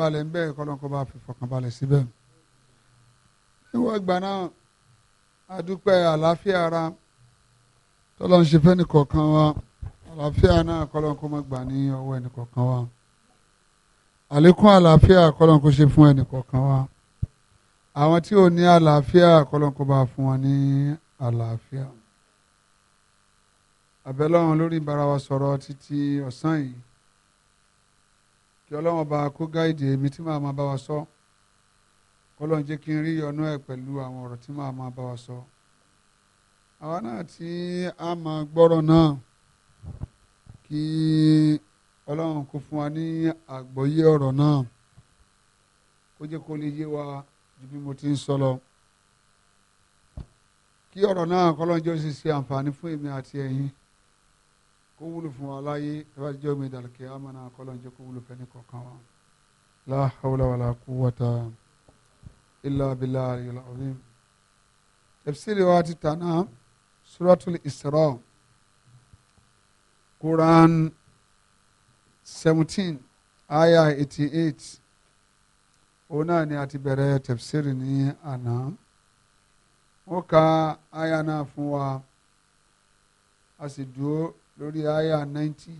balẹ̀ ń bẹ́ẹ̀ kọ́lọ́nkọ́ bá fi fọkànbalẹ̀ síbẹ̀. níwọ̀n ìgbà náà adúpẹ́ àlàáfíà ara tọ́lọ́ ń ṣe fẹ́ nìkọ̀ọ̀kan wa àlàáfíà náà kọ́lọ́nkọ́ má gbà ní ọwọ́ ẹnìkọ̀ọ̀kan wa àlékún àlàáfíà kọ́lọ́nkọ́ ṣe fún ẹnìkọ̀ọ̀kan wa àwọn tí ò ní àlàáfíà kọ́lọ́nkọ́ bá fún wọn ní àlàáfíà àbẹ́lọ́run lórí ìbára wa sọ̀rọ̀ títí ọ̀sán yìí kí ọlọ́run ọba kó gáìdì èmi tí màá máa bá wa sọ kọ́lọ́n jẹ́ kí n rí ọ̀nà ẹ̀ pẹ̀lú àwọn ọ̀rọ̀ tí màá máa bá wa sọ. àwa náà tí a máa gbọ́rọ̀ náà kí ọlọ́run kó fún wa ní àgbọ́yé ọ̀rọ̀ náà kó jẹ́ kó lè yé wa ju bí mo ti ń sọ lọ. kí ọ̀rọ̀ náà kọ́lọ́n sì ṣe àǹfààní fún èmi àti ẹ̀yin. E kó wúlò fún wa láyé ìbájọ́ mi dàlùkẹ́ amọ̀nà akọ́lọ́njẹ́ kó wúlò fẹ́ni kọ̀ọ̀kan wa. la hawla wala quwwata illa billahi aliyul azim. tafsiri wa ti tànà suratul isra quran seventeen aya eighty eight òun náà ni a ti bẹ̀rẹ̀ tafsiri ní àná wọ́n ka aya náà fún wa a sì dúró lórí àyà náìntì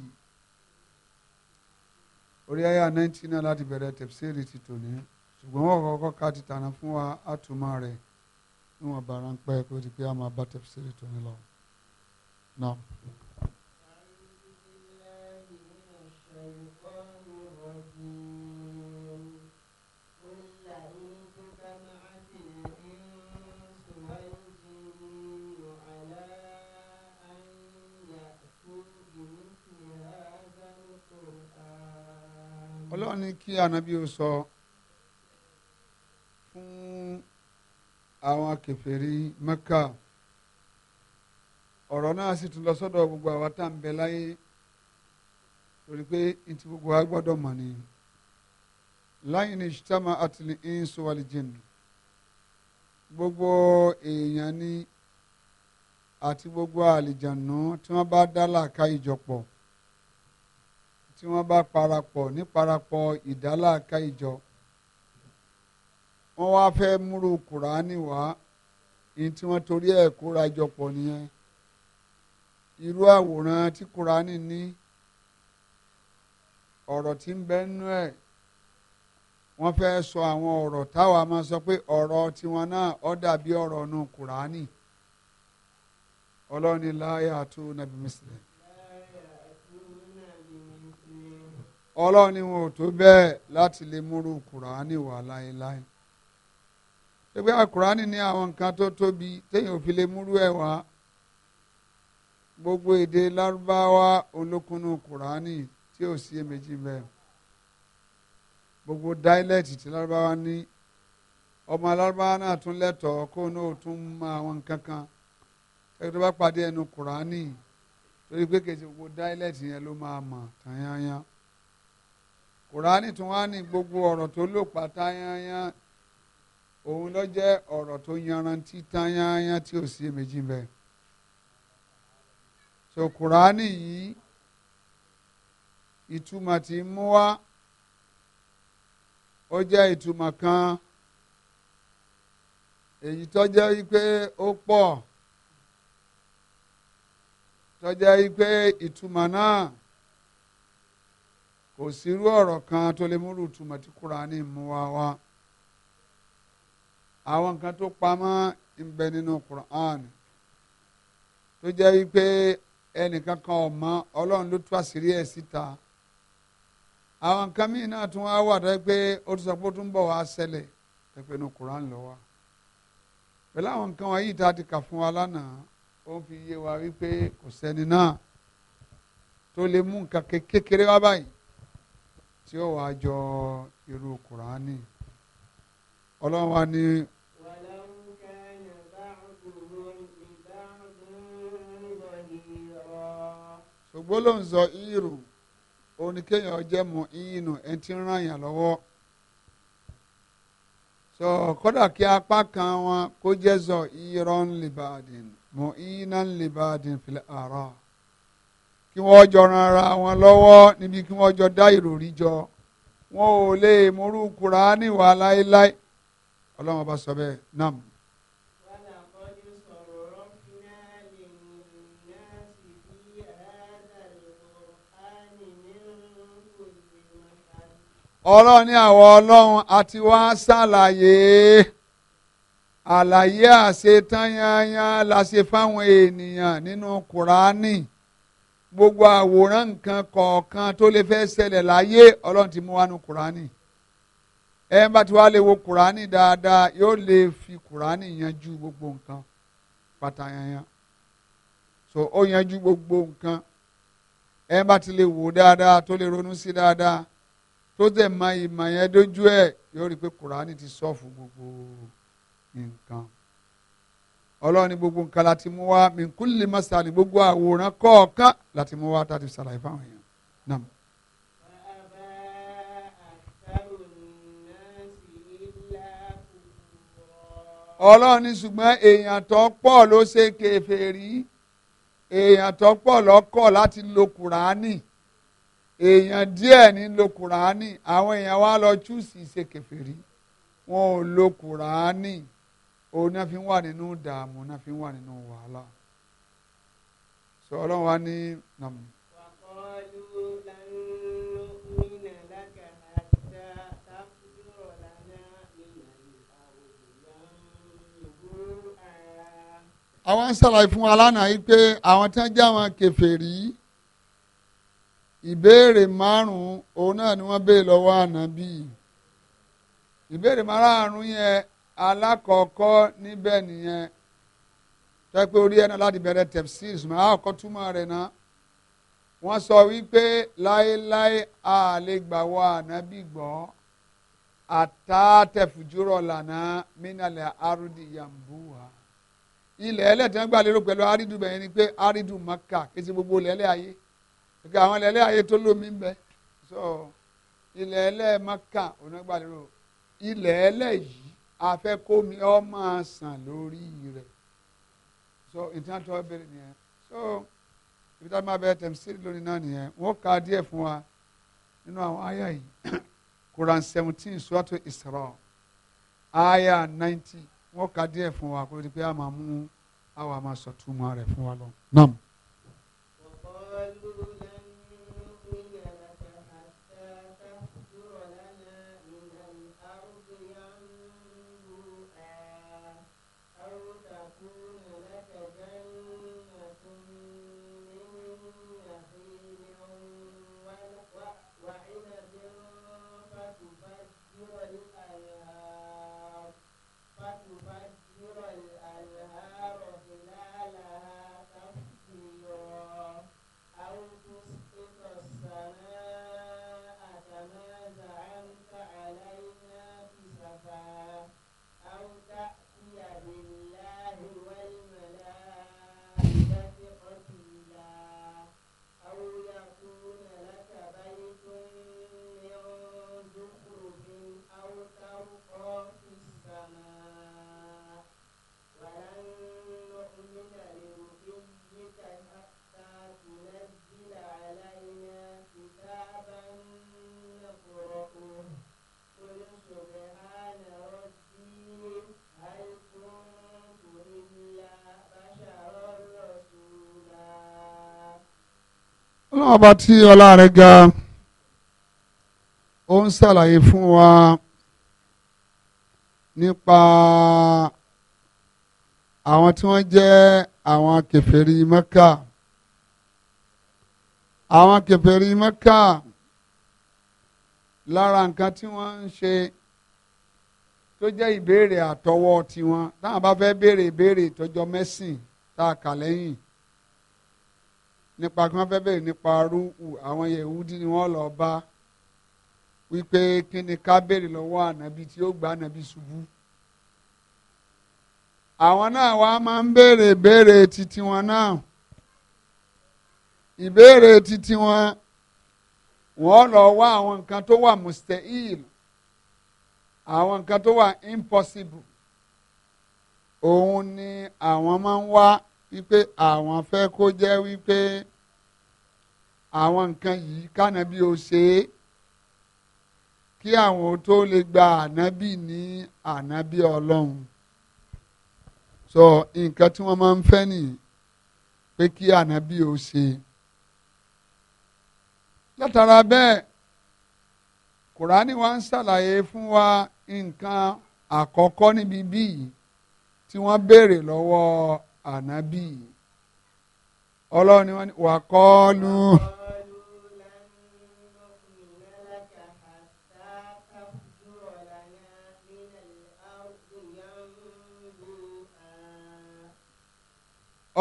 orí àyà náìntì náà láti bẹ̀rẹ̀ tẹ̀síìrì ti tòní ṣùgbọ́n wọ́n kọ́kọ́ ká ti tànà fún wa àtúmọ̀ rẹ̀ níwọ̀n bàrà ń pẹ́ kó ti pé a máa bá tẹ̀síìrì tòní lọ. Now. ọlọ́run ní kí ànábì ó sọ fún àwọn kèfèrí mẹ́kà ọ̀rọ̀ náà sì tún lọ sọ́dọ̀ gbogbo àwa tá à ń bẹ láyé torí pé ntí gbogbo wa gbọ́dọ̀ mọ̀ ni láyé ní ṣítàmà àtìlẹ ẹ̀ńsọ wàlìjìn gbogbo èèyàn ní àti gbogbo àlìjànú tí wọ́n bá dá làákà ìjọpọ̀. tí wọ́n bá parapọ̀ ní parapọ̀ ìdáláàká ìjọ wọ́n wá fẹ́ múrò kùránì wá ní tí wọ́n torí ẹ̀ kóra jọ pọ̀ nìyẹn irú àwòrán tí kùránì ní ọ̀rọ̀ tí ń bẹ́ nínú ẹ̀ sọ àwọn ọ̀rọ̀ táwa máa sọ pé ọ̀rọ̀ tiwọn náà dàbí ọ̀rọ̀ nu kùránì ọlọ́ni láyà tó nàbí ọlọ́run ni wọn ò tó bẹ́ẹ̀ láti lè múrú kùránì wà láéláé pé àkùránì ní àwọn nǹkan tó tóbi téèyàn ò fi lè múrú ẹ̀ wá gbogbo èdè lárúbáwá olókunú kùránì tí ò sí èméjì bẹ́ẹ̀ gbogbo dáílẹ̀tì tí lárúbáwá ní ọmọ alárúbáwá náà tún lẹ́tọ̀ọ́ kó náà tún mọ àwọn nǹkan kan ẹgbẹ́ tó bá pàdé ẹnu kùránì torí pé kejì gbogbo dáílẹ̀tì yẹn ló máa mọ̀ tanyanya kùránì tún wá ní gbogbo ọ̀rọ̀ tó lò pátá yányán òun ló jẹ́ ọ̀rọ̀ tó yanrantí tán yányán tí ò sí èméjì bẹ́ẹ̀ so kùránì yìí ìtumọ̀ tí mú wá ó jẹ́ ìtumọ̀ kan èyí tó wípé ó pọ̀ tó wípé ìtumọ̀ náà kò sírú ọ̀rọ̀ kan tó lè múrù túmọ̀ tí Kùránì mú wa wá àwọn nǹkan tó pamọ́ ń bẹ nínú Kùránì tó jẹ́ wípé ẹnìkan kan ò mọ̀ Ọlọ́run ló tú àṣírí ẹ̀ síta àwọn nǹkan míì náà tún wá wà tó pé ó tún sọ pé ó tún bọ̀ wá ṣẹlẹ̀ tó pé inú Kùránì ló wà pẹ̀lú àwọn nǹkan wọ̀nyí tá a ti kà fún wa lánàá ó fi yé wa wípé kò sẹ́ni náà tó lè mú nǹkan kékeré wá báyìí tí ó wàá jọ irú kùránì ọlọ́run wa ní. ṣùgbọ́n ló ń sọ ìrù oníkéèyàn jẹ́ mu ìyínú ẹni tí ń ràn yàn lọ́wọ́ sọ kódà kí apá kan wọn kó jẹ́ sọ iro ń mu ìyínà ń libàdìn fìlẹ̀ kí wọ́n jọ ran ara wọn lọ́wọ́ níbi kí wọ́n jọ dá ìròrí jọ wọn ò lè múrú kúránì wá láéláé ọlọ́run ọba sọ bẹ́ẹ̀ nam. ọlọ́run ni àwọn ọlọ́run àti wá ṣàlàyé àlàyé àṣetán yanyan la ṣe fáwọn ènìyàn nínú kúránì. No gbogbo àwòrán nǹkan kọ̀ọ̀kan tó lè fẹ́ ṣẹlẹ̀ láyé ọlọ́run ti mú wá nu kùránì ẹ bá ti wá lè wo kùránì dáadáa yóò lè fi kùránì yanjú gbogbo nǹkan pátáyányán so ó yanjú gbogbo nǹkan ẹ bá ti lè wò dáadáa tó lè ronú sí dáadáa tó dẹ̀ mọ ìmọ̀ yẹn dójú ẹ̀ yóò rí i pé kùránì ti sọ́ọ̀fù gbogbo nǹkan ọlọ́run ní gbogbo nǹkan láti mú wá min kulli masani gbogbo àwòrán kọ̀ọ̀kan láti mú wá tàbí sàlàyé fáwọn èèyàn náà. ọlọ́run ní ṣùgbọ́n èèyàn tó pọ̀ ló ṣe kèfèrí èèyàn tó pọ̀ lọ́kọ̀ láti lo kùránì èèyàn díẹ̀ ní lo kùránì àwọn èèyàn wá lọ chúùsì ṣe kèfèrí wọn ò lo kùránì òun náà fi ń wà nínú dààmú náà fi ń wà nínú wàhálà sọ ọlọ́run wa ní àwọn ń ṣàlàyé fún wa lánàá yìí pé àwọn tí jẹ́ àwọn kèfèrí ìbéèrè márùn-ún òun náà ni wọ́n béè lọ́wọ́ ànábì ìbéèrè márùn-ún yẹn alákọ̀ọ́kọ́ níbẹ̀ nìyẹn tẹ́pẹ́ orí ẹ̀nà láti bẹ̀rẹ̀ tẹ̀síìs mà á kọ́ túmọ̀ rẹ̀ ná wọ́n sọ wípé láéláé a lè gbà wọ ànábì gbọ́ àtàtẹ̀fùjúrọ̀ lànà mínàlẹ̀ àrùdì yàmbúwa ilẹ̀ ẹlẹ́tẹ̀ ń gbà lérò pẹ̀lú àrídù bẹ̀yẹn ni pé àrídù maka kéṣe gbogbo lẹ́lẹ́ ayé kí àwọn lẹ́lẹ́ ayé tó lómi ń bẹ so ilẹ̀ ẹlẹ́ maka òun ń gbà lérò ilẹ̀ ẹlẹ́ yìí a fẹ́ kó mi ọ máa sàn lórí rẹ̀ so ìtàn tó bẹ̀rẹ̀ nìyẹn so ibi tá a máa bẹ tẹ̀síìrì lónìí náà nìyẹn wọ́n ka díẹ̀ fún wa nínú àwọn àyà yìí Quran seventeen suwatu Isra àyà ninety wọ́n ka díẹ̀ fún wa kó o di pé a máa mú àwọn àmà sọ̀túnmọ́ rẹ̀ fún wa lọ. ọlọ́run ọba tí ọlá rẹ̀ ga ó ń ṣàlàyé fún wa nípa àwọn tí wọ́n jẹ́ àwọn kèfèrí mẹ́kà àwọn kèfèrí mẹ́kà lára nǹkan tí wọ́n ń ṣe tó jẹ́ ìbéèrè àtọwọ́ tiwọn táwọn bá fẹ́ béèrè ìbéèrè tó mẹ́sìn tá a kà lẹ́yìn nípa kí wọ́n fẹ́ bẹ̀rẹ̀ nípa rúhù àwọn yehudi ni wọ́n lọ bá wípé kí ni ká béèrè lọ́wọ́ ànábì tí ó gba ànábì ṣubú àwọn náà wá máa ń béèrè béèrè titi wọn náà ìbéèrè titi wọn wọ́n lọ wá àwọn nǹkan tó wà mustahil àwọn nǹkan tó wà impossible òun ni àwọn máa ń wá wípé àwọn fẹ́ kó jẹ́ wípé àwọn nǹkan yìí kánàbí ó ṣe é kí àwọn tó lè gba ànábì ní ànábì ọlọ́run sọ nǹkan tí wọ́n máa ń fẹ́ nìyí pé kí ànábì ó ṣe látara bẹ́ẹ̀ kùránì wa ń ṣàlàyé fún wa nǹkan àkọ́kọ́ níbi bíi tí wọ́n béèrè lọ́wọ́ ànábì ọlọ́run ni wọ́n ní wà kọ́ọ́lù.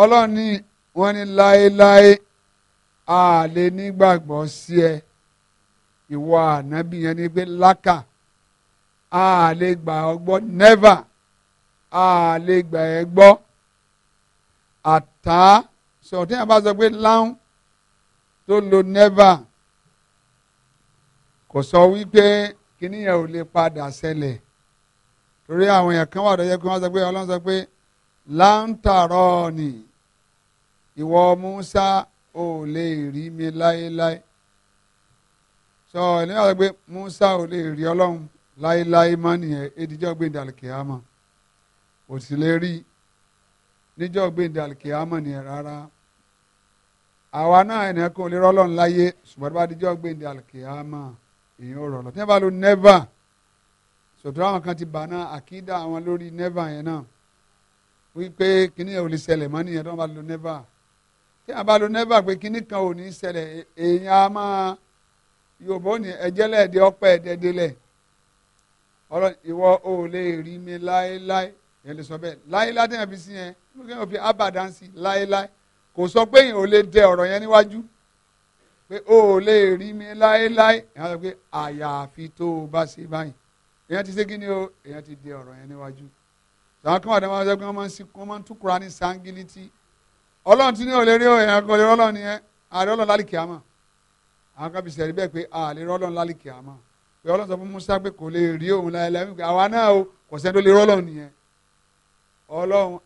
ọlọ́run ni wọ́n ní láéláé a lè nígbàgbọ́ sí ẹ ìwọ ànábì yẹn ni pé lákà a lè gbà ọ gbọ́ never a lè gbà ẹ gbọ́ àtá sọ̀rọ̀ tí yẹn bá sọ pé láwọn tó lo never kò sọ wípé kíní yẹn ò lè padà ṣẹlẹ̀ torí àwọn èèyàn kan wà tó yẹ kí wọ́n sọ pé ọlọ́run sọ pé láǹtàrọ̀ ni ìwọ Musa ò lè rí mi láéláé sọ ẹni wà sọ pé Musa ò lè rí ọlọ́run láéláé mọ́ nìyẹn edijọ́ gbé dàlùkì àmọ́ òsì lè rí i níjọ́ gbẹ̀ndẹ̀ àlìkìyàmọ̀ nìyẹn rárá àwa náà ènìyàn kan ò lè rọ́lọ́run láyé ṣùgbọ́n tó bá díjọ́ gbẹ̀ndẹ̀ àlìkìyàmọ̀ èyàn ò rọ̀lọ́ tí wọ́n bá lo never sọ̀tọ̀ àwọn kan ti bà náà àkídà àwọn lórí never yẹn náà wípé kíní ò lè ṣẹlẹ̀ mọ́ nìyẹn tó wọ́n bá lo never tí wọ́n bá lo never pé kíní kan ò ní ṣẹlẹ̀ èèyàn á máa Yorùbá ò ní ẹjẹ́lẹ̀ ẹ̀dẹ́ ọpẹ́ ẹ̀dẹ́dẹ́lẹ̀ ọlọ́ yẹn lè sọ bẹ́ẹ̀ láéláé tẹ̀yàn fi sí yẹn yẹn ò fi abadan sí láéláé kò sọ pé yẹn ò lè dẹ ọ̀rọ̀ yẹn níwájú pé o ò lè rí mi láéláé yẹn sọ pé àyàfi tó o bá ṣe báyìí èyàn ti ṣe kí ni o èyàn ti dẹ ọ̀rọ̀ yẹn níwájú sàwọn kan wà dáná wọn sọ pé wọn máa ń sí wọn máa ń tún Kùránì sangiliti ọlọ́run ti ní òlè rí o èyàn kò lè ni yẹn àlè ọlọ́run lálìkì àmọ́ àwọn kan fi sẹ̀rí bẹ́ẹ̀ pé àlè rọ́lọ́run lálìkì àmọ́ pé ọlọ́run sọ fún Musa pé kò lè rí òun láéláé àwa náà o kò sẹ́ni tó lè rọ́lọ́run nìyẹn ọlọ́run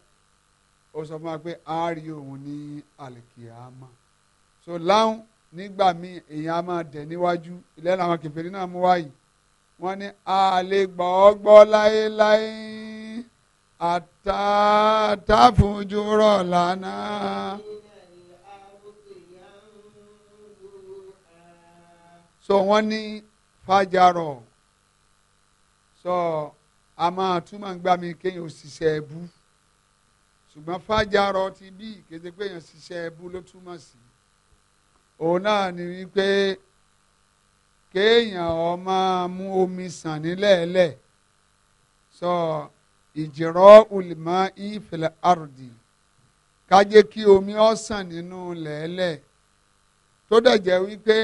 ó sọ fún wa pé a òun ní àlìkìyàmá so láwọn nígbà míì èèyàn á máa dẹ̀ níwájú ìlẹ́nu àwọn kẹfẹ́rí náà mú wáyìí wọ́n ní a lè gbọ́ ọ gbọ́ láéláé lánàá. so wọ́n ní fàjàrọ̀ sọ. So, a máa túmọ̀ ń gbà mí kéèyàn ò ṣiṣẹ́ ẹbú ṣùgbọ́n fájàrọ ti bí kéde pé èèyàn ṣiṣẹ́ ẹbú ló túmọ̀ sí òun náà ni wípé kéèyàn ó máa mú omi sàn nílẹ̀ẹ́lẹ̀ sọ ìjìrọ̀ olùmọ̀ ìfẹ̀lẹ̀ àrùdì kájé kí omi ọ̀sán nínú lẹ̀ẹ́lẹ̀ tó dẹ̀ jẹ́ wípé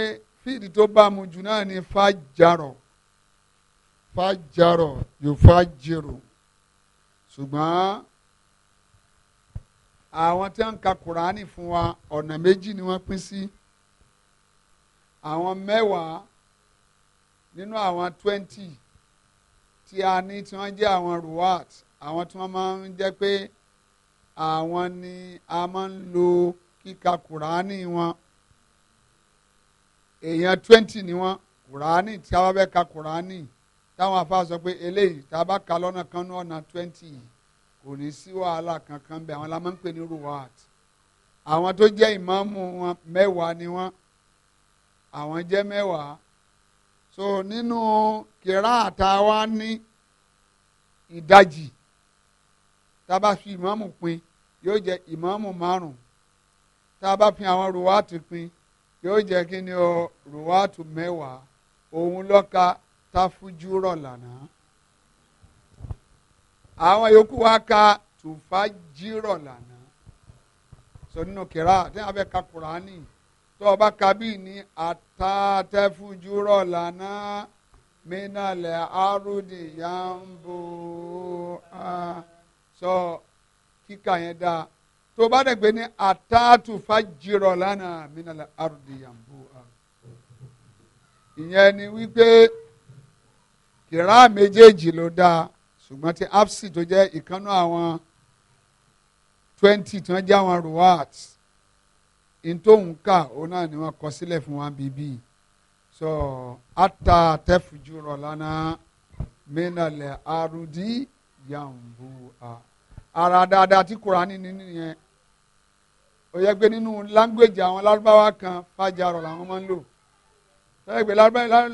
fíìdì tó bá mu jù náà ni fájàrọ̀ fàjàrọ̀ yóò fàjèrò ṣùgbọ́n àwọn tí wọ́n ń ka kuraani fún wa ọ̀nà méjì ni wọ́n pín sí àwọn mẹ́wàá nínú àwọn twenty tí a ní tí wọ́n jẹ́ àwọn ruwat àwọn tí wọ́n máa ń jẹ́ pé àwọn ni a máa ń lo kíka kuraani wọn èèyàn twenty ni wọ́n kuraani tí a bá fẹ́ ka kuraani táwọn afa sọ pé eléyìí tá a bá ka lọ́nà kan ọ̀nà twenty kò ní sí wàhálà kankan bẹ́ẹ̀ àwọn la máa ń pè ní ruwaat àwọn tó jẹ́ ìmáàmù wọn mẹ́wàá ni wọ́n àwọn jẹ́ mẹ́wàá so nínú kìrá àtàwa ní ìdajì tá a bá fi ìmáàmù pín yóò jẹ́ ìmáàmù márùn tá a bá fi àwọn ruwaat pín yóò jẹ́ kí ni o ruwaat mẹ́wàá òun lọ́ka tafujú rọ̀ lánàá àwọn yòókù wa ka tùfájì rọ̀ lánàá sọ nínú kẹrà tí wọn fẹ́ ka kùránì tó o bá ka bíi ní àtàtẹ́fujú rọ̀ lánàá mínàlẹ̀ àrùdì yàǹbù sọ kíkà yẹn dáa tó bá dẹ̀ ní àtàtùfájì rọ̀ lánàá mínàlẹ̀ àrùdì yàǹbù ìyẹn ni wípé kìrá méjèèjì ló dáa ṣùgbọ́n ti hafsi tó jẹ́ ìkànnú àwọn twenty tí wọ́n jẹ́ àwọn ruwat ntòhún ká òun náà ni wọ́n kọ sílẹ̀ fún wa bíbí so ata tẹ́fùjú rọ̀ lánàá mẹ́nàlẹ̀ arúdí yàǹbù a ara dáadáa tí Kùránì ni nìyẹn ó yẹ pé nínú láńgbèjì àwọn lárúbáwá kan fàjà rọ̀ làwọn máa ń lò lẹ́gbẹ̀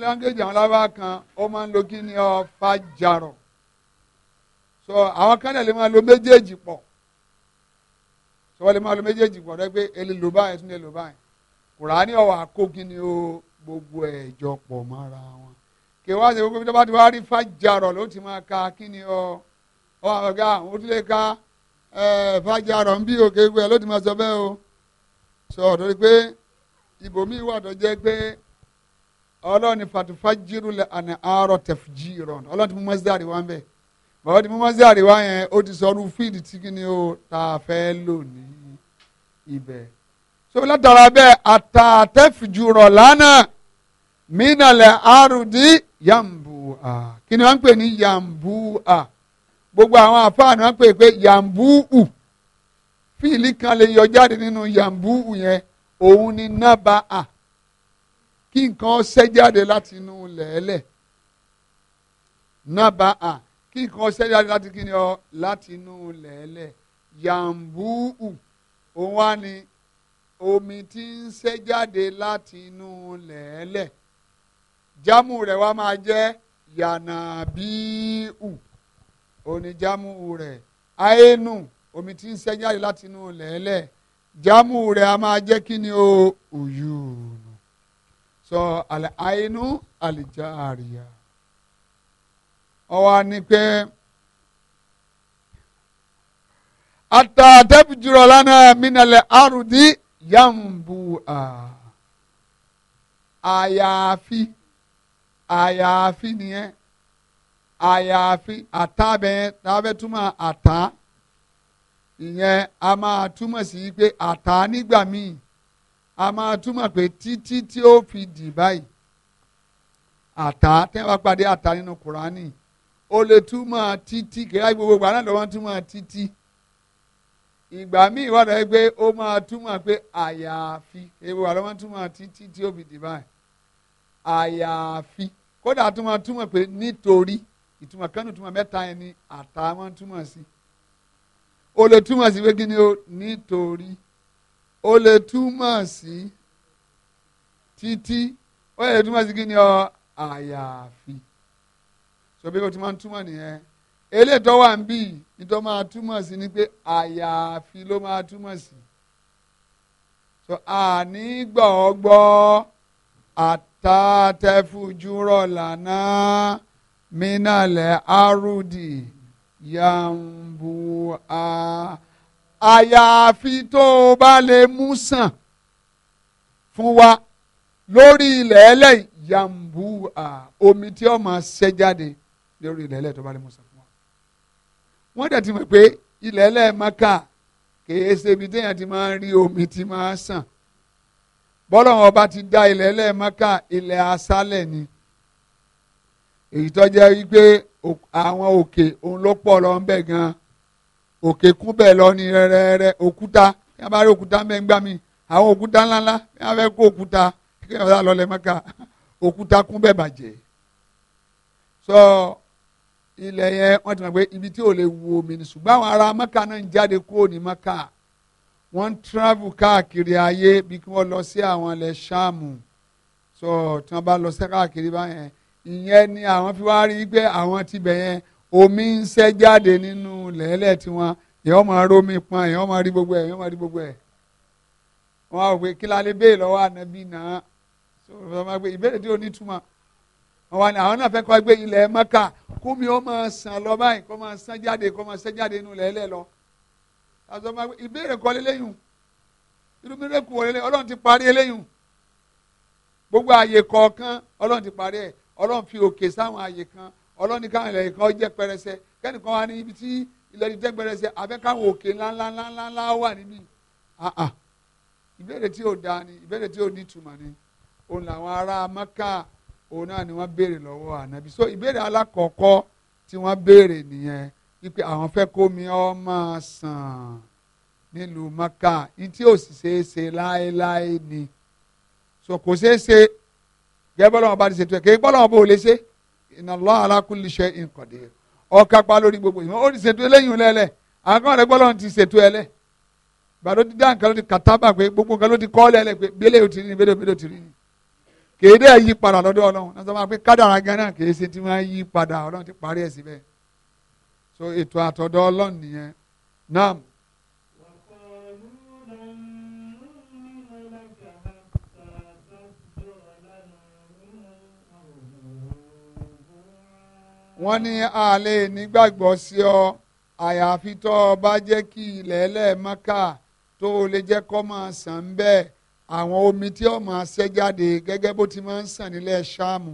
láńgéjì àwọn lábá kan ó máa ń lo kí ni ọ fàjàrọ̀ so àwọn kan lè máa lo méjèèjì pọ̀ so wọ́n lè máa lo méjèèjì pọ̀ lẹ́gbẹ̀ èlé ló báyìí tún lè ló báyìí kùránì ọ̀wà kó kí ni ó gbogbo ẹ̀jọ pọ̀ mọ́ra wọn kí wọ́n á ṣe gbogbo bí wọ́n bá ti wá rí fàjàrọ̀ ló ti máa ka kí ni ọ ọ ọ̀gá àwọn òtún lè ka fàjàrọ̀ ń bí òkè gbẹ ló ti máa sọ bẹ́ẹ̀ o so ọ̀dọ́ rí pé ibòmíì ọlọ́run ní fatufajiru lẹ àná àárọ̀ tẹfijirun ọlọ́run ti mú mọ́sídàrí wá ń bẹ̀ bàbá ti mú mọ́sídàrí yẹn ó ti sọ ọdún fíìdì tí kìíní o tá a fẹ́ lò ní ibẹ̀ so látara bẹ́ẹ̀ àtàtẹ́fijurọ̀ lánàá mínàlẹ̀ àrùdí yambua kí ni wọ́n ń pè ní yambua gbogbo àwọn àfáàní wọ́n ń pè pé yambuu fíìlì kan lè yọ jáde nínú yambuu yẹn òun ni nábàá kí nǹkan ṣẹ́ jáde láti inú lẹ̀ẹ́lẹ̀ nábà á kí nǹkan ṣẹ́ jáde láti kí ni ọ láti inú lẹ̀ẹ́lẹ̀ yàmbúù òun wá ní omi tí ń ṣẹ́ jáde láti inú lẹ̀ẹ́lẹ̀ jámù rẹ̀ wá máa jẹ́ yànàbíù oníjámù rẹ̀ àyẹnù omi tí ń ṣẹ́ jáde láti inú lẹ̀ẹ́lẹ̀ jámù rẹ̀ a máa jẹ́ kí o òyùn sọ àlẹ àìnú àlìjá àríyá ọwọ ni pé ata àtẹ́bùjúrọ̀ lánàá mínàlẹ̀ àrùdí yàǹbù à àyàfi àyàfi nìyẹn àyàfi àtàbẹ̀ tàbẹ̀ túmọ̀ àtà ìyẹn a máa túmọ̀ sí pé àtà nígbà míì a máa túmọ̀ pé títí tí ó fi dì báyìí àtá tẹ́wọ́n bá pàdé àtá nínú kùránì ó lè túmọ̀ títí kí láì gbogbo ìgbà náà lọ́wọ́ túmọ̀ títí ìgbà míì wà lọ́wọ́ pé ó máa túmọ̀ pé àyàfi èèwọ̀ wà lọ́wọ́ túmọ̀ títí tí ó fi dì báyìí àyàfi kódà túmọ̀ túmọ̀ pé nítorí ìtumọ̀ kánú túmọ̀ mẹ́ta yẹn ni àtá wọn túmọ̀ sí ó lè túmọ̀ sí pé kí ni ó nítorí ó lè túmọ̀ sí títí ó lè túmọ̀ sí kí ọ àyàfi so bí o ti máa ń túmọ̀ nìyẹn eléyìí tó wà ń bì nítọ́ máa túmọ̀ sí ni pé àyàfi ló máa túmọ̀ sí so àní gbọ́ ọ gbọ́ àtàtẹ́fùjúrọ̀ lànà mínàlẹ̀ àrùdì yàǹbù àà àyàfi tó o bá lè mú sàn fún wa lórí ilẹ̀ ẹlẹ́yìn yàmbú omi tí ó máa ṣẹ́ jáde lórí ilẹ̀ ẹlẹ́yìn tó bá lè mú sàn fún wa. wọ́n dẹ̀ ti mọ̀ pé ilẹ̀ ẹlẹ́yìn maka kìí ṣe ibi téèyàn ti máa ń rí omi tí máa sàn bọ́lá bá ti dá ilẹ̀ ẹlẹ́yìn maka ilẹ̀ aṣálẹ̀ ni èyí tó jẹ́ wípé àwọn òkè òun ló pọ̀ lọ gan-an òkè kún bẹ́ẹ̀ lọ ní rẹ́rẹ́rẹ́ òkúta bí wọ́n bá rí òkúta mẹ́ngbà mi àwọn òkúta ńláńlá bí wọ́n fẹ́ kó òkúta kí wọ́n bá lọ lẹ́ mọ́ka òkúta kún bẹ́ẹ̀ bàjẹ́ sọ ilẹ̀ yẹn wọ́n ti mọ̀ pé ibi tí ò lè wo omi ni ṣùgbọ́n àwọn ará mọ́ka náà ń jáde kúrò ní mọ́ka wọ́n ń travel káàkiri ayé bí kí wọ́n lọ sí àwọn ilẹ̀ ṣáàmù sọ tí wọ́n bá lọ sí káàkiri báyẹn ìyẹn ni àwọn fi wá rí pé àwọn tibẹ̀ yẹn omi ń ṣẹ́ jáde nínú lẹ́lẹ̀ tiwọn èèyàn máa rómi pọn èèyàn máa rí gbogbo ẹ̀ èèyàn máa rí gbogbo ẹ̀ wọn á wò pé kí lálẹ́ bẹ́ẹ̀ lọ́wọ́ ànábì náà ìbéèrè tí ò ní túmọ̀ àwọn àwọn náà fẹ́ kọ́ gbé ilẹ̀ mẹ́ka kómi ó máa sàn lọ báyìí kó máa sàn jáde kó máa sàn jáde inú lẹ́lẹ̀ lọ ìbéèrè kọ́ lélẹ́yìn irú mírèkù wọlé ọlọ́run ti parí eléyìn gbogbo àyè kọ̀ọ̀kan ọlọ́run ti parí ẹ̀ ọlọ́run fi òkè sáwọn àyè kan ọlọ́ni káwọn ilẹ̀ yìí kọ́ jẹ́ pẹrẹsẹ kẹ́nìkan wà ní ibi tí ilẹ̀ yìí jẹ́ pẹrẹsẹ abẹ́ káwọn òkè ńláńláńláńlá wà níbí ìbéèrè tí ò da ni ìbéèrè tí ò ní ìtumọ̀ ni òun làwọn ará maka òun náà ni wọ́n béèrè lọ́wọ́ ànábì so ìbéèrè alákọ̀ọ́kọ́ tí wọ́n béèrè nìyẹn wípé àwọn fẹ́ kó mi ọ́ máa sàn nílùú maka ní tí ò sì ṣeé ṣe láéláé ni so kò ṣeé ṣe gẹ́gẹ́ bọ́lá wọn bá ti ṣètò ẹ̀ kéé bọ́lá wọn bó o lè ṣe inna Allah ala kulli shay'in qadir ọ̀ka pa lórí gbogbo ìmọ̀ ó ti ṣètò eléyìí lẹ́lẹ̀ àwọn kan rẹ̀ gbọ́dọ̀ ti ṣètò ẹ lẹ̀ gbàdó ti dá nǹkan ló ti kàtàbà pé gbogbo nǹkan ló ti kọ́ lẹ́lẹ̀ pé bẹ́lẹ̀ ò ti rí ni bẹ́lẹ̀ ò ti rí ni kéde yí padà lọ́dọ̀ ọlọ́run náà sọ pé kádàrà gánà kèé ṣe tí wọ́n yí padà ọlọ́run ti parí ẹ̀ síbẹ̀ so ètò àtọ̀dọ̀ ọlọ́run nìyẹn náà wọ́n ní àlè nígbàgbọ́ sí ọ àyàfi tó o bá jẹ́ kí ilẹ̀ ẹlẹ́ẹ̀mọ́kà tó o lè jẹ́ kó máa sàn bẹ́ẹ̀ àwọn omi tí ó máa ṣẹ́ jáde gẹ́gẹ́ bó ti máa ń sàn nílẹ̀ ṣáàmù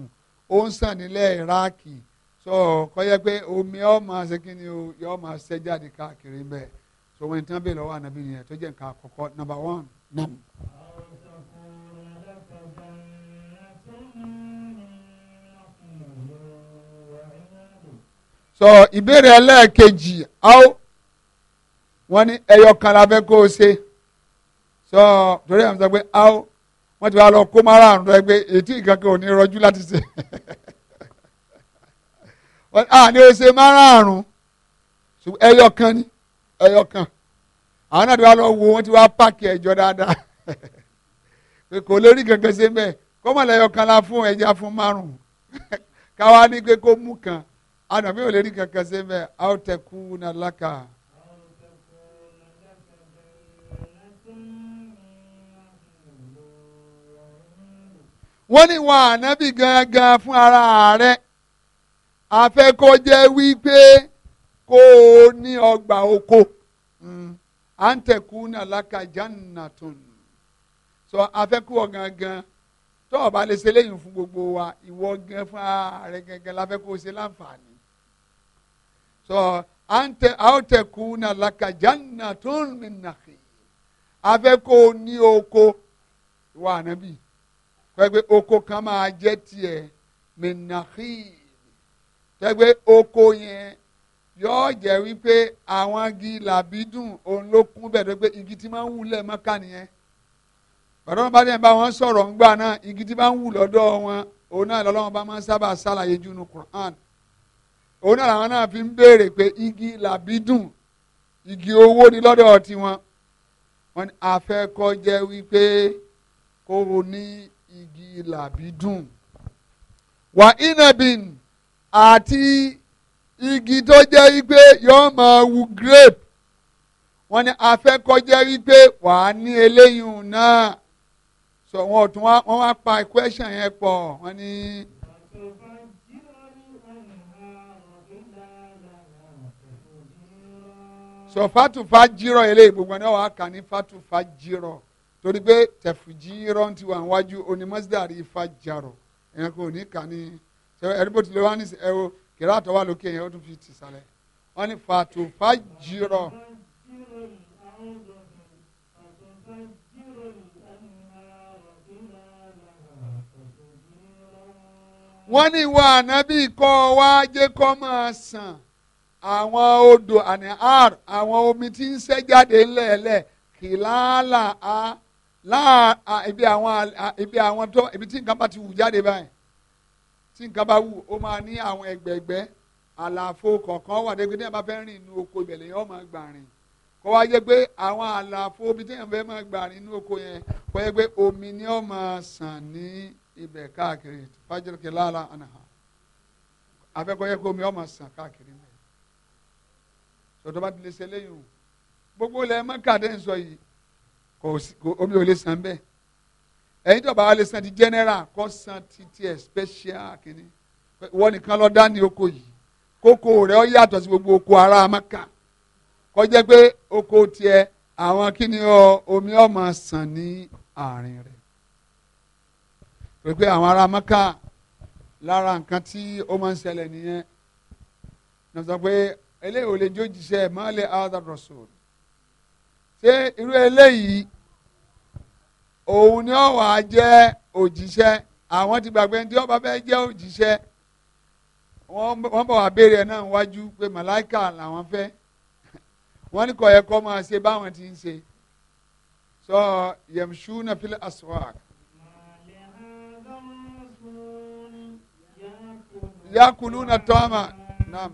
ó ń sàn nílẹ̀ ìráàkì so kó jẹ́ pé omi ó máa ṣe kí ni o yó máa ṣẹ́ jáde káàkiri bẹ́ẹ̀ so wọ́n ti tán bẹ́ẹ̀ lọ́wọ́ ànábì nìyẹn tó jẹ́ nǹkan àkọ́kọ́ number one. sọ ìbéèrè ẹlẹ́ẹ̀kejì áó wọ́n ní ẹyọ kan la fẹ́ kó o ṣe sọ torí àwọn sọ pé áó wọ́n ti wá lọ kó márùn-ún rẹ pé ètí ìkankan ò ní rọjú láti ṣe a ní o ṣe wọ́n ti wá dáadáa pé kò lórí kankan ṣe kọ́mọ̀lẹ́yọ kan la fún ẹja fún márùn káwa ní pé kó mú Ana pé o lè rí kankan ṣe bẹ́ẹ̀ a ó tẹ kú náà lákà. wọ́n ní wà ànábì gangan fún ara rẹ̀ afẹ́kọ́jẹ́ wípé kó o ní ọgbà oko à hmm. ń tẹ̀kú náà lákàjá nàtún sọ afẹ́kú ọ̀gangan tó o lè ṣe léyìn fún gbogbo wa ìwọ gan fún ara rẹ̀ gangan láfẹ́kọ́ ṣe láǹfààní so ante àwòtẹkù na làkàjánà tó ń mi nàkì afẹ́ kó o ní oko wà nábì pẹ́pẹ́ oko kan máa jẹ́ tiẹ̀ mi nàkì pẹ́pẹ́ oko yẹn yóò jẹ́ wípé àwọn igi làbídùn òun ló kún bẹ́ẹ̀ pé igi tí máa ń wulẹ̀ mọ́kà nìyẹn bàtà wọn bá dẹ̀ bá wọn sọ̀rọ̀ ńgbà náà igi tí bá ń wù lọ́dọ̀ wọn òun náà lọ́lọ́wọ́n bá máa ń sábà ṣàlàyé junu Qur'an òun náà làwọn náà fi ń béèrè pé igi làbídùn igi owó ni lọ́dọ̀ tiwọn wọ́n ní afẹ́kọ́jẹ́ wípé kó o ní igi làbídùn wà inabin àti igi tó jẹ́ wípé yóò máa wu grape wọ́n ní afẹ́kọ́jẹ́ wípé wà á ní eléyìí náà sọ wọn ò tún wọn wá pa question yẹn pọ̀ wọ́n ní. so fatufa jírọ eléyìí gbogbo ẹni wàá kà ní fatufa jírọ torí pé tẹfujírọ ti wà wájú onímọ̀sídàrí ifá jarọ ẹ̀yàn kò ní kà ní ẹni bó tilẹ̀ wá ní ẹ̀rọ kìlá àtọwà lókè yẹn ó tún fi tì sálẹ̀ wọ́n ní fatufa jírọ. wọ́n ní ìwà ànábì kọ́ wa jẹ́ kọ́ máa sàn àwọn odò àní ar àwọn omi tí ń sẹ́ jáde ńlẹ̀ẹ́lẹ̀ kìláàlà a láà ibi àwọn ibi àwọn tó ibi tí nǹkan bá ti wù jáde báyìí tí nǹkan bá wù ó máa ní àwọn ẹgbẹ̀gbẹ́ àlàfo kọ̀ọ̀kan wà dẹ́gbẹ́ tí wọ́n bá fẹ́ rìn inú oko ìbẹ̀lẹ̀ yẹn ó máa gbà rìn kọ́ wá jẹ́ pé àwọn àlàfo ibi tí fẹ́ máa gbà rìn inú oko yẹn kọ́ jẹ́ pé omi ni ó máa sàn ní ibẹ̀ káàkiri fájìrì kìláàlà àná àfẹ́kọ́ yẹ kó omi ó máa sàn káàkiri mẹ́ tọ́tọ́ bá ti lè ṣe léyìn o gbogbo ilẹ̀ mọ́kàdé ń sọ yìí kò omi ò lè san bẹ́ẹ̀ ẹ̀yin tó bá wa lè san ti general kó san ti tiẹ̀ special kìíní wọ́n nìkan lọ dá ní oko yìí kókó rẹ̀ ó yàtọ̀ sí gbogbo oko ara mọ́kà kó jẹ́ pé oko tiẹ̀ àwọn kíni omi ó máa ní àárín rẹ̀ pé pé àwọn ará mọ́kà lára nǹkan tí ó máa ń ṣẹlẹ̀ nìyẹn lọ sọ pé eléyìí ò lè jó jíṣẹ́ mọ́lẹ̀ áádà rasul ṣé irú eléyìí òun ni ó wàá jẹ́ òjíṣẹ́ àwọn ti gbàgbé ní tí ọba fẹ́ jẹ́ òjíṣẹ́ wọ́n bọ̀ wá béèrè náà wájú pé màláìkà làwọn fẹ́ wọ́n ní kọ̀ yẹ kọ́ máa ṣe báwọn ti ń ṣe sọ yamshuna fil aswaq. yakuluna tọ́mà nam.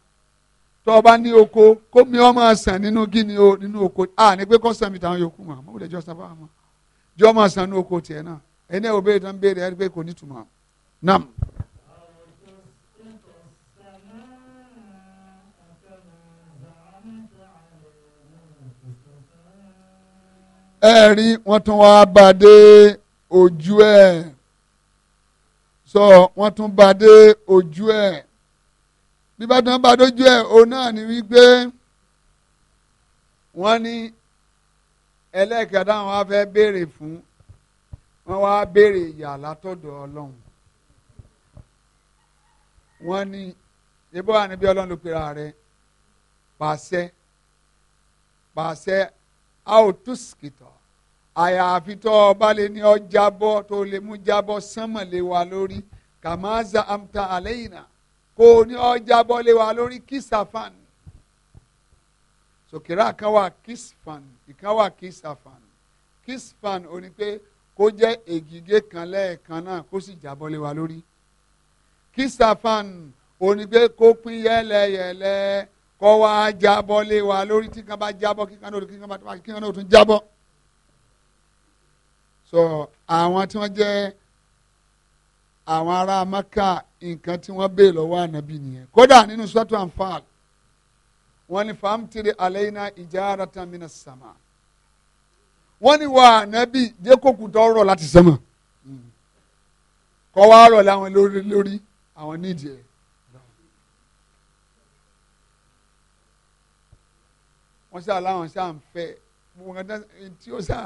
tó o ní oko kó mi ọ máa sàn nínú gíní o nínú oko a ní pé kó sàn mi tàwọn yòókù mọ àmọ́ ìdẹ́jọ́ sábà mọ́ jọ́ máa sàn nínú oko tiẹ̀ náà ẹni ẹ̀ ò tán béèrè ẹ̀ pé kò ní tùmọ̀ nam. ẹ̀rí wọ́n tún wá bá dé ojú ẹ̀ sọ wọ́n tún bá dé ojú ẹ̀ bíbátan bá dójú ẹ̀ òun náà ni wípé wọ́n ní ẹlẹ́ẹ̀kẹ́ táwọn wá fẹ́ béèrè fún wọ́n wá béèrè ìyà látọ̀dọ̀ ọlọ́run wọ́n ní ebó wà níbi ọlọ́run ló pera rẹ̀ pàṣẹ pàṣẹ a ò túsìkìtọ̀ lè ní ọ jábọ́ tó lè mú jábọ́ sánmọ̀lé wa lórí kàmáza amta àlẹ́yìnà kò ní ọjà bọ́lé wa lórí kìsàfàn sòkèrà kan wà kìsfàn ìkan wà kìsàfàn kìsfàn ò ní pé kó jẹ́ ègìgé kan lẹ́ẹ̀kan náà kó sì jà bọ́lé wa lórí kìsàfàn ò ní pé kó pín yẹ́lẹ́yẹ́lẹ́ kọ́ wa jábọ́ wa lórí tí kan bá jábọ́ kíkan náà kíkan bá kíkan náà tún jábọ́ so àwọn tí wọ́n jẹ́ àwọn ará Maka nǹkan tí wọ́n béè lọ́wọ́ ànábì nìyẹn kódà nínú sọ́tò àǹfààl wọ́n ní fàmtìrì àlẹ́yìnà ìjáratan mina sàmà wọ́n ní wà ànábì jẹ́ kókùtà ọ̀rọ̀ láti sẹ́mọ̀ hmm. kọ́ wá rọ̀ láwọn lórí lórí àwọn nídìí ẹ̀. wọ́n sá láwọn sá ń fẹ́ gbogbo nǹkan tí ó sá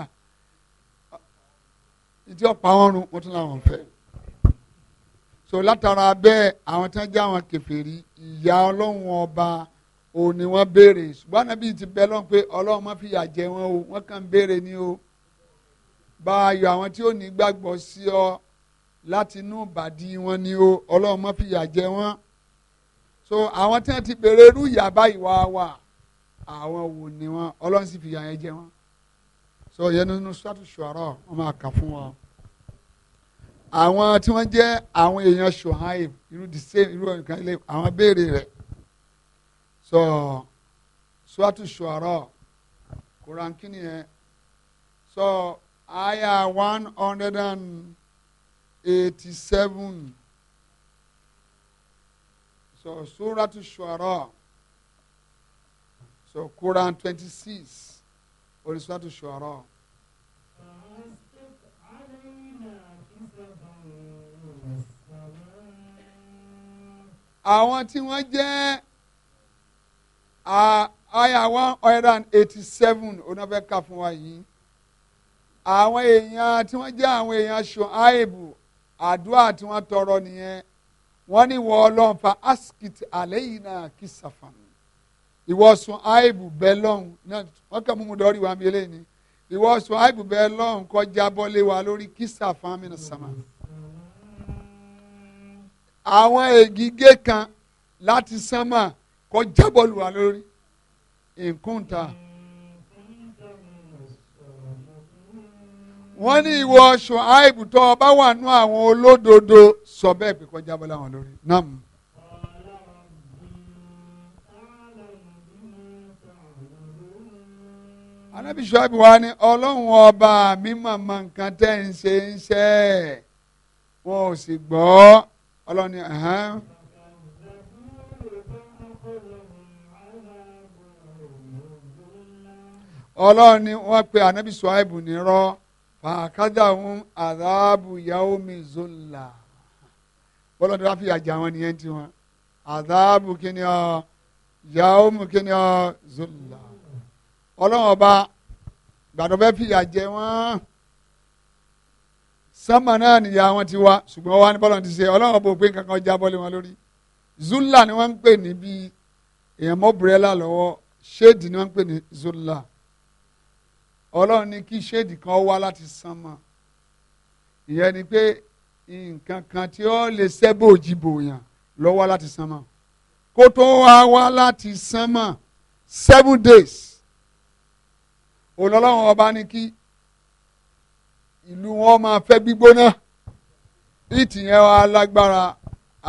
ìdí ọ̀pá ọ̀run wọ́n tún láwọn ń fẹ́ so látara bẹ́ẹ̀ àwọn tí wọ́n jẹ́ àwọn kèfèrí ìyá ọlọ́run ọba òun ni wọ́n béèrè ṣùgbọ́n ànábì ti bẹ lọ́n pé ọlọ́run má fìyà jẹ wọn o wọ́n kàn béèrè ni o bá a yọ àwọn tí ò ní gbàgbọ́ sí ọ láti inú ìbàdí wọn ni o ọlọ́run má fìyà jẹ wọn so àwọn tí wọ́n ti béèrè irú ìyà báyìí wá wà àwọn wò ni wọn ọlọ́run sì fìyà yẹn jẹ wọn so yẹn nínú sọ́tù ṣọ̀rọ̀ wọn máa kà fún wọn àwọn tí wọ́n jẹ́ àwọn èèyàn Shuhaib irú the same irú nǹkan ilé àwọn béèrè rẹ̀ so suwatu Shuara Quran kini yẹn so aya one hundred and eighty-seven so suratu Shuara so Quran twenty-six orí suwatu Shuara. àwọn tí wọ́n jẹ́ àyà one hundred and eighty seven onáfẹ́ka fún wa yìí àwọn èèyàn tí wọ́n jẹ́ àwọn èèyàn ṣùháìbù àdúrà tí wọ́n tọrọ nìyẹn wọ́n ní wọ́n ọlọ́run fa askit àlẹ́yìn náà kí sàfàmù ìwọ ṣùháìbù bẹ́ẹ̀ lọ́hùn náà wọ́n kàn mú dọ́rí wa mi eléyìí ni ìwọ ṣùháìbù bẹ́ẹ̀ lọ́hùn kọjá bọ́lé wa lórí kí sàfàmù náà sàmà àwọn ègìgé kan láti sánmà kó jábọ́ lù wá lórí nǹkan ta. wọ́n ní ìwọ ṣùháìbù tó o bá wà nú àwọn olódodo sọ bẹ́ẹ̀ pé kó jábọ́ láwọn lórí náà. anabi suabi ni ọlọ́run ọba mi màmá nǹkan tẹ́ ń ṣe ń ṣe wọn ò sì gbọ́ ọlọ́run ni ọlọ́run ni wọ́n pe anabi suwaibu ní rọ́ fàákàdà ń àdáàbù yahoo mizola bọ́lá tó bá fi àjà wọn nìyẹn ti wọn àdáàbù kìíní ọ yahoo kìíní ọ zola ọlọ́run ọba gbàdọ̀ bẹ́ẹ̀ fi àjẹ wọn sánmà náà nìyá wọn ti wá ṣùgbọ́n wá ní bọ́lọ̀ ti ṣe ọlọ́run bò pé nǹkan kan já bọ́lé wọn lórí zula ni wọ́n ń pè ní bí èèyàn mọ́bùrẹ́là lọ́wọ́ ṣéèdì ni wọ́n ń pè ní zula ọlọ́run ní kí ṣéèdì kan wá láti sánmà ìyẹn ni pé nǹkan kan tí ó lè sẹ́bò jìbò yàn wá láti sánmà kó tó wá wá láti sánmà seven days ọlọ́run ọba ní kí ìlú wọn máa fẹ́ gbígbóná ìtì yẹn wà lágbára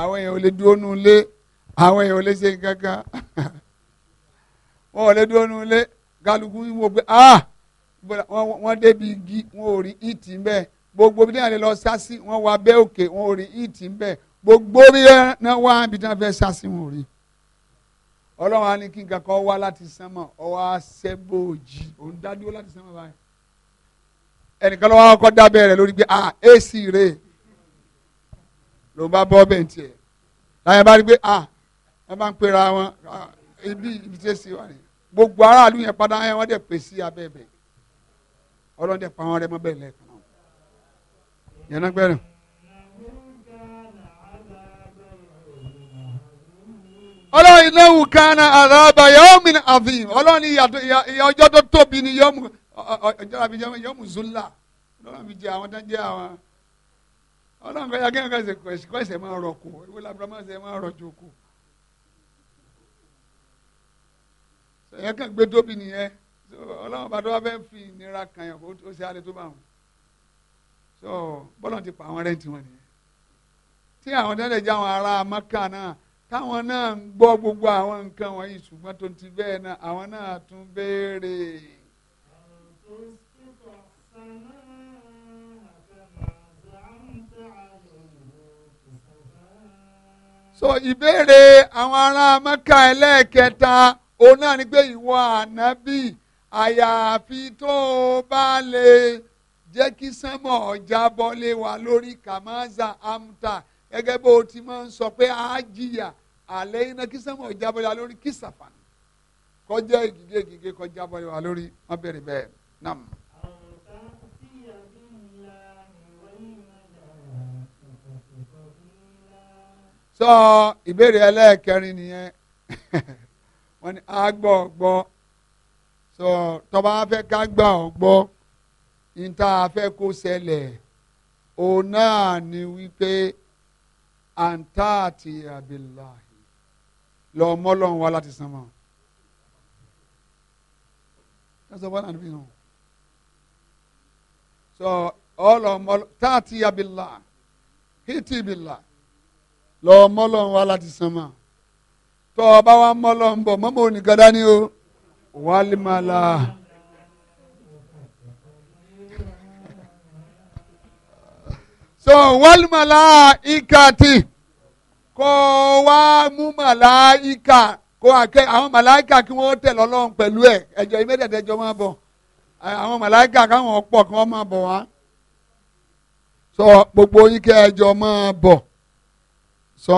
àwọn èèyàn ò lè dúró nu ilé àwọn èèyàn ò lè ṣe nǹkan kan wọn ò lè dúró nu ilé kálukú wò pé ah wọ́n débi igi wọn ò rí ìtì ń bẹ gbogbo bí wọ́n lè lọ sásì wọ́n wà bẹ́ òkè wọn ò rí ìtì ń bẹ gbogbo bí wọ́n wá ibi tí wọ́n fẹ́ sásì wọn ò rí ọlọ́run á ní kí nǹkan kan wá láti sánmọ̀ ọwọ́ á sẹ́bòójì òun dádúró láti sánmọ̀ báyìí ẹnìkan lọ́wọ́ kọ́ dábẹ́ rẹ̀ lórí pé ah ac rè ló bá bọ́ bẹ́ẹ̀ tiẹ̀ láyé bá rí pé ah wọ́n bá ń pera wọn ah, ibi ibi tí èsì wà ní gbogbo aráàlú yẹn padà yẹn wọ́n dẹ̀ pè sí abẹ́ bẹ̀ ọlọ́run dẹ̀ pa wọn rẹ mọ́ bẹ́ẹ̀ lẹ́ẹ̀kan náà yẹn náà gbẹ́rùn. ọlọ́run iná wù kánà àràbà yọ̀ọ́mìn àfihàn ọlọ́run ìyá ọjọ́ tó tóbi ni yọ̀ọ́mù ọjọ́ra fi jẹ́ yọ́mù zola ọlọ́run fi jẹ àwọn tó ń jẹ àwọn ọlọ́run kọjá kí nǹkan kọ́ ẹsẹ̀ máa rọ̀ kù ewu labura máa ẹsẹ̀ máa rọ̀ jò kù. ẹ̀yẹ́ kan gbé tóbi nìyẹn ọlọ́run bá tó wá fẹ́ẹ́ fi ìnira kan yàn kó ó ṣe alẹ́ tó bá wọn. sọ bọ́lọ̀ ti pa àwọn rẹ́ǹtì wọn nìyẹn. tí àwọn tẹ́lẹ̀ jẹ́ àwọn ará maka náà táwọn náà ń gbọ́ gbogbo àwọn nǹkan wọ̀nyí ṣùgbọ́n tó ti bẹ́ẹ̀ náà àwọn náà tún béèrè so ìbéèrè àwọn ará mẹ́ka ẹlẹ́ẹ̀kẹta òun náà ni pé ìwọ ànábì àyàfi tó o bá lè jẹ́ kí sánmọ̀ jábọ́ lé wa lórí kàmáza amta gẹ́gẹ́ bó o ti máa ń sọ pé a jìyà àlẹ́ iná kí sánmọ̀ jábọ́ lé wa lórí kí sàfà kọjá ìgìgé ìgìgé kọjá bọ́ wa lórí wọ́n bẹ̀rẹ̀ bẹ́ẹ̀. نعم sọ ìbéèrè ẹlẹ́ẹ̀kẹrin nìyẹn wọ́n ní a gbọ́ ọ gbọ́ sọ tọ́ba fẹ́ ká gbà ọ gbọ́ ní tá a fẹ́ kó ṣẹlẹ̀ òun náà ni wípé àǹtá àti àbíláì láti sánmọ́. ẹ sọ fún àlànà bí so ọlọmọ táàtì abilà hìtì bilà lọmọ lọhùn wa láti sánmà tọ ọba wa mọ lọhùn bọ mọmọ oníkan dání o wàlímàlà. so wàlímàlà ikàtì kó wá mú màlà ikà kó àwọn màlà ikà kí wọ́n tẹ̀ lọ́lọ́run pẹ̀lú ẹ̀ e. ẹ̀jọ̀ ìmẹ́tẹ̀ẹ̀tẹ̀ máa bọ̀ àwọn màláìkà káwọn pọ̀ kí wọ́n máa bọ̀ wá sọ gbogbo yíkẹ́ ẹjọ́ máa bọ̀ sọ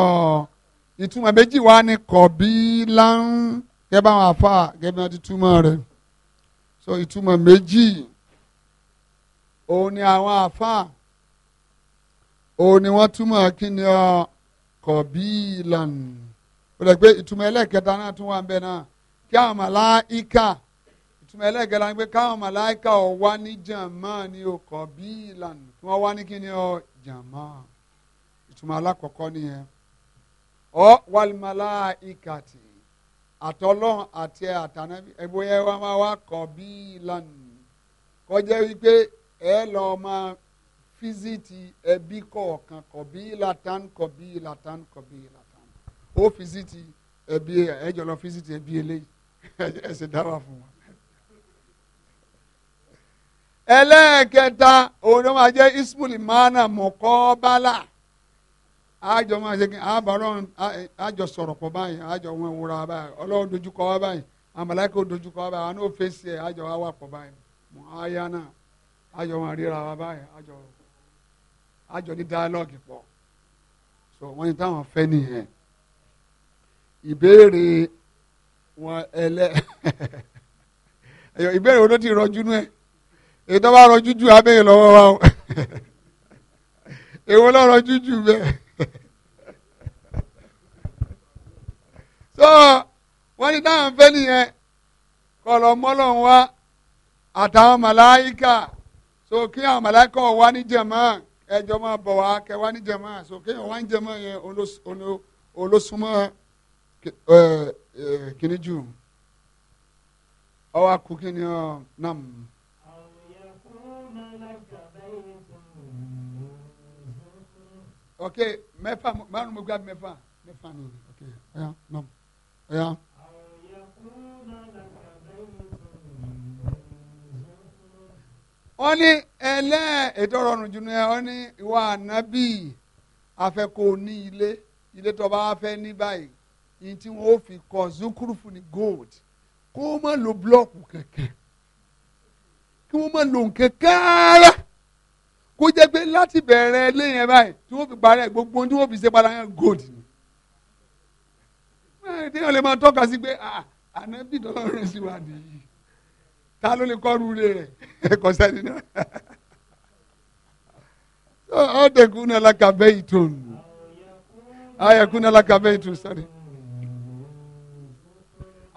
ìtumọ̀ méjì wá ní kọ̀bí láńrún gẹ́gẹ́ bá àwọn àfa gẹ́gẹ́ bí wọ́n ti túmọ̀ rẹ̀ sọ ìtumọ̀ méjì òun ni àwọn àfa òun ni wọ́n túmọ̀ kí ni ọ uh, kọ̀bí ìlànà ó lè gbé ìtumọ̀ ẹlẹ́kẹta náà tún wà ń bẹ náà kí àwọn màláìkà ìtumọ̀ ẹlẹ́gẹ̀ẹ́la ni pé káwọn màláìka ọ̀ wá ní jàmá ni o kọ̀ bí ìlànà tí wọ́n wá ní kí ni ọ jàmá ìtumọ̀ alákọ̀ọ́kọ́ nìyẹn ọ wàlmàláìka tì àtọlọ́run àti àtànábì ẹ̀bùyẹ wa máa wá kọ̀ bí ìlànà kọjá wípé ẹ lọ máa físítì ẹbí kọ̀ọ̀kan kọ̀ bí ìlàtàn kọ̀ bí ìlàtàn kọ̀ bí ìlàtàn ó físítì ẹbí ẹ jọ lọ ẹbí eléyìí ẹ ṣe dáwà fún wa. ẹlẹ́ẹ̀kẹta òun ló máa jẹ́ ismul mana mọ̀kọ́bálà àjọ máa ṣe kí àbárọ̀ àjọ sọ̀rọ̀ pọ̀ báyìí àjọ wọn wúra báyìí ọlọ́run dojúkọ wa báyìí àmàlàkè dojúkọ wa báyìí àwọn ò fèsì ẹ̀ àjọ wà pọ̀ báyìí náà àjọ wọn ríra báyìí àjọ àjọ ní dialogue pọ̀ so wọ́n táwọn fẹ́ nìyẹn ìbéèrè wọn ẹlẹ́ ìbéèrè wọn ló èyí tó bá rọ jújù abẹ́yẹ lọ́wọ́ wa o èwo lọ́rọ̀ jújù bẹ́ẹ̀. so wọ́n ní táwọn fẹ́ nìyẹn kọlọ mọ́lọ̀ ń wá àtàwọn màláìkà so kí àwọn màláìkà wá ní jẹ̀mọ́ ẹjọ́ máa bọ̀ wá kẹ wá ní jẹ̀mọ́ so kí ní jẹ̀mọ́ yẹn olóṣùmọ́ kìnìjú ọwọ́ akú kìnìún náà ok mẹ́fà márùn mo gba mẹ́fà mẹ́fà ni ok ọ̀ya nọ ọ̀ya. wọ́n ní ẹlẹ́ ètò ọ̀rọ̀rùn jù ní ẹ wọ́n ní ìwà ànábì afẹ́kọ̀ ní ilé ilé tó bá fẹ́ ní báyìí ní tí wọ́n fi kọ́ zukurufu ní gold kó má lo blọ́ọ̀kù kẹ̀kẹ́ kí wọ́n máa lo nǹkan káárá kó jẹ́ pé láti bẹ̀rẹ̀ lẹ́yìn ẹ̀ báyìí tí wọ́n fi parẹ́ gbogbo ohun tí wọ́n fi ṣe padà yẹn gold ni. téèyàn lè máa tọ́ka sí pé ah, ànábì tọ́lọ́ rẹ̀ sí wa nìyí ta ló lè kọ́ru rẹ̀ ẹ̀kọ́ sẹ́ni náà. ọ̀ dẹ̀kun náà lákàbẹ́ ìtòun ayẹ̀kun náà lákàbẹ́ ìtòun sẹ́ni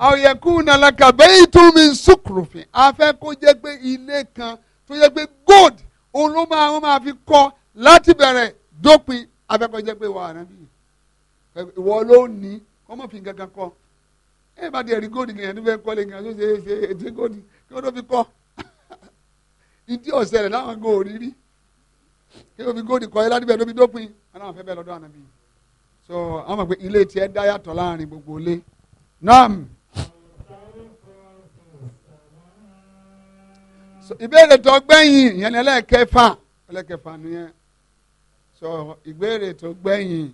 àwòyẹ̀kùn nàlàkà bẹ́ẹ̀ ìtumí sùkùrùfín a fẹ́ kó jẹ́ pé ilé kan tó jẹ́ pé gold òun ló máa wọ́n máa fi kọ́ láti bẹ̀rẹ̀ dópin a fẹ́ kó jẹ́ pé wà á rẹ́ bíi ìwọ ló ní ọmọ fi gangan kọ́ ẹ bá di ẹ̀rí góòdì kìnìyàn tó fẹ́ kọ́ lè kìnìyàn tó ṣe ṣe ètò góòdì kí wọ́n tó fi kọ́ ìdí ọ̀sẹ̀ rẹ̀ láwọn gan òrírí kí wọ́n fi góòdì kọ́ ẹ láti bẹ̀rẹ̀ dópin dópin aláwọn fẹ́ bẹ́ẹ̀ lọ́dọ̀ àná bíi so àwọn mọ̀ pé ilé tiẹ̀ dá yàtọ̀ láàrin gbogbo ilé náà. ìbéèrè tó gbẹ̀yìn yẹn ẹlẹ́kẹfà ẹlẹ́kẹfà nìyẹn so ìbéèrè tó gbẹ̀yìn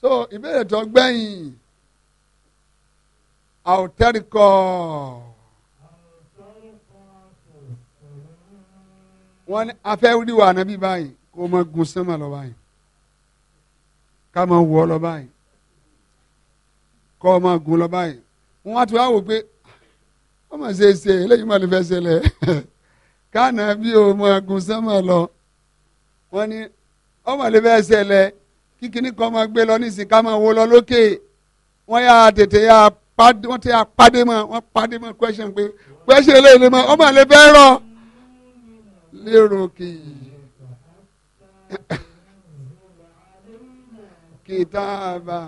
so ìbéèrè tó gbẹ̀yìn àwòtẹ́rìkọ́ wọ́n ní afẹ́wúdiwà ànábì báyìí kó o máa gun sẹ́mà lọ báyìí ká máa wọ̀ ọ́ lọ báyìí kọ́ ọ máa gun lọ báyìí wọ́n á ti wá wò pé ọmọ ṣe ṣe eléyìí máa lè fẹ́ ṣẹlẹ̀ kánà bí o máa gun sánmà lọ wọ́n ní ọmọ lè fẹ́ ṣẹlẹ̀ kíkiní kan máa gbé lọ nísìn ká máa wo lọ lókè wọ́n yà tètè yà pàdé wọ́n ti yà pàdé mọ́ wọ́n pàdé mọ́ question pé question eléyìí lè mọ́ ọmọ lè fẹ́ rọ lérò kì í kìtàbà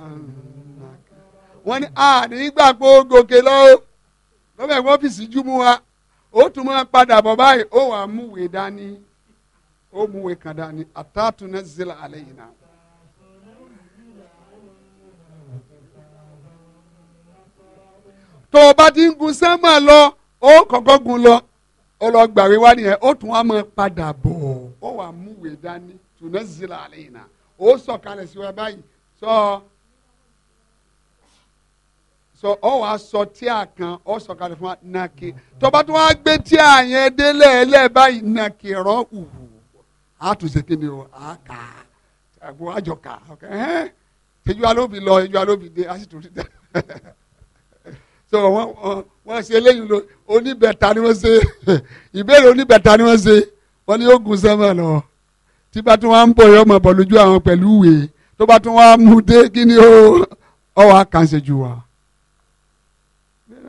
wọ́n ní àdìgbà kó gòkè lọ́wọ́ tọ́bẹ̀ ẹ̀kọ́ ọ́fíìsì júmọ́ wa ó tún máa padà bọ̀ báyìí ó wàá múwèé dání ó múwèé kan dání àtàtúnẹ zila alẹ́ yìí náà. tó o bá ti ń gun sẹ́mà lọ ó kọ́kọ́ gun lọ ó lọ gbàwé wá nìyẹn ó tún wá máa padà bọ̀ ó wàá múwèé dání túnẹ zila alẹ́ yìí náà ó sọ̀kalẹ̀ sí wa báyìí sọ. So, so ọ wàá sọ tíà kan ọ sọ kalẹ̀ fún wa nàkì tọba tó wàá gbé tíà yẹn délẹ̀ ẹlẹ́ báyìí nàkì rọ ùwù á tún ṣe kíni o á kà á àgbo àjọ kà á ok ẹhẹn tẹjú alóbi lọ ẹjú alóbi dé á sì tún rí dẹ so wọn wọn ṣe eléyìí lo oníbẹ̀ta ni wọ́n ṣe ìbéèrè oníbẹ̀ta ni wọ́n ṣe wọ́n ní ogun sẹ́mọ̀ lọ tí bá tún wá ń bọ̀ yọ ọmọ bọ̀ lójú àwọn pẹ̀lú ìwé tó bá tún wá mú dé kíni o ọ wàá kàn ṣe jù wá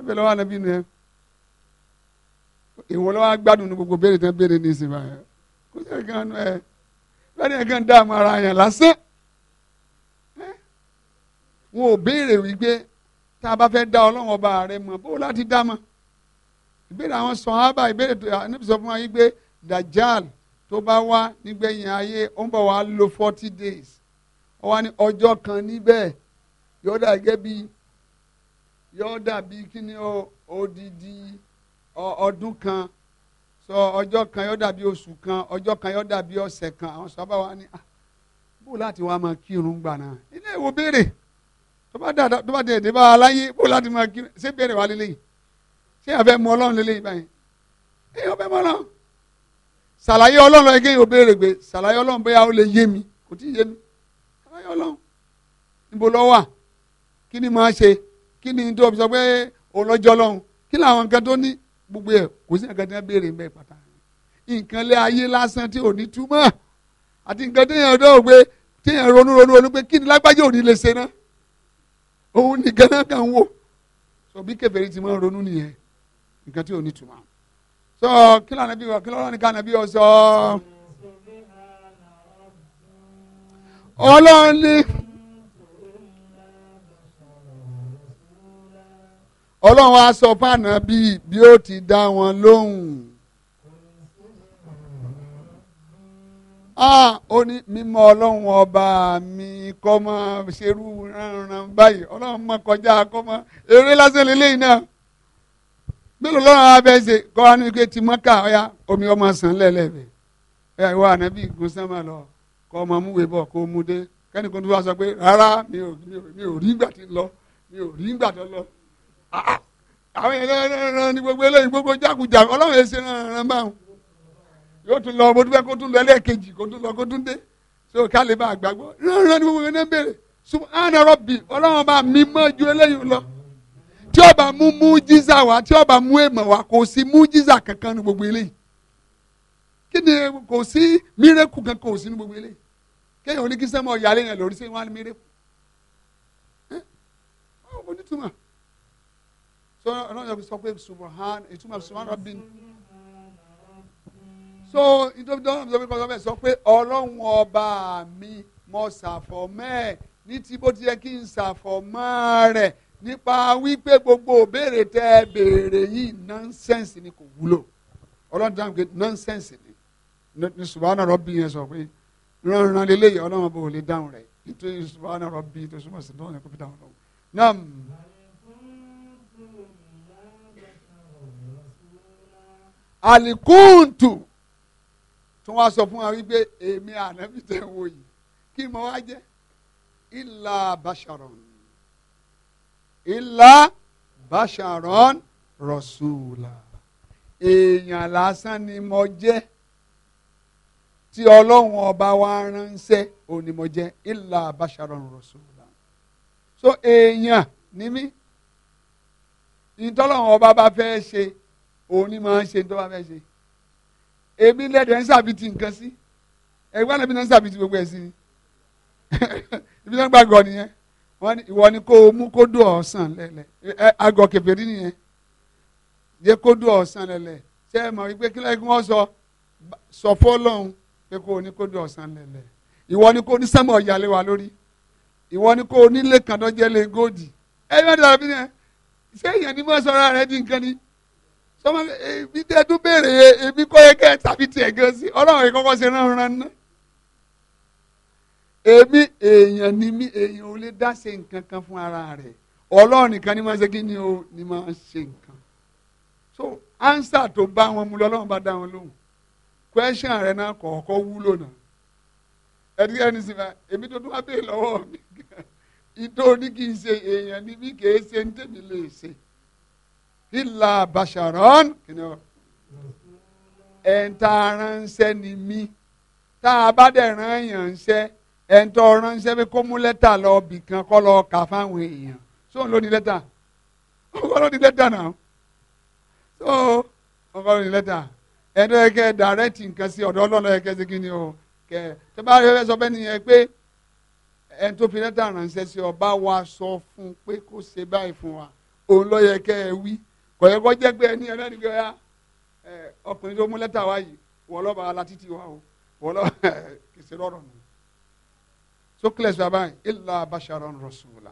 bẹ́ẹ̀ lọ́wọ́ ànábì nu yẹn ìwọ lọ́wọ́ agbádùn ní gbogbo béèrè tán béèrè ní ìsìn báyẹn kó sì gan nu ẹ lọ́dún yẹn gan dààmú ara yẹn lásán wọn ò béèrè wípé tá a bá fẹ́ dá ọlọ́run ọba rẹ mọ̀ bó láti dá mọ̀ ìbéèrè àwọn sọ̀hábà ìbéèrè tó ànábì sọ fún wa yìí pé dajjal tó bá wá nígbẹ̀yìn ayé ó ń bọ̀ wá lò forty days ó wá ní ọjọ́ kan níbẹ̀ yóò dà gẹ́gẹ́ bíi yóò dàbí kíni o odidi ọdún kan sọ ọjọ́ kan yóò dàbí oṣù kan ọjọ́ kan yóò dàbí ọ̀sẹ̀ kan àwọn sábà wa ni ah, bó láti wá máa kírun gbà náà ilé ìwò béèrè tó bá dàda tó bá dèdè bá aláyé bó láti máa kírun ṣé béèrè wa lélẹ́yìn ṣé àfẹ́ mú ọlọ́run lélẹ́yìn báyìí ẹ yóò fẹ́ mọ́ ọlọ́run ṣàlàyé ọlọ́run lọ ẹgẹ́ yóò béèrè pé ṣàlàyé ọlọ́run bóyá ó lè yé mi kò tí ì yé mi ṣàlàyé ọlọ́run níbo lọ wà kí ni màá ṣe kí ni tó fi sọ pé ọlọ́jọ́ lọ́hùn kí làwọn nǹkan tó ní gbogbo ẹ̀ kò sí nǹkan tí wọ́n béèrè mbẹ́ pàtà nǹkan lé ayé lásán tí ò ní túmọ̀ àti nǹkan téèyàn dọ́ ògbé téèyàn ronú ronú ronú pé kí ni lágbájá òní lè ṣe náà òun nìkan náà kàn wò sọ bí kèfèrí ti máa ronú nìyẹn nǹkan tí ò ní túmọ̀ sọ kí lànà bí wọ́n kí lọ́rọ́ nìkan nàbí ọ sọ. ọlọ́run ọlọ́run á sọ fáànà bíi bí ó ti dá wọn lóhùn. ó ní mímọ́ ọlọ́run ọba mi kọ́ mọ́ ṣerú ránran báyìí ọlọ́run mọ́ kọjá kọ́ mọ́ eré lásán lélẹ́yìn náà mélòó lọ́rùn abẹ́ ṣe kọ́ wa ní ike ti mọ́kà ọ̀ya omi ọmọ sàn lẹ́lẹ́bẹ̀ ẹ̀ wọ ànábì gùn sánmà lọ kọ́ ọmọ múwèé bọ̀ kó mú dé kẹ́nìkan tó wá sọ pé rárá mi ò rí ìgbà tí lọ mi ò rí ìgbà tó lọ àwọn yẹn rẹ̀rẹ̀rẹ̀ ni gbogbo eléyìí gbogbo jákujà ọlọ́run yẹn ṣe rẹ̀rẹ̀rẹ̀ bá wọn yóò tún lọ mo dúpẹ́ kó tún lọ ẹlẹ́ẹ̀kejì kó tún lọ kó tún dé so ká lè bá a gbàgbọ́ rẹ̀rẹ̀rẹ̀ ni gbogbo yẹn bèrè subhana rabbi ọlọ́run bá mi mọ́ ju eléyìí lọ tí ó bá mú mú jíza wá tí ó bá mú èèmọ̀ wá kò sí mú jíza kankan ní gbogbo eléyìí kí ni kò sí mírẹ́kù kankan kò sí ní gbogbo eléyìí kéèyàn oníkísẹ́mọ̀ yàrá yẹn lórí sí wọn á ní mírẹ́kù ẹ́ ọ́ so I know ọlọ́run sọ pé subahan ìtumọ̀ subahan rabbi so nítorí dọ́nà mi sọ pé kọ́sọ́ bẹ́ẹ̀ sọ pé ọlọ́run ọba mi mo ṣàfọ̀mọ́ ẹ̀ ní ti bó ti yẹ kí n ṣàfọ̀mọ́ rẹ̀ nípa wípé gbogbo òbéèrè tẹ́ ẹ béèrè yìí nọ́nsẹ̀nsì ni kò wúlò ọlọ́run dáhùn pé nọ́nsẹ̀nsì ni ní subahan rabbi yẹn sọ pé ránran lélẹ́yìí ọlọ́run bò lè dáhùn rẹ̀ nítorí subahan rabbi tó súnmọ́ sí náà yẹn kó fi dáhùn lọ́wọ́ náà. alikuntu tí wọ́n sọ fún wa wípé èmi ànábì tẹ̀ ń yìí kí mo wá jẹ́ ìlà basharon ìlà basharon rasula èèyàn lásán ni mo jẹ́ tí ọlọ́run ọba wa ránṣẹ́ òní mo jẹ́ ìlà basharon rasula so èèyàn ni mí ìtọ́lọ́run ọba bá fẹ́ ṣe òun ni máa ń ṣe tó bá fẹ́ ṣe èmi lẹ́dẹ̀ ń sàbìtì nǹkan sí ẹgbẹ́ náà bí náà ń sàbìtì gbogbo ẹ̀ sí ni ibi náà gbàgbọ́ nìyẹn wọ́n ní ìwọ ni kó o mú kó dùn ọ̀sán lẹ́lẹ̀ ẹ agọ̀ kẹfẹ́rí nìyẹn yẹ kó dùn ọ̀sán lẹ́lẹ̀ ṣé ẹ mọ̀ wípé kílẹ̀ kí wọ́n sọ sọ fọ́lọ́hún pé kó o ní kó dùn ọ̀sán lẹ́lẹ̀ ìwọ ni kó ní sẹ́mọ̀ ìyàlẹ́ wa lórí ìwọ ni kó o nílé kàndọ́jẹ́lé góòdì ẹ yọ sọmọ ebi eh, tẹ tún béèrè ebi kọ́ yẹ kẹ́ tàbí tiẹ̀ gan sí ọlọ́run yìí kọ́kọ́ ṣe ránran ná. èmi èèyàn ni mí èèyàn ò lè dá ṣe nǹkan kan fún ara rẹ̀ ọlọ́run nìkan ni máa ṣe kí ni o ni máa ṣe nǹkan. so answer tó bá wọn mu lọ́lọ́run bá dá wọn lóhùn question rẹ̀ náà kọ̀ọ̀kọ́ wúlò náà ẹni ẹni sì máa èmi tó tún wá béèrè lọ́wọ́ mi ìtò kì í ṣe èèyàn ni mí kì í ṣe ń tèmi lè ṣe ilà basharon kìnìún ẹ̀ǹtà ránṣẹ́ ni mí tá a bá dẹ̀ rán èèyàn ṣẹ́ ẹ̀ǹtà ránṣẹ́ pé kó mú lẹ́tà lọ bì kan kọ́ lọ kà fáwọn èèyàn sóun ló ní lẹ́tà ọkọ ló ní lẹ́tà náà so ọkọ ló ní lẹ́tà ẹ̀ǹtà yẹ kẹ́ dàrẹ́tì nǹkan sí ọ̀dọ̀ ọlọ́run yẹ kẹ́ sí kí ni o kẹ́ tẹ́ bá rẹ sọ bẹ́ẹ̀ nìyẹn pé ẹni tó fi lẹ́tà ránṣẹ́ sí ọ bá wa sọ fún un pé kó ṣe báyìí fún wa òun ló yẹ kẹ́ ẹ wí kò yẹ kó jẹ́ pé ẹni ẹ̀rọ nìkan ya ọkùnrin tó mú lẹ́tà wá yìí wọ́n lọ́ba alátìtì wa o wọ́n kìsì rọrọ̀ nù. sókèlè sábà ilà basharon rasula.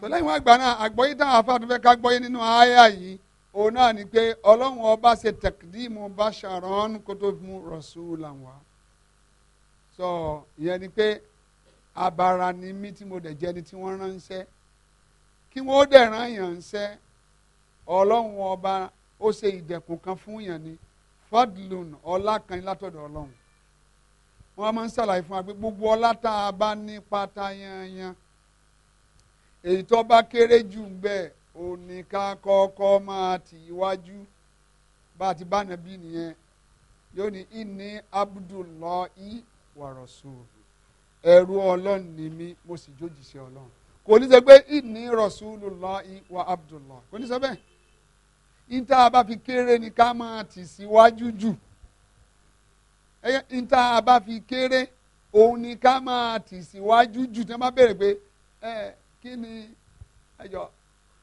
sọlá ìwọ̀n àgbà náà àgbọ̀yé táwọn afáàtúfẹ́ ká gbọ́yé nínú àyà yìí òun náà ni pé ọlọ́run ọba ṣe tẹ̀kídìmù basharon kó tó mú rasula wa. sọ ìyẹn ni pé abara ni mí tí mo dẹ̀ jẹ́ ni tí wọ́n ránṣẹ́ kí wọ́n dẹ̀ rán yàn ṣẹ́ ọlọ́run ọba ó ṣe ìdẹ̀kùn kan fún yàn ni fadlun ọlá kan látọ̀dọ̀ ọlọ́run wọ́n máa ń ṣàlàyé fún wa pé gbogbo ọlá tá a bá ní pátá yanyan èyí tó bá kéré jù bẹ́ẹ̀ òní kọ́kọ́ máa tì í wájú bá a ti bá nàbí nìyẹn yóò ní ìní abdullahi wa rasul ẹrú ọlọ́run ni mí mo sì jójìṣẹ́ ọlọ́run kò ní sọ pé ìní rasulullahi wa abdullah kò ní sọ bẹ́ẹ̀ níta bá fi kéré ni ká máa tì síwájú jù níta bá fi kéré òun ni ká máa tì síwájú jù tí wọ́n bá pé ẹ ni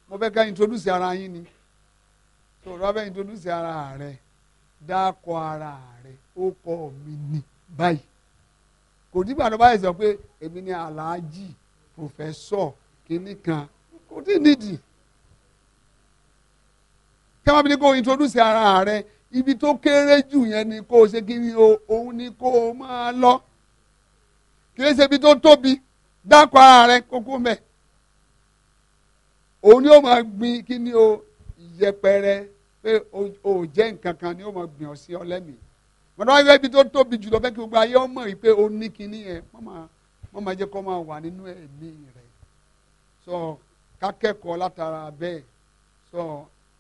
mo fẹ́ ká introduce ara yín ni tó o rọ́bẹ́ ara rẹ kò dìgbà tó bá yẹ sọ pé èmi ni aláàjì pòfẹ́sọ̀ kìíní kan kò tí ì nídìí. kẹ́wọ́n bí kò introduce ara rẹ ibi tó kéré jù yẹn ni kó o ṣe kí ni o òun ni kó o máa lọ kì í ṣe ibi tó tóbi dákọ̀ ara rẹ kókó mẹ́ òun ni ó máa gbin kí ni o yẹpẹrẹ pé o ò jẹ́ nǹkan kan ni ó máa gbìn ọ́ sí ọ lẹ́mìí bọ́dọ̀ wá ibi tó tóbi jùlọ fẹ́ kí gbogbo ayé ọmọ yìí pé ó ní kinní yẹn wọ́n máa jẹ́ kó máa wà nínú ẹ̀mí rẹ̀ sọ kákẹ́kọ̀ọ́ látara bẹ́ẹ̀ sọ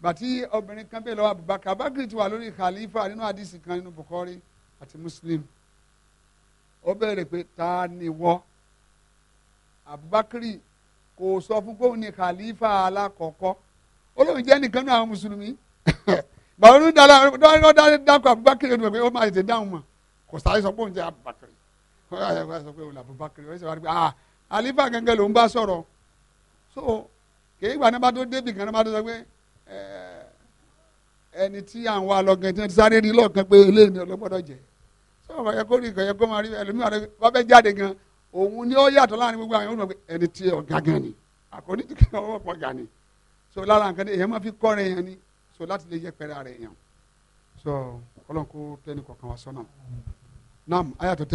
bàtí obìnrin kan bẹ́ẹ̀ lọ́wọ́ Abubakar Abubakar ti wà lórí khalifa nínú àdìsí kan nínú Bukhari àti Muslim ó bẹ̀rẹ̀ pé ta ni wọ́ Abubakar kò sọ fún pé òun khalifa alákọ̀ọ́kọ́ olóhùn jẹ́ nìkan náà àwọn mùsùlùmí bàbá mi dara dọ́wọ́ dá dákọ̀ Abubakar ẹni pé ó máa tètè dáhùn mà kò sáré sọ pé òun jẹ́ Abubakar wọ́n yà wá sọ pé òun Abubakar wọ́n sọ pé ah àlífà gẹ́gẹ́ ló ń bá sọ̀rọ̀ so kì í gbà ní bá tó débì kan ní bá tó sọ pé eh, ẹni tí à ń wá lọ́gàn tí wọ́n ti sáré rí lọ́ọ̀kan pé eléyìí ni ọlọ́gbọ́dọ̀ jẹ́ so ọmọ yẹ kó rí ìkọ̀ yẹ kó máa rí ẹlòmíràn wọ́n fẹ́ jáde gan òun ni ó yàtọ̀ láàrin gbogbo àwọn olùmọ̀ pé ẹni tí ọ̀gá gan ni ni so láti lè yẹ pẹ̀rẹ́ ara èèyàn so ọlọ́run kó tẹ́ni kọ̀ọ̀kan wá sọ́nà nam aya tó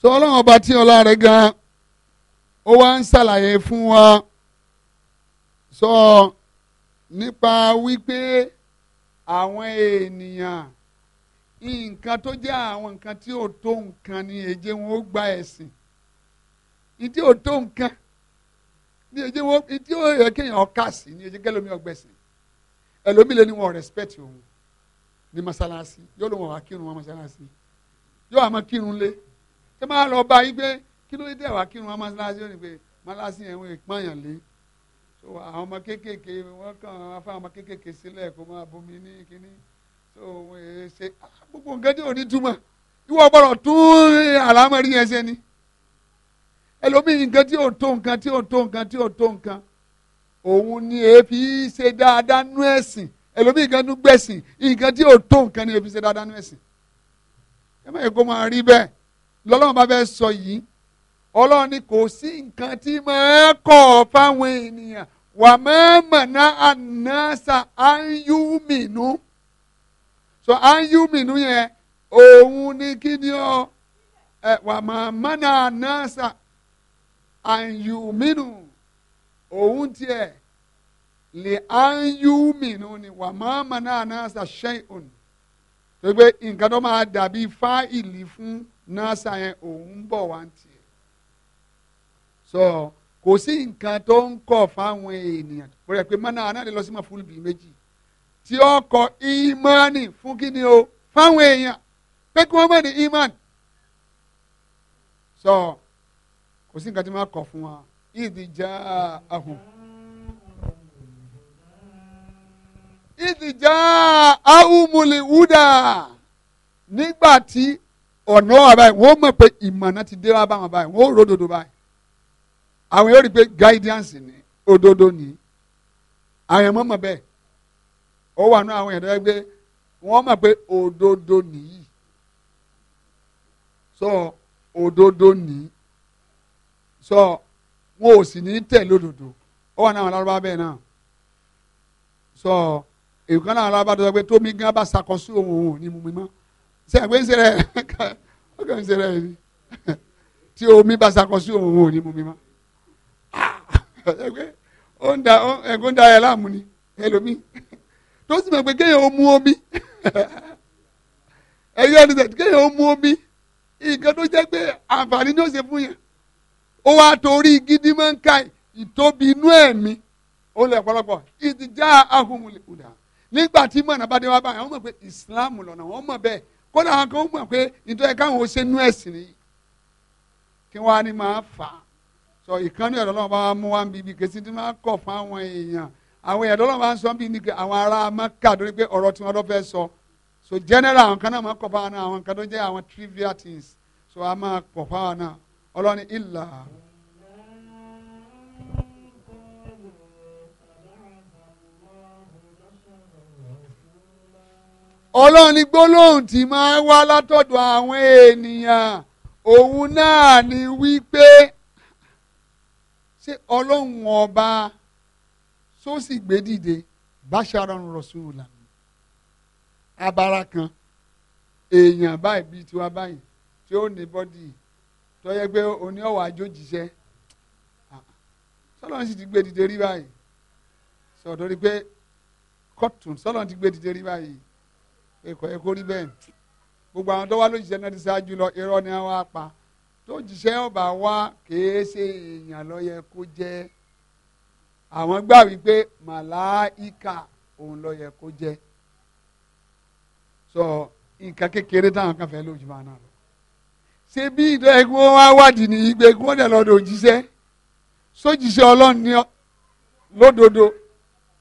so ọlọ́run ọba tí ọlá rẹ̀ gan ó wá ń ṣàlàyé fún wa sọ nípa wípé àwọn ènìyàn nǹkan tó jẹ́ àwọn nǹkan tí ò tó nǹkan ni èjé wọn ó gba ẹ̀sìn ìdí ò tó nǹkan ní èjé wọn ìdí ò yẹ kéèyàn ọ̀ka sí ní èjé kẹlẹ́mi ọ̀gbẹ̀sìn ẹlòmílẹ̀ ni wọn respect òun ní masalasi yóò ló wọn wá kírun wọn masalasi yóò àmọ́ kírun lé ṣé máa lọ bá yí pé kí ló dé wá kírun wọn masalasi yóò ní pé masalasi yẹn wọn ìpọ́nyàn lé so àwọn ọmọ kéékèèké wọn kàn án fún àwọn ọmọ kéékèèké sílẹ̀ kó máa bomi ní kínní so òun èé ṣe gbogbo nǹkan tí ò ní túmọ̀ ìwọ gbọ́dọ̀ tún àlámọ̀rí yẹn ṣe ni ẹlòmíì nǹkan tí ò tó nǹkan tí ò tó nǹkan tí ò tó nǹkan òun ni èéfi ṣe dáadáa nú ẹ̀sìn ẹlòmíì nǹkan tún gbẹ̀sìn nǹkan tí ò tó nǹkan ni èéfi ṣe dáadáa nú ẹ̀sìn ẹ má yẹ kó máa rí bẹ́ẹ̀ lọ́lọ́run bá fẹ́ sọ yìí ọlọ́run ni kò sí nǹkan tí máa kọ̀ fáwọn ènìyàn wà máa mọ̀ ná ànásà áyúmìnú so ayúmínú yẹn òun ni kí eh, e. ni ọ ẹ wà máa mánà nọ́ọ̀sà ayúmínú òun tiẹ̀ lè ayúmínú ni wà máa mánà nọ́ọ̀sà ṣẹ́yìn tó gbé nǹkan tó máa dàbí fáìlì fún nọ́ọ̀sà yẹn òun bọ̀ wá ń so kò sí nǹkan tó ń kọ̀ fáwọn ènìyàn kò rẹ̀ pé mánà náà lè lọ sí ma fúlù bíi méjì tí ó kọ ìmánì fún kíni o fáwọn èèyàn pé kí wọ́n mọ̀ ní ìmánì sọ kò sí nǹkan tí wọ́n kọ fún wa ìdìjà ahùn. ìdìjà ahùnmùlì wúdà nígbà tí ọ̀nà wà báyìí wọ́n mọ̀ pé ìmọ̀nà ti dé wá báwọn báyìí wọ́n ròdòdó báyìí àwọn yóò rí i pé guidance ni òdodo ni àwọn ẹ̀mọ́ mọ̀ bẹ́ẹ̀ ó wà nú àwọn èèyàn tó yẹ pé wọ́n mọ̀ pé òdodo nìyí sọ òdodo nìyí sọ wọn ò sì ní tẹ̀ lódodo ó wà nú àwọn alárúbá bẹ́ẹ̀ náà sọ èèkàn náà alárúbá tó yẹ pé tómi gán bá ṣàkóso òun ò ni mú mi mọ́ ṣe àgbẹ̀ ń ṣe rẹ̀ ó kàn ń ṣe rẹ̀ yìí tí omi bá ṣàkóso òun ò ní mú mi mọ́ ah! ó ń da ẹ̀gbọ́n da ẹ̀ láàmú ni ẹlòmíì tó sì mọ̀ pé kéèyàn ó mú omi ẹ̀yọ́ ni sẹ́yìn kéèyàn ó mú omi nǹkan tó jẹ́ pé àǹfààní ni ó ṣe fún yẹn ó wá torí gidi máa ń ka ìtóbi inú ẹ̀mí ó lè pọ̀lọpọ̀ ìdíjà ahùnmùlẹ̀ kùdà nígbà tí mọ̀nà bá dé wá báyìí àwọn mọ̀ pé ìsìláàmù lọ́nà wọ́n mọ̀ bẹ́ẹ̀ kódà àwọn kan mọ̀ pé nítorí káwọn ó ṣe nú ẹ̀sìn nìyí kí wọ́n á ní máa fà á sọ ìkànnì ọ̀dọ́ náà bá wà mú wa ń bíbí kèsì máa kọ̀ fún èèyàn àwọn èèyàn lọ́lọ́run bá ń sọ bí ni pé àwọn ará maka lórí pé ọ̀rọ̀ tí wọ́n lọ́ fẹ́ sọ so general àwọn kan náà máa kọ̀ fáwọn náà àwọn kan tó jẹ́ àwọn trivial things so a máa kọ̀ fáwọn náà ọlọ́ni ìlà. ọlọ́ni gbólóhùn tí máa ń wá látọ̀dọ̀ àwọn ènìyàn òun náà ni wípé ṣé ọlọ́run ọba tó sì gbé dìde basharan rasula abara kan èèyàn báyìí bíi tiwa báyìí tí ó ní bọ́dì tó yẹ pé oní ọ̀wọ́ àjòjìṣẹ́ ah, sọlọ́n sì ti gbé dìde rí báyìí sọ̀tọ́ rí pé kọ́tùn sọlọ́n ti gbé dìde rí báyìí ẹ̀kọ́ ẹ̀kọ́ rí bẹ́ẹ̀ gbogbo àwọn tó wá lójijì náà ti ṣáájú lọ irọ́ ni wọ́n á pa tó jìṣẹ́ ọba wá kèé ṣe èèyàn ló kó jẹ́ àwọn gbà wípé màláìka òun ló yẹ kó jẹ́ sọ nǹkan kékeré táwọn kan fẹ́ lójú máa náà lọ ṣé bí ìdá ẹgbẹ́ wọn wá wádìí ní igbe kí wọ́n dẹ̀ lọ́dọ̀ òjíṣẹ́ sójíṣẹ́ ọlọ́run ní lódodo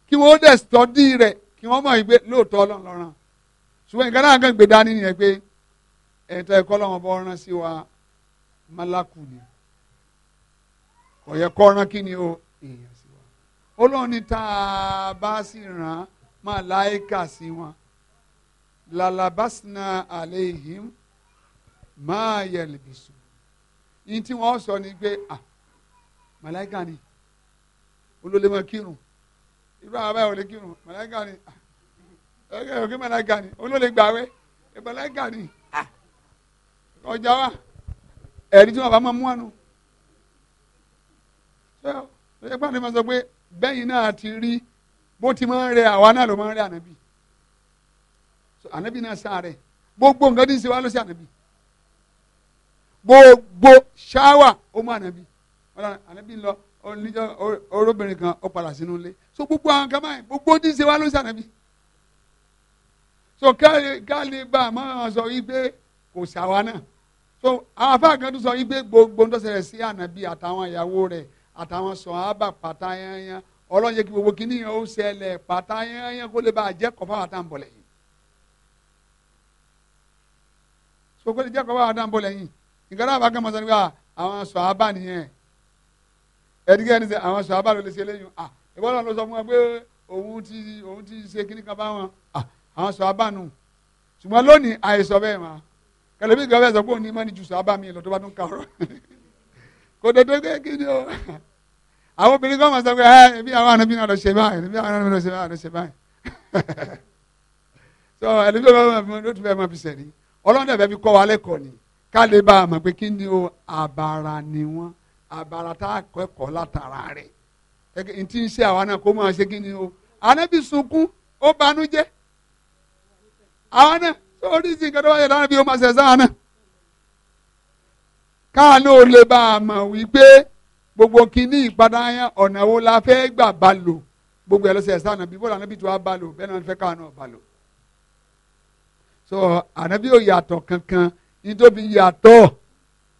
kí wọ́n dẹ̀ sọ́dí rẹ̀ kí wọ́n mọ̀ igbe lóòótọ́ ọlọ́run lọ́ràn ṣùgbọ́n nǹkan náà kan gbé dání nìyẹn pé ẹ̀tọ́ ẹ̀kọ́ lọ́wọ́ bọ́ rán sí wa málákù ni kò yẹ kí ni o èèyàn ọlọ́run ní tá a bá sì rán màláìkà sí wọn lalabasina aleihim máa yẹ lèbìsù yìí tí wọ́n sọ ni pé ah màláìkà ni olólè máa kírun irú àwọn abáyọ̀ lè kírun màláìkà ni ah, ẹgbẹ́ òkè màláìkà ni olólè gbàwé eh, màláìkà ni ah, ọjà wa ẹ̀rí tí wọ́n bá máa mú ànú ṣé ẹ pàdé máa sọ pé bẹ́yìn náà ti rí bó ti máa ń rẹ àwa náà ló máa ń rẹ ànábì ànábì náà sáré gbogbo nǹkan tí ń ṣe wá ló ṣe ànábì gbogbo ṣáwà ó mú ànábì ànábì ń lọ oníjọ orobìnrin kan ó padà sínú ilé so gbogbo àwọn kan báyìí gbogbo tí ń ṣe wá ló ṣe ànábì so káàlì bá a máa sọ wípé kò ṣàwa náà so àwọn afáàkàn tó sọ wípé gbogbo ń tọ́sẹ̀ rẹ̀ sí ànábì àtàwọn ìyàwó rẹ̀ àtàwọn sọ ábà pátá yányán ọlọ́run jẹ́ kí gbogbo kíní yẹn ó ṣẹlẹ̀ pátá yányán kó lè bá jẹ́ kọ́fà wà tá à ń bọ̀ lẹ́yìn. so kó lè jẹ́ kọ́fà wà ń bọ̀ lẹ́yìn nǹkan náà bá kẹ́ mọ́ sọ àwọn sọ ábà nìyẹn ẹ̀dígẹ́ ni sẹ́ àwọn sọ ábà ló lè ṣe lẹ́yìn à ìbọn ló sọ fún wa pé òun ti òun ti ṣe kíní kan bá wọn àwọn sọ ábà nù ṣùgbọ́n lónìí àìsọ bẹ́ẹ̀ mà kẹlẹ́bí gẹ́gẹ́ sọ pé òun ní mọ́ni ju sọ ábà mi lọ tó bá tún kà kò dédé o àwọn obìnrin kan máa sọ pé ẹ na àwọn àna bí náà lọ ṣe báyìí ẹbí àwọn àna bí náà lọ ṣe báyìí lọ ṣe báyìí so ẹni tó bá máa ló tún fẹ́ máa fi ọlọ́run fi kọ́ wa lẹ́kọ̀ọ́ ni ká lè bá a mọ̀ pé kí ni o àbàrà ni wọ́n àbàrà tá a kọ́ ẹ̀kọ́ látara rẹ̀ n ń ṣe àwa náà kó máa ṣe kí ni o ànábì sunkún ó banújẹ́ àwa náà káàánú ò lè bá a mọ̀ wípé gbogbo kínní ìpadàyàn ọ̀nà wo la fẹ́ gbà bá lò gbogbo ẹlẹ́sẹ̀ ẹ̀sán ànábì bó lànà bí tó a bá lò bẹ́ẹ̀ náà fẹ́ káàánú ọ̀ bá lò. so ànábì ò yàtọ̀ kankan nítorí yàtọ̀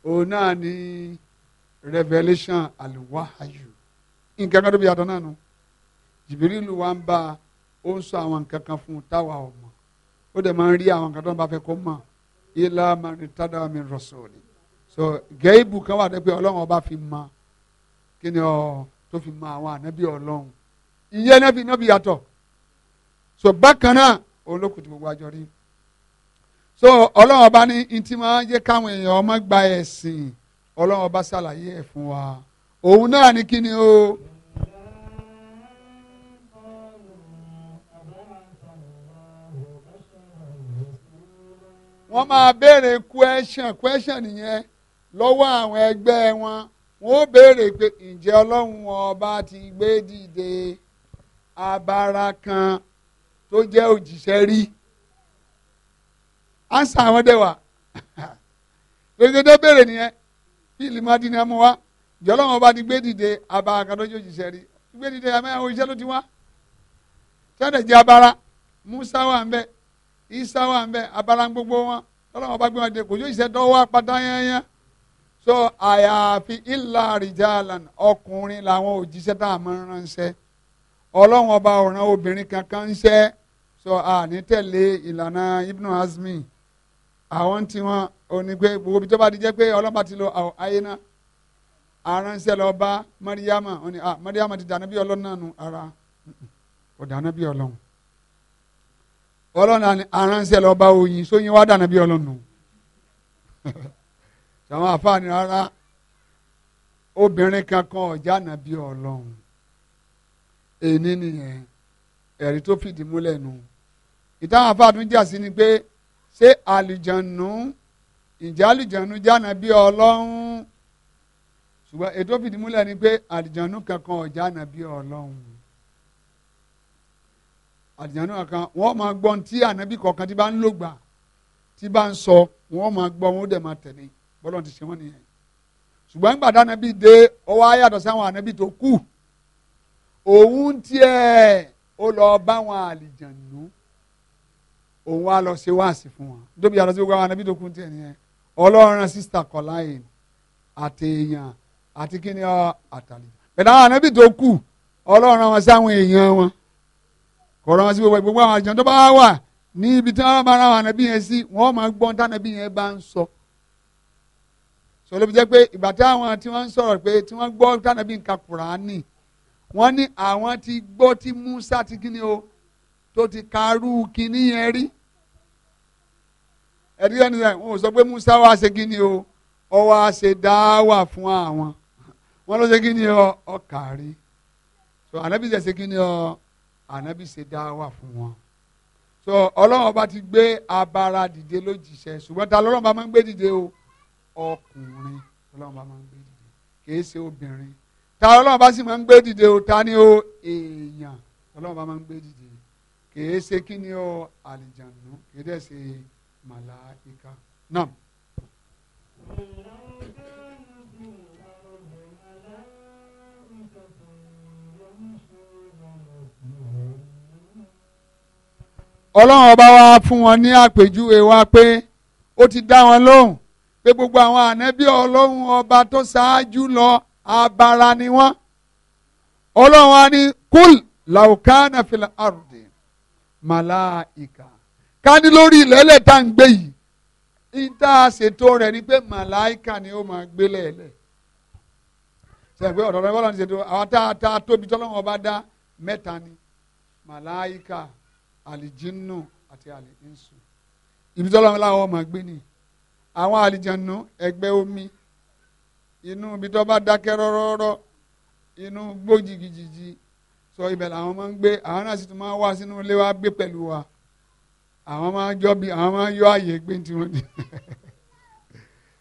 òun náà ní revelation aluwahayu nǹkan kan tó bí yàtọ̀ náà nù jìbìrìlù wa ń bá ó ń sọ àwọn nǹkan kan fún un táwa ò mọ̀ ó dẹ̀ máa ń rí àwọn nǹkan tó ń bá fẹ́ kó mọ̀ ilá mani tádàmí rọ̀sọ̀ọ̀lì so gẹ́ìbù kan wà pé ọlọ́run ọba fi mọ kí ni ọ tó fi mọ àwọn ànábì ọlọ́run ìyẹn náà fi náà yàtọ̀ so bákan náà òun ló kù gbogbo àjọ rí so ọlọ́run ọba ní ntí máa ń jẹ́ káwọn èèyàn ọmọ gba ẹ̀sìn ọlọ́run ọba ṣàlàyé ẹ̀ fún wa òun náà ní kí ni o. wọ́n máa béèrè question question nìyẹn lọ́wọ́ àwọn ẹgbẹ́ wọn wọn ó béèrè pé ǹjẹ́ ọlọ́run ọba ti gbé dìde abara kan tó jẹ́ òjíṣẹ́ rí ansa àwọn dẹ wa gbẹgbẹdẹ béèrè nìyẹn kí ìlú máa di ní amú wa jọlọ́wọ́n bá ti gbé dìde abara kan tó jẹ́ òjíṣẹ́ rí gbé dìde àmọ́ òjíṣẹ́ ló ti wá sọ́dọ̀ jẹ́ abara Musa wà ń bẹ Isa wà ń bẹ abara gbogbo wọn lọ́wọ́n bá gbé wọn dé kò yóò ṣiṣẹ́ dọ́wọ́ apá dáyẹ́yẹ́ so àyàfi ìlà rìjàlán ọkùnrin làwọn òjíṣẹ́ tá a máa ń ránṣẹ́ ọlọ́run ọba ọ̀ràn obìnrin kankan ń ṣẹ́ so àní tẹ̀lé ìlànà ibnu Azmi àwọn tí wọn òní pé gbogbo ibi tó bá ti jẹ́ pé ọlọ́ba ti lo ayé náà aránṣẹ́ lọ bá Mariama òní à Mariama ti dànù bí ọlọ́run náà nù ara kò dànù bí ọlọ́run ọlọ́run aránṣẹ́ lọ bá oyin sóyin wá dànù bí ọlọ́run nù. àwọn àfáàní rárá obìnrin kankan ọ̀já nàbí ọlọ́run èní nìyẹn ẹ̀rí tó fìdí múlẹ̀ nù ìtàn àfáàdún jà sí ni pé ṣé àlìjànù ìjà àlìjànù jáná bí ọlọ́run ṣùgbọ́n ètò fìdí múlẹ̀ ni pé àlìjànù kankan ọ̀já nàbí ọlọ́run àlìjànù kankan wọ́n máa gbọ́ tí ànábì kọ̀ọ̀kan tí bá ń lògbà tí bá ń sọ wọ́n máa gbọ́ wọn ó dẹ̀ máa tẹ̀lé bọ́lọ̀ ti ṣe wọ́n nìyẹn ṣùgbọ́n nígbà tí anabi dé ọwọ́ ayàtọ̀ sí àwọn anabi tó kù òun tiẹ̀ ó lọ bá wọn àlìjànú òun wá lọ ṣe wáàsí fún wọn dóbi àlọ́ sí gbogbo àwọn anabi tó kù tiẹ̀ nìyẹn ọlọ́run sísítà kọ̀láyìn àti èèyàn àti kíni ọ àtàlẹ́ pẹ̀lú àwọn anabi tó kù ọlọ́run wọn sí àwọn èèyàn wọn kọ̀ọ̀rọ̀ wọn sí gbogbo àwọn àlìjànú bá wà ní ibi tí wọ́n máa ra àwọn anabi yẹn sí wọ́n máa gbọ́n so ló fi jẹ́ pé ìgbà tí àwọn tí wọ́n ń sọ̀rọ̀ pé tí wọ́n gbọ́ tànàbí nǹkan kùránì wọ́n ní àwọn ti gbọ́ tí Musa ti kíni o tó ti karú kíní yẹn rí ẹ̀rí ẹni rẹ̀ wọn ò sọ pé Musa wá ṣe kíni o ọ wá ṣe dáwà fún àwọn wọn ló ṣe kíni o ọ kàrí so ànábì ṣe kíni o ànábì ṣe dáwà fún wọn so ọlọ́run ọba ti gbé abara dìde lójijì ṣe ṣùgbọ́n ta lọ́lọ́run bá máa ń gbé dìde o ọkùnrin ọlọ́run bá máa ń gbé dìde kìí ṣe obìnrin ta ọlọ́run bá sì máa ń gbé dìde o ta ni o èèyàn ọlọ́run bá máa ń gbé dìde kìí ṣe kí ni o àlìjànú kìí dẹ̀ ṣe màláìka náà. ọlọ́run ọba wa fún wọn ní àpèjúwe wa pé ó ti dá wọn lóhùn pé gbogbo àwọn ànábì ọlọ́run ọba tó ṣáájú lọ abara ni wọ́n ọlọ́run á ní kúl làwùkánà fìlà àrùdè màláìka ká ní lórí ìlẹ́lẹ̀ tá ń gbé yìí ìta ṣètò rẹ̀ ni pé màláìka ni ó máa gbé lẹ́ẹ̀lẹ̀ sẹ́yìn pé ọ̀dọ̀ ọ̀dọ̀ ṣètò àwọn tá a ta tóbi tọ́lọ́run ọba dá mẹ́ta ni màláìka àlìjínú àti àlìínsù ibi tọ́lọ́run láwọn máa gbé nìyí àwọn àlìjànú ẹ̀gbẹ́ omi inú ibi tó bá dákẹ́ rọ́rọ́rọ́ inú gbójìgìjìjì sọ ibẹ̀ làwọn máa ń gbé àwọn náà sì tún máa wá sínú ilé wa gbé pẹ̀lú wa àwọn máa ń jọ bí àwọn máa ń yọ àyè gbé tiwọn ni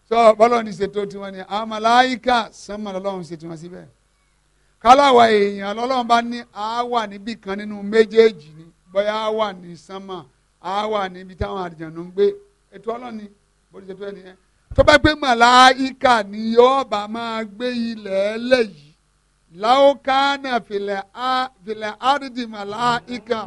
sọ bọ́lọ́run ti ṣètò tiwọn ni àwọn màláyíkà sánmà lọ́lọ́run ṣètò wọn síbẹ̀ káláwa èèyàn lọ́lọ́run bá ní a wà níbì kan nínú méjèèjì ni bóyá a wà ní sánmà a wà níbi táwọn àlìjànú ń gbé ètò ọlọ́run ni bó ti ṣe fẹ́ nìyẹn tó bá gbé màláìka ni yóò bá máa gbé ilẹ̀ ẹlẹ́yìí láwùkánà fìlẹ̀ àrídì màláìka.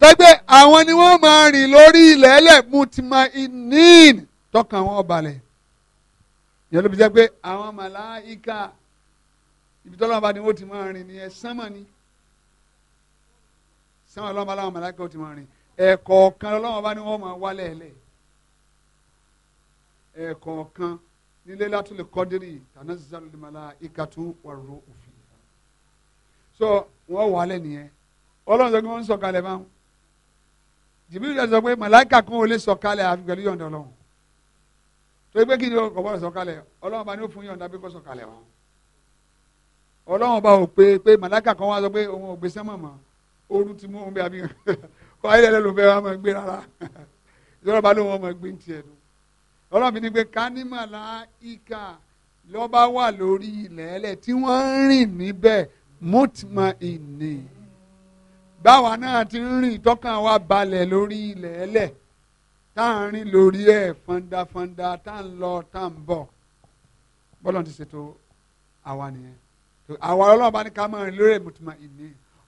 tẹ́gbẹ́ àwọn ni wọ́n máa rìn lórí ilẹ̀ ẹlẹ̀ mutima inin tọkàn wọn balẹ̀ yẹn ló fi jẹ́ pé àwọn màláìka ibi tọ́lọ́ bá ní wọ́n ti máa rìn nìyẹn sánmà ni sánmà lọ́wọ́ bá màláìka ó ti máa rìn ẹ̀kọ̀ọ̀kan ọlọ́run bá ní wọ́n máa wálẹ̀ ẹ̀lẹ̀ ẹ̀kọ̀ọ̀kan nílé látúlẹ̀ kọ́dírì tàná zalùmọ́lá ìkàtú wàrúró òfin. so wọ́n wálẹ̀ nìyẹn ọlọ́run sọ pé wọ́n ń sọ̀kalẹ̀ bá wọn jìbìrì rẹ̀ sọ pé màláìka kan ò lè sọ̀kalẹ̀ àfi pẹ̀lú yọ̀ǹda ọlọ́run torí pé kí ni kò bọ́ọ̀lù sọ̀kalẹ̀ ọlọ́run bá ní ó fún yọ̀ǹda bí kò sọ̀kalẹ̀ wọn ọlọ́run bá ò pé pé màláìka kan wá sọ pé òun ò gbé sẹ́mọ̀ mọ́ oorun ti mú òun bẹ́ẹ̀ àbí kọ́ ayé lẹ́lẹ́ fẹ́ wá máa gbé rárá ìjọba bá máa gbé tiẹ̀ ọlọ́run ní pé kánímàlà ìkà lọ́ba wà lórí ilẹ̀ ẹlẹ̀ tí wọ́n ń rìn níbẹ̀ ìní báwa náà ti ń rìn tọ́kàn wa balẹ̀ lórí ilẹ̀ ẹlẹ̀ tá à ń lọ tá à ń bọ̀ ti ṣètò àwa nìyẹn àwa ọlọ́run bá ní ká máa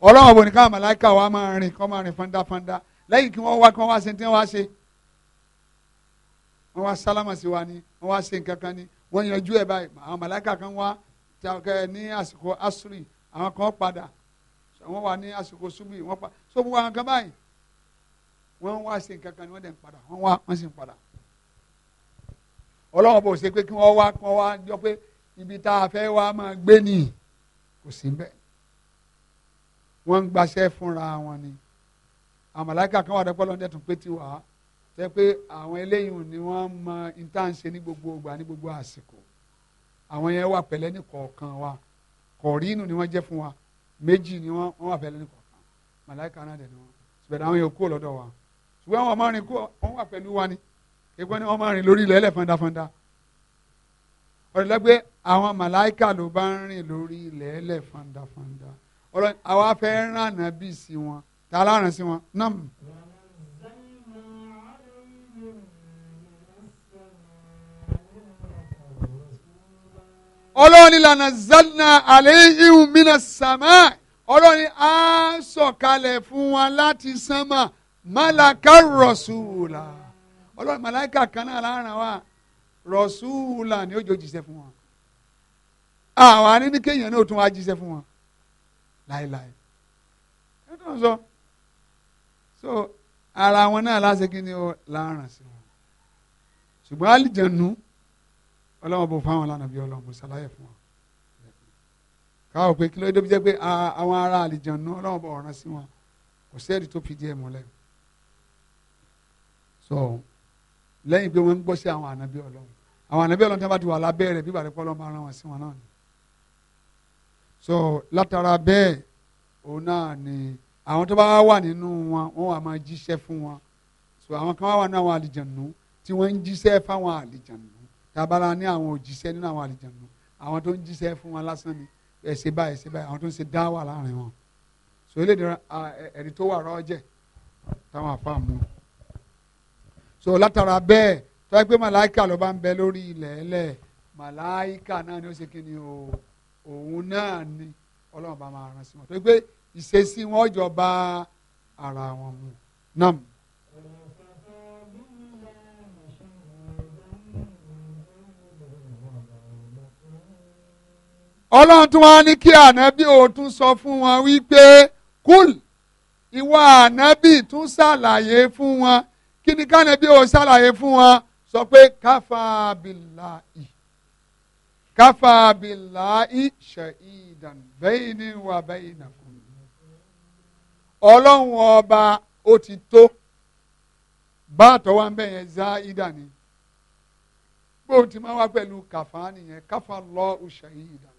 ọlọ́run bò ní káwọn màláìka wa máa rìn kọ́ máa rìn fandafanda lẹ́yìn kí wọ́n wá kí wọ́n wá ṣe tí wọ́n wá ṣe wọ́n wá sálámà sí wa ni wọ́n wá ṣe nǹkan kan ni wọ́n yanjú ẹ̀ báyìí àwọn màláìka kan wá ní àsìkò asiri àwọn kan padà wọ́n wà ní àsìkò subi wọ́n pa so gbogbo àwọn kan báyìí wọ́n wá ṣe nǹkan kan ni wọ́n dẹ̀ ń padà wọ́n wá wọ́n sì ń padà ọlọ́run bò ṣe pé kí wọ́n wá kí wọ́n wá jọ pé ibi tá a fẹ́ wá máa gbé nìyí kò sí bẹ́ẹ̀ wọ́n ń gbaṣẹ́ fúnra wọn ni àmàlàkà kan wà dẹ́pọ̀ lọ́dẹ̀ tún pé ti wà á tẹ́ pé àwọn eléyìí ni wọ́n mọ intanṣe ní gbogbo ìgbà ní gbogbo àsìkò àwọn yẹn wà pẹ̀lẹ́ ní kọ̀ọ̀kan wa kọ̀ọ̀rínù ni wọ́n jẹ́ fún wa méjì ni wọ́n wà pẹ̀lẹ́ ní kọ̀ọ̀kan màláìka náà dẹ̀ ni wọ́n ṣùgbọ́n àwọn yẹn kú lọ́dọ̀ wa ṣùgbọ́n àwọn ọmọrin kú wọ́n wà pẹ̀lú wa ni ẹgbẹ́ ni wọ́n máa rìn lórí ilẹ̀ ẹlẹ́ fọ́ndáfọ́ndá ọ̀rẹ́lẹ́gbẹ́ àwọn màláìka ló bá ń rìn lórí ilẹ̀ ẹlẹ́ fọ́ndáfọ́ndá ọlọ́run àwa fẹ́ rán nàbí sí wọn tá a láràn sí wọn náà. ọlọ́run ìlànà zanna àléhìn mina sàmà ọlọ́run á sọ̀kalẹ̀ fún wọn láti sánmà málàkà rọ̀ṣùlà ọlọ́run màláìkà kan náà wa rọ̀ṣùlà ni ó jọ jíṣẹ́ fún wọn àwọn anínú náà tún wá jíṣẹ́ fún wọn láéláé ẹ tó ń sọ so ara wọn náà láṣẹ kí ni ó láàrán sí wọn ṣùgbọ́n àlìjẹ̀nu ọlọ́wọ́n bò fáwọn lánàá bí ọlọ́wọ́n bò ṣàlàyé fún wọn káwọn pé kí ló dé bí jẹ́ pé àwọn ará àlìjẹ̀nu ọlọ́wọ́n bò ọ̀ràn sí wọn kò sẹ́ẹ̀dì tó fi díẹ̀ mọ́lẹ̀ so lẹ́yìn pé wọ́n ń gbọ́ sí àwọn ànábí ọlọ́run àwọn ànábí ọlọ́run tí wọ́n bá ti wà lábẹ́ rẹ̀ bí ìbàdí pọ́lọ́ máa rán wọn sí wọn náà ni so látara bẹ́ẹ̀ òun náà ni àwọn tó bá wà nínú wọn wọn wà máa jíṣẹ́ fún wọn so àwọn kan wà nínú àwọn àlìjànú tí wọ́n ń jíṣẹ́ fáwọn àlìjànú tábàlà ní àwọn òjíṣẹ́ nínú àwọn àlìjànú àwọn tó ń jíṣẹ́ fún wọn lásán ni ẹ báyìí ẹ báyìí àwọn tó ń ṣe dá wà láàrin wọn so eléyìí ẹ̀rí tó wà rọ́ọ̀jẹ̀ táwọn àfa mú so látara bẹ́ẹ̀ tọ́ ẹ pé màláìkà ló bá ń bẹ lórí ilẹ̀ ẹlẹ́ẹ̀ màláìkà náà ni ó ṣe kí ni o òun náà ni ọlọ́run bá máa rán sí wọn tó pé ìṣesí wọn jọ bá ara wọn mu náà. ọlọ́run tún wá ní kí ànábì òtún sọ fún wọn wípé kúl ìwà ànábì tún ṣàlàyé fún wọn kí ni kánábì ò ṣàlàyé fún wọn sọ pé káfá bìláì kafa billahi shahidan bayni wa baynakum ọlọ́run ọba ó ti tó bá àtọ́wá ń bẹ̀yẹn zaidan ni bóun ti máa wá pẹ̀lú kàfá nìyẹn káfá Allahu shahidan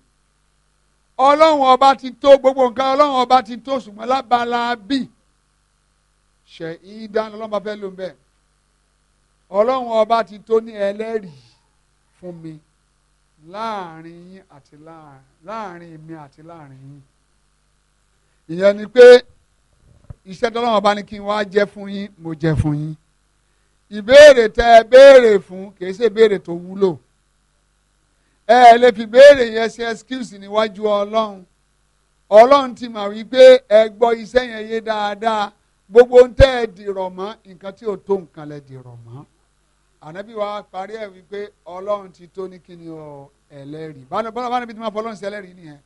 ọlọ́run ọba ti tó gbogbo nǹkan ọlọ́run ọba ti tó ṣùgbọ́n lábala bí shahidan ọlọ́run bá fẹ́ ló ń bẹ̀ ọlọ́run ọba ti tó ní ẹlẹ́rìí fún mi láàrin yín àti láàrin mi àti láàrin yín ìyẹn ni pé iṣẹ́ tọ́lọ́wọ́n bá ní kí n wá jẹ́ fún yín mo jẹ́ fún yín ìbéèrè tẹ ẹ béèrè fún kìí ṣe béèrè tó wúlò ẹ ẹ lè fi béèrè yẹn ṣe excuse níwájú ọlọ́run ọlọ́run ti mà wípé ẹ gbọ́ iṣẹ́ yẹn yé dáadáa gbogbo ń tẹ́ ẹ dìrọ̀ mọ́ nǹkan tí ò tó nǹkan lẹ dìrọ̀ mọ́ ànábì wa parí ẹ̀ wípé ọlọ́run ti tó ní kíni o ẹlẹ́rìí bọ́lá bá níbi tí wọ́n fọlọ́run sí ẹlẹ́rìí nìyẹn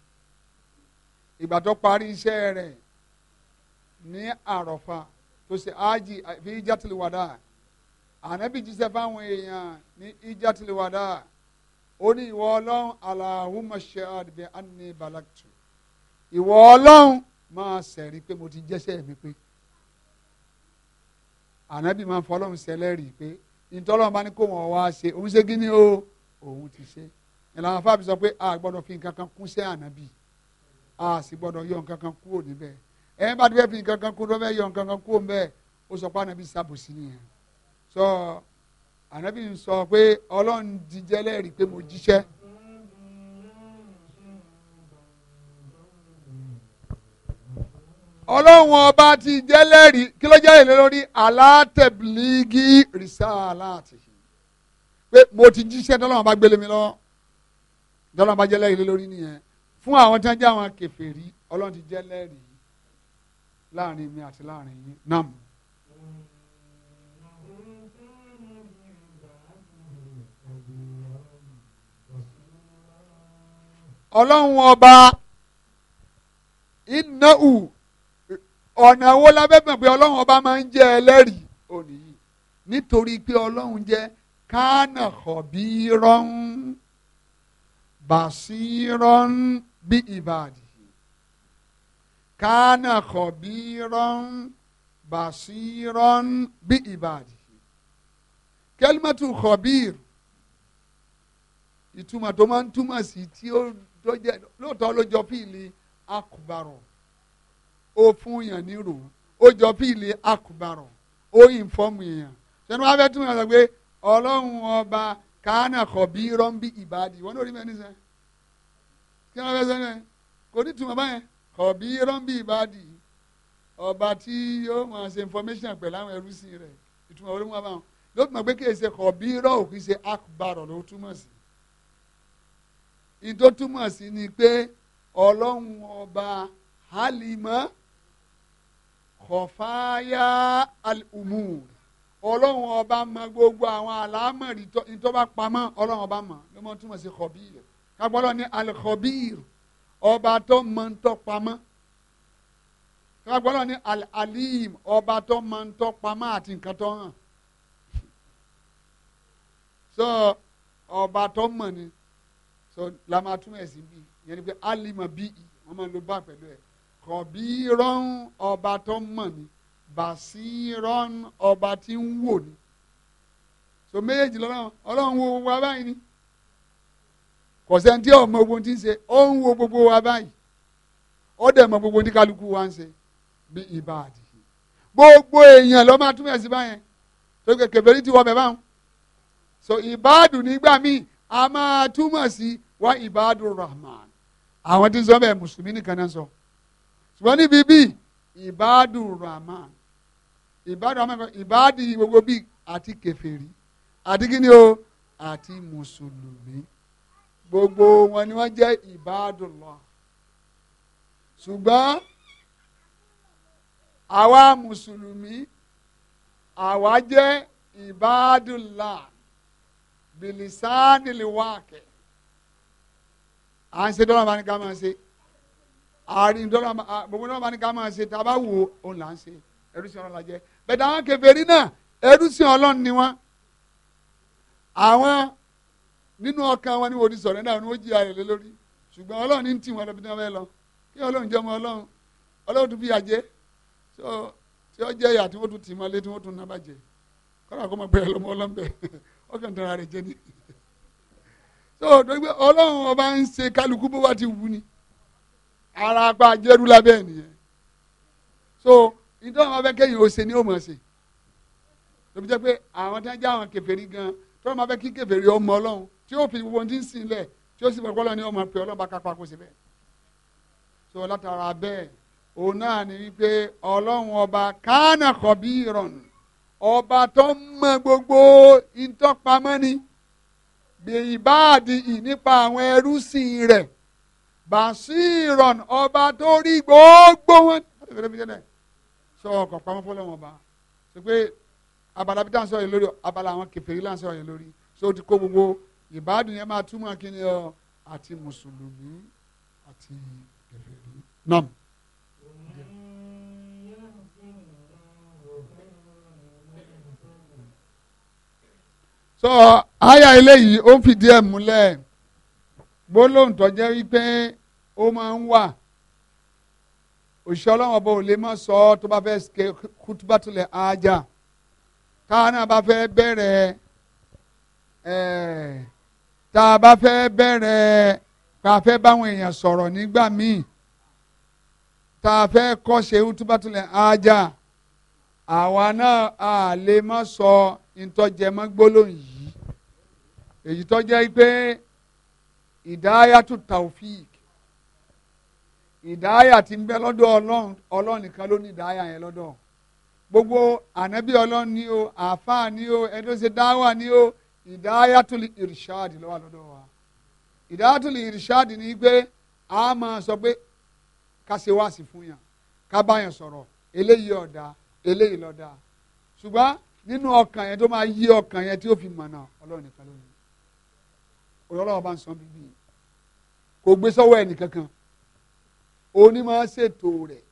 ìgbà tó parí iṣẹ́ rẹ̀ ní àròfà tó ṣe ájì fi ìjátìlúwàdà ànábì jíṣẹ́ fáwọn èèyàn ní ìjátìlúwàdà ó ní ìwọ ọlọ́run Allahumma shahad bi anni balagtu ìwọ ọlọ́run máa ṣẹ̀rí pé mo ti jẹ́ṣẹ́ mi pé ànábì máa fọlọ́run sí ẹlẹ́rìí pé ìtọ́lọ́wọ́n bá ní kó wọn wá ṣe òun ṣe kí ni o òun ti ṣe ìlànà fábí sọ pé a gbọ́dọ̀ fi nǹkan kan kún sí ànábì a sì gbọ́dọ̀ yọ nǹkan kan kúrò níbẹ̀ ẹ̀yin bá ti fẹ́ fi nǹkan kan kún tó fẹ́ yọ nǹkan kan kúrò níbẹ̀ ó sọ pé ànábì ṣàbòsí nìyẹn sọ ànábì sọ pé ọlọ́run ti jẹ́lẹ́rìí pé mo jíṣẹ́ ọlọ́run ọba ti jẹ́lẹ́rìí kí ló jẹ́rìí lórí alátẹ̀bílígì rìsáàláàtì pé mo ti jíṣẹ́ tọ́lọ́run bá gbélé mi lọ́wọ́ tọ́lọ́run bá jẹ́lẹ́rìí lórí nìyẹn fún àwọn tí wọ́n jẹ́ àwọn kèfèrí ọlọ́run ti jẹ́lẹ́rìí láàrin mi àti láàrin yín nam. ọlọ́run ọba ináhù ọ̀nà wo la fẹ́ gbọ̀n pé ọlọ́run ọba máa ń jẹ́ ẹlẹ́rìí òní yìí nítorí pé ọlọ́run jẹ́ kánà kọ̀bírọ́n bàṣírọ́n bí ìbàdí kánà kọ̀bírọ́n bàṣírọ́n bí ìbàdí kẹ́límẹ́tù kọ̀bír ìtumọ̀ tó máa ń túmọ̀ sí tí ó jẹ́ lóòótọ́ ló jọ fíìlì akùbárọ̀ ó fún yàn nírò ó jọ píìlì àkùbàrọ̀ ó ìnfọ́ọ̀mù èèyàn ṣẹ́ni wọ́n á fẹ́ túmọ̀ sọ pé ọlọ́run ọba kánà kọ̀ bí rọ́ńbí ìbàdí wọ́n ní orí mẹ́rin sẹ́ kí wọ́n fẹ́ sẹ́ mẹ́ kò ní túmọ̀ báyẹn kọ̀ bí rọ́ńbí ìbàdí ọba tí yóò máa ṣe information pẹ̀lú àwọn ẹrú sí rẹ̀ ìtumọ̀ orí wọn báwọn ló túmọ̀ pé kí èsè kọ̀ bí rọ́ òkú ṣe àkùbàrọ̀ ló túmọ̀ sí ìtó túmọ̀ sí ni pé ọlọ́run ọba hálìmọ́ kọfáyà alùmùr ọlọ́run ọba mọ gbogbo àwọn àlámọ̀rí tó bá pamọ́ ọlọ́run ọba mọ ló mọ túmọ̀ sí kọbíir kápọ́lọ́ ní alikọbíir ọba tó mọ ń tọ́ pamọ́ kápọ́lọ́ ní alalim ọba tó mọ ń tọ́ pamọ́ àti nǹkan tó hàn so ọba tó mọ̀ ni so la máa túmọ̀ sí bí ìyẹn ni pé alimọ̀ bí wọ́n máa lo bá pẹ̀lú ẹ̀ kọ̀bírọ́n ọba tó mọ̀ ni bàṣírọ́n ọba tí ń wò ni so méjèèjì lọ́wọ́ ọlọ́run wo gbogbo wa báyìí ni kò sẹ́ni tí ọmọ ogun ti ń ṣe ó ń wo gbogbo wa báyìí ó dẹ̀ mọ gbogbo oníkálukú wa ń ṣe bí ìbàdí gbogbo èèyàn ló máa túmọ̀ sí báyẹn tó kẹ̀kẹ́ bẹ́ẹ̀ ti wọ bẹ̀ báwọn so ìbàdù nígbà míì a máa túmọ̀ sí wá ìbàdù rahman àwọn tí ń sọ bẹ́ẹ̀ mùsùlùmí nìkan náà sọ. So ṣùgbọ́n níbi bíi ìbádùn rahman ìbádùn rahman ìbádìí gbogbo bíi àti kèfèrí àti kíni o àti mùsùlùmí gbogbo wọn ni wọ́n jẹ́ ìbádùn lọ ṣùgbọ́n àwa mùsùlùmí àwa jẹ́ ìbádùn là bìlìsánìlì wáàkẹ́ à ń ṣe dọ́là bá ní ká máa ṣe àárín dọ́là gbogbo náà bá ní ká máa ṣe tá a bá wò ó òun là ń ṣe ẹrúsìn ọlọ́run la jẹ́ bẹ́ẹ̀ dáhùn kèfèrí náà ẹrúsìn ọlọ́run ni wọ́n àwọn nínú ọkàn wọn ni wò ní sọ̀rọ̀ náà ni wọ́n jí ayẹyẹ lórí ṣùgbọ́n ọlọ́run ní tì wọn lọ bí wọ́n fẹ́ lọ kí ọlọ́run jẹ́ ọmọ ọlọ́run ọlọ́run tún fi yà jẹ́ tí ó jẹ́ ìyà tí wọ́n tún tì mọ́lé tí wọ́n tún náà bàjẹ́ kọ́ra so ọlọ́run ọba ń ṣe ara pa jẹ́rú lábẹ́ nìyẹn so nítorí àwọn afẹ́kẹ́ yìí ó ṣe ni ó mọ̀ ṣe tóbi jẹ́ pé àwọn tí wọ́n jẹ́ àwọn kèfèrí gan tí wọ́n máa kí kèfèrí ọmọ ọlọ́run tí yóò fi gbogbo ti ń tí yóò sì fẹ́ kọ́lọ́ ni ọmọ pé ọlọ́run bá kápá kó ṣe so látara bẹ́ẹ̀ òun náà ni wípé ọlọ́run ọba kánà kọ̀bí ìrọ̀nù ọba tó ń mọ gbogbo ìtọ́pamọ́ ni gbèyìnbáàdì ì nípa àwọn ẹrú sìn rẹ̀ bàṣírọ̀n ọba tó rí gbogbo wọn. sọ ọkọ̀ pamọ́ fọlọ́ wọn bá ṣe pé abala bí dáhùn sọ̀rọ̀ yìí lórí abala àwọn kẹfẹ́rí là ń sọ̀rọ̀ yìí lórí so ti kó gbogbo ìbádùn yẹn máa túmọ̀ kí ni ọ àti mùsùlùmí àti kẹfẹ́rí náà. so àyà eléyìí ó ń fìdí ẹ̀ múlẹ̀ gbólóhùn tó jẹ́ wípé ó máa ń wà òṣìṣẹ́ ọlọ́run ọba ò lè má sọ ọ́ tó bá fẹ́ ṣe kútúbátulẹ̀ ájà táwa náà bá fẹ́ bẹ̀rẹ̀ ẹ̀ tá a bá fẹ́ bẹ̀rẹ̀ ká fẹ́ báwọn èèyàn sọ̀rọ̀ nígbà míì tá a fẹ́ kọ́ ṣe kútúbátulẹ̀ ájà àwa náà a lè má sọ ìtọ́jẹmọ́ gbólóhùn yìí èyí tó jẹ́ pé ìdáyà tó taofik ìdáyà ti ń bẹ lọ́dọ̀ ọlọ́run ọlọ́run nìkan ló ní ìdáyà yẹn lọ́dọ̀ gbogbo ànábì ọlọ́run ni o àáfàá ni o ẹni tó ṣe dáwà ni o ìdáyà tó lè irishadi lọ́wọ́ lọ́dọ̀ wa ìdáyà tó lè irishadi ni pé a máa sọ pé ká fún yàn ká bá eléyìí ọ̀dà eléyìí lọ́dà ṣùgbọ́n nínú ọkàn yẹn tó máa yí ọkàn yẹn tí ó fi mọ̀nà ọlọ́run nìkan ló ní ọlọ́wọ́ bá ń sọ bíbí kò gbé sọ́wọ́ ẹnì kankan òní máa ṣètò rẹ̀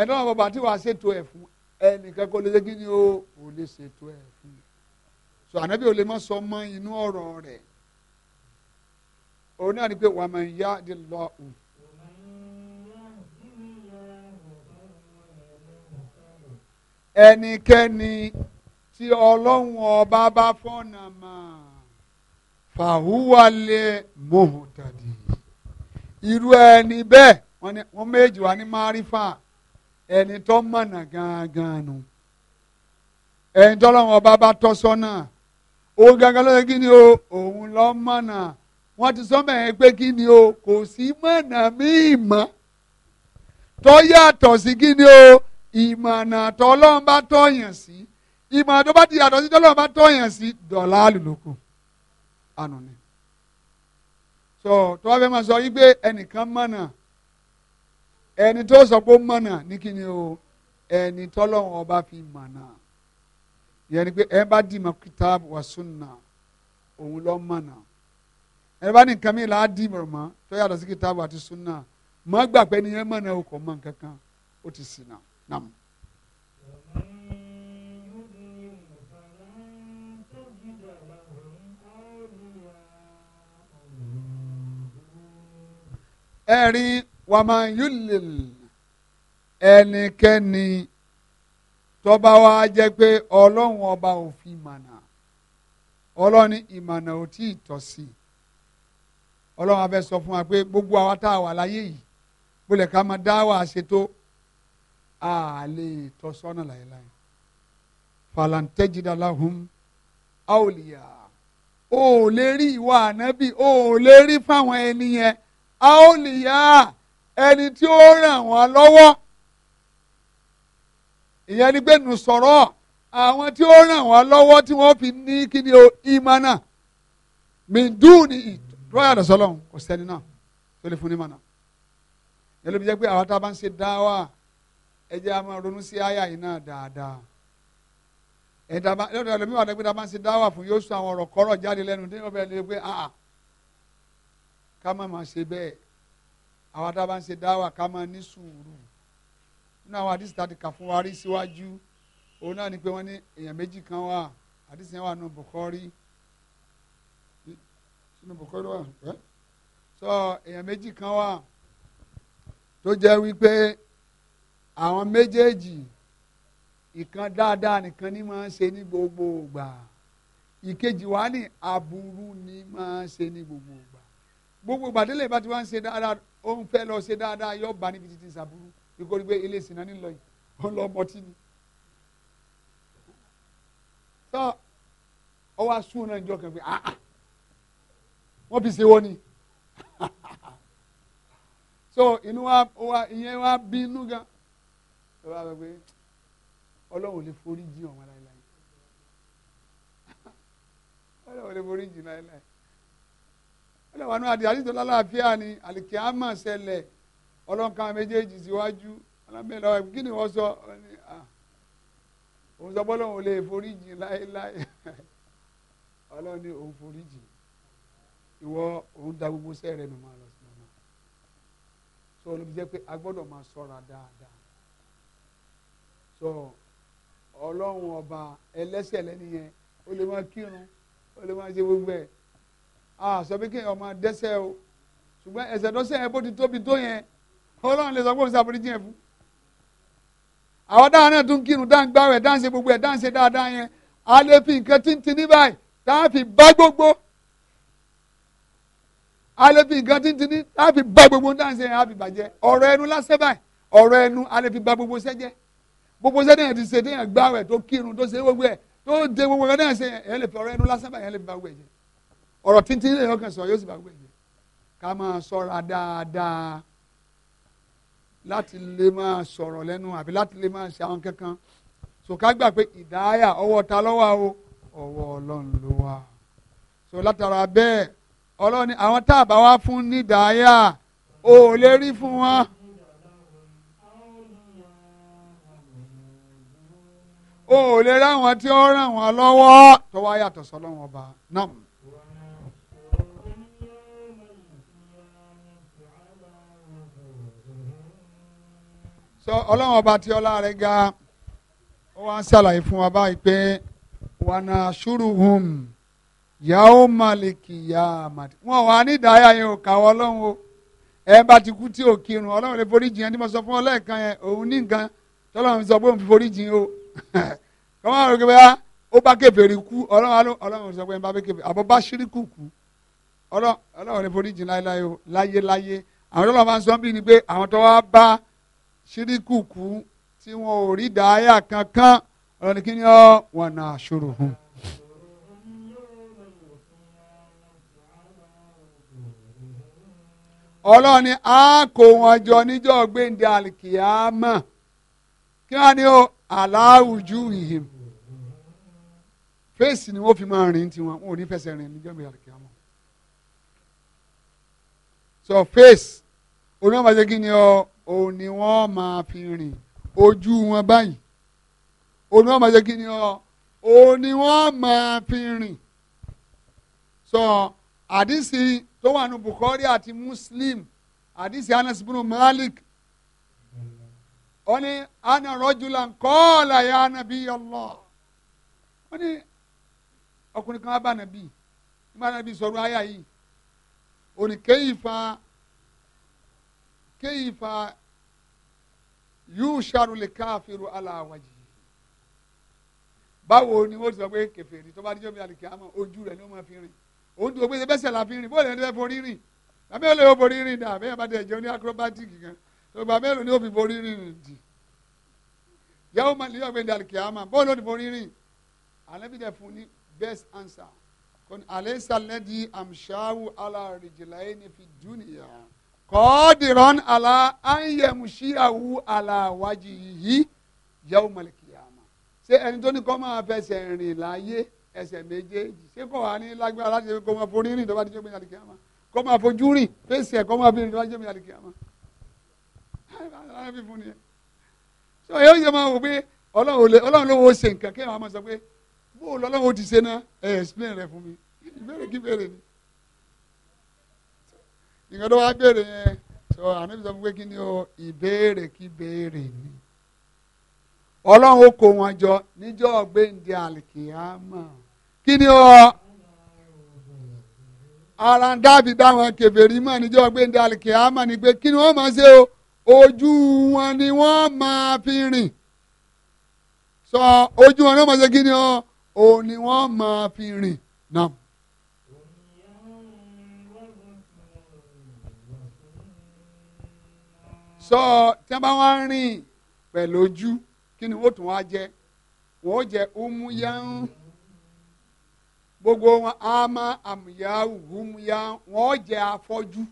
ẹ̀dá àwọn bàbá wàá ṣètò ẹ̀ fún ẹnì kankan lè ṣe kí ni ó ò lè ṣètò ẹ̀ fún so ànábì ò lè má sọ mọ́ inú ọ̀rọ̀ rẹ̀ òun náà pé wàá máa ń yá di lọ́ọ̀hù. ẹnikẹ́ni tí ọlọ́run ọba bá fọ́nà máa. fàhùwálé mọ́hùtàdì irú ẹni bẹ́ẹ̀ wọ́n méjì wá ní márífà ẹni tó mọ̀nà ẹni tó ọba bá tọ́ sọ́nà òun gangan kí ni o òun lọ́ mọ̀nà wọ́n ti sọ́mọ̀ ẹ̀ pé kí o kò sí mọ̀nà míì mọ́ tó yàtọ̀ sí kí o ìmọ̀nà tó Ọlọ́run bá sí ìmọ̀nà tó bá ti yàtọ̀ sí àánú ni so tó wá fẹ́ máa sọ yí pé ẹnìkan mọ̀nà ẹni tó sọ pé ó mọ̀nà ní kí ni o ẹni tọ́lọ́run ọba fi mọ̀nà ni pé ẹ bá wa òun ló mọ̀nà ẹ bá ní mi là á dì mọ́ tó yàtọ̀ sí mọ́ gbà pé ẹni yẹn mọ̀nà o kò mọ̀ nǹkan kan ẹ̀rín wàmáyúlìl ẹnikẹ́ni tọ́ba wa jẹ́ pé ọlọ́run ọba ò fi mànà ọlọ́run ìmànà ò tí ì tọ́ sí i ọlọ́run abẹ́ sọ fún wa pé gbogbo àwa tá a wà láyé yìí gbọ́dọ̀ ká máa dá wà ṣètò a tọ́ sọ́nà láéláé falantẹ́jìdàláhùn àwòlíyà ò lè rí ìwà ànábì ò lè rí fáwọn ẹni yẹn aoliya ẹni tí ó ràn wọ́n lọ́wọ́ ìyẹn ni pé nù sọ̀rọ̀ àwọn tí ó ràn wọ́n lọ́wọ́ tí wọ́n fi ní kíni o ìmánà mindúù ni ìtọ́yà dọ̀sọ́lọ́ kò sẹ́ni náà tó lè fún ní mọ̀nà yẹn ló fi jẹ́ pé àwọn tá a bá ń ṣe dáwà ẹ jẹ́ a máa ronú sí àyà yìí náà dáadáa ẹ̀dá lọ́dọ̀ ẹlòmíràn lẹ́gbẹ̀ẹ́ tá a bá ń ṣe dáwà fún yóò sọ àwọn ọ̀rọ̀ kọ́rọ̀ jáde lẹ́nu dé ọbẹ̀ lè pé àà ká má má ṣe bẹ́ẹ̀ àwa tá a bá ń ṣe dáwà ká má ní sùúrù nínú àwọn àdìsí tá a ti kà fún wa rí síwájú òun náà ni pé wọ́n ní èèyàn méjì kan wà àdìsí yẹn wà nù Bukhari nù Bukhari wà ẹ́ sọ èèyàn méjì kan wà tó jẹ́ wípé àwọn méjèèjì ìkan dáadáa nìkan ni máa ń ṣe ní gbogbo ìgbà ìkejì wa ní aburú ni máa ń ṣe ní gbogbo ìgbà gbogbo gbàdélé bá ti wá ń ṣe dáadáa ó ń fẹ́ lọ ṣe dáadáa yọ bá níbi títí sàbúrú ìkórè pé ilé ìsìn náà nílò yìí ó ń lọ mọtí ni. tọ́ ọ wá sún náà jọ kàn pé àà ah, ah, wọ́n fi ṣe wọ́n ni so inú wa wa ìyẹn wa bí inú gan ẹ bá sọ pé ọlọ́run ò lè forí jì ọ̀wọ́n láéláé ọlọ́run ò lè forí jì láéláé ó dàbọ̀ àwọn àdìyàdì tó lálàáfíà ni àlìkíámà ṣẹlẹ̀ ọlọ́nkà méjèèjì síwájú alámẹ́lẹ́ ọ̀hún kí ni wọ́n sọ ah, òun sọ bọ́lá òun lè foríjì láéláé ọlọ́run ní òun foríjì ìwọ òun da gbogbo sẹ́ẹ̀rẹ́ nù máa lọ sí ọmọ sọ olóbi jẹ́ pé a gbọ́dọ̀ máa sọ́ra dáadáa sọ ọlọ́run ọba ẹlẹ́sẹ̀ lẹ́nìyẹn ó lè máa kírun ó lè máa ṣe gbogbo ẹ̀ àṣọ bí kéèyàn máa dẹ́ṣẹ̀ o ṣùgbọ́n ẹ̀ṣẹ̀ tó ṣẹ̀ yẹn bó ti tóbi tó yẹn ọlọ́run lè sọ pé òun ṣàforíjì yẹn fún. àwọn dáhùn náà tún kírun dáhùn gbáwẹ̀ dáhùn ṣe gbogbo ẹ̀ dáhùn ṣe dáadáa yẹn a lè fi nǹkan tíntín ní báyìí táàfì bá gbogbo a lè fi nǹkan tíntín ní táàfì bá gbogbo dáhùn ṣe yẹn àfi bàjẹ́ ọ̀rọ̀ ẹnu lásẹ̀ báyìí ọ̀rọ̀ ẹnu a lè fi bá gbogbo ṣẹ́jẹ́ gbogbo ṣẹ́ náà ti ṣe téèyàn gbáwẹ̀ tó kírun tó ṣe gbogbo ẹ̀ tó de gbogbo ẹ̀ náà ṣe yẹn lè fi ọ̀rọ̀ ẹnu lásẹ̀ báyìí yẹn lè fi bá gbogbo ẹ̀ jẹ́ ọ̀rọ̀ tuntun ilé ọkàn sọ yóò sì bá gbẹ̀gbẹ̀ ká máa sọ̀ra dáadáa láti lè máa sọ̀rọ̀ lẹ́nu àbí láti lè máa ṣe àwọn kankan so ká gbà pé ìdáyà ọwọ́ ta ló o ọwọ́ ọlọ́run ló wà so látara bẹ́ẹ̀ ọlọ́run àwọn tá a bá wá fún nídáyà o ò lè rí fún wọn. o ò lè ráwọn tí ó ràn wọn lọ́wọ́ tó wá yàtọ̀ sọ́lọ́wọ́n ọba náà. sọ ọlọ́run ọba tí ọlá rẹ̀ ga ó wá ń ṣàlàyé fún wa báyìí pé wànà ṣùrùhùn yàó màlìkì yá màdì wọn wà ní ìdáyà yẹn ò kàwọ́ ọlọ́run o ẹ bá ti kú tí ò kírun ọlọ́run lè forí jìn yẹn tí mo sọ fún ọ lẹ́ẹ̀kan yẹn òun ní nǹkan tọ́lọ́run sọ pé òun fi forí jìn o kọ́mọ́ àròkè bẹ́ẹ̀ ó bá kèfèrí kú ọlọ́run ọlọ́run sọ pé ẹ bá kèfèrí àbọ̀ bá ṣíríkù kú ọlọ́run lè forí jìn láyé láyé àwọn tọ́lọ́run máa ń sọ bí ni pé àwọn tó bá ṣíríkùkù tí wọn ò rí dàáyà kankan ọ̀rọ̀ ni kí ni ọ́ wọn nà ṣòro hùn. a kó wọn jọ níjọ́ gbéǹde àlìkìyàmọ̀ kí wọ́n ní o aláwùjú ìhìn fèsì ni wọ́n fi máa rìn tiwọn wọn ò ní fẹsẹ̀ rìn níjọ́ gbéǹde àlìkìyàmọ̀ so fèsì onímọ̀ ṣe kí ni ọ òun ni wọ́n máa fi rìn ojú wọn báyìí òun ni wọ́n máa ṣe kí ni ọ òun ni wọ́n máa fi rìn sọ àdìsí tó wà ní Bukhari àti Muslim àdìsí Anas bin Malik wọ́n ní ana rajulan qala ya nabiy Allah wọ́n ní ọkùnrin kan bá nàbí bá nàbí sọ̀rọ̀ àyà yìí òní kayfa. كيف yóò ṣàrùlẹ̀ على aláwàjì báwo ni wọ́n ti sọ pé kèfèrí tó bá díjọ́ bí alìkè àmọ́ ojú rẹ̀ ni wọ́n máa fi rìn òun tó gbé ṣe bẹ́sẹ̀ la fi rìn bóyá ẹni tó fẹ́ forí rìn àbí ó lè ó forí rìn dà bẹ́ẹ̀ bá tẹ̀ jẹun ní acrobatic gan ìgbà mélòó ni ó fi forí rìn dì yàwó máa lè yọ ní alìkè àmọ́ bóyá ló ti forí rìn àlẹ́bí fún ní best answer kò ní àlẹ́ sàlẹ́ di àmṣáwù alárìjìláyé ní fi dúnìyà kọ́ọ̀dìrán àlà ànyẹ̀mùsíyàwó àlàwájì yìí yẹ́wò mọ̀lẹ́kìyàmà ṣé ẹni tó ní kọ́ máa fẹsẹ̀ rìn láyé ẹsẹ̀ méjèèjì ṣé kò wá ní lágbára láti ṣe kó máa forí rìn tó bá ti jẹ́ gbẹ̀yìn àlìkìyàmà kó máa fojú rìn fèsì ẹ̀ kó máa fi rìn tó bá ti jẹ́ gbẹ̀yìn àlìkìyàmà. ṣé ọ̀yọ́ yẹ máa wò pé ọlọ́run ló wo ṣe nǹkan kéèyàn máa sọ pé bóòlù ọlọ́run ó ti ṣe náà ẹ̀ explain rẹ̀ fún mi ìbéèrè kí ìbéèrè ni nǹkan tó wá béèrè yẹn sọ ànábì sọ fún pé kí ni o ìbéèrè kí béèrè ni ọlọ́run ó kó wọn jọ níjọ́ gbéǹde àlìkìyàmà kí ni o ara ń dábì dáwọn kèfèrí mọ̀ níjọ́ gbéǹde àlìkìyàmà ni pé kí ni wọ́n máa ṣe o ojú wọn ni wọ́n máa fi rìn sọ ojú wọn ni wọ́n máa ṣe kí ni o òun ni wọ́n máa fi rìn náà. sọ tí wọ́n bá wá rìn pẹ̀lú ojú kí ni tún wá jẹ gbogbo wọn ama amuya umuya umu jẹ afọ́jú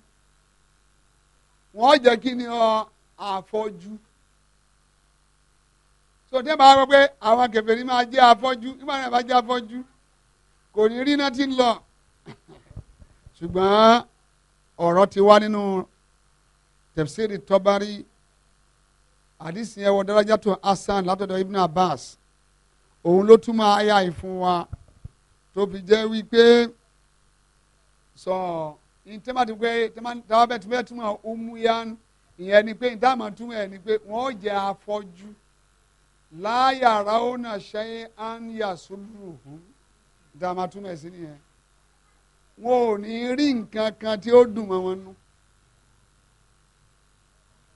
wọ́n jẹ kí ni ọ afọ́jú so tí wọ́n bá wọ pé àwọn kèfèrí máa jẹ afọ́jú nígbà tí wọ́n bá jẹ afọ́jú kò ní rí náà ti lọ tafsiri tọ́bárí àdìsí ẹ̀wọ̀ daraja tó hasan látọ̀dọ̀ ibn abbas òun ló túmọ̀ àyà ìfún wa tó fi jẹ́ wípé sọ ntẹ́màtí pé tẹ́màtí pé túmọ̀ umuyan ìyẹn ni pé ìdáàmà túmọ̀ ẹ̀ ni pé wọ́n jẹ́ afọ́jú láyàrá ó nà ṣe à ń yà sólùrù ìdáàmà túmọ̀ ẹ̀ sí nìyẹn wọn ò ní rí nǹkan kan tí ó dùn mọ́ wọn nú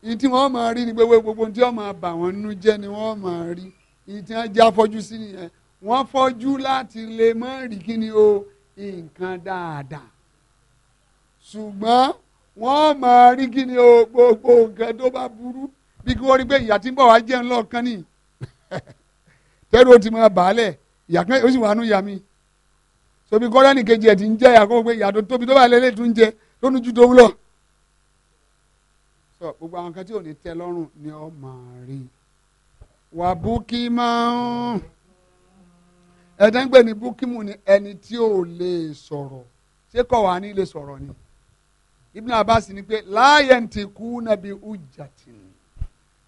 ní tí wọ́n máa rí ni pé gbogbo tí wọ́n máa bà wọ́n nínú jẹ́ ni wọ́n máa rí ní tí wọ́n já fọ́jú sí nìyẹn wọ́n fọ́jú láti lè mọ́ rí kí ni o nǹkan dáadáa ṣùgbọ́n wọ́n máa rí kí ni o gbogbo nǹkan tó bá burú bí kí wọ́n rí pé ìyá tí ń bọ̀ wá jẹun lọ́ọ̀kan nì tẹ́lú o ti máa bàálẹ̀ ìyá kan ó sì wà nù ìyá mi sobi kọ́lẹ́nì kejì ẹ̀ ti ń jẹ́ ìyá kan pé ìyá tó tóbi tó bá lẹ́lẹ́ tó ń jẹ lónìí ju tó ń lọ so gbogbo àwọn kan tí ò ní tẹ́ lọ́rùn ni ọ máa rí wà búkímà ẹ̀dá ń búkímù ni ẹni tí ò lè sọ̀rọ̀ ṣé kọ̀ wá ní lè sọ̀rọ̀ ni Ibn Abbas ni pé láàyè ntì kú nàbí ujàtì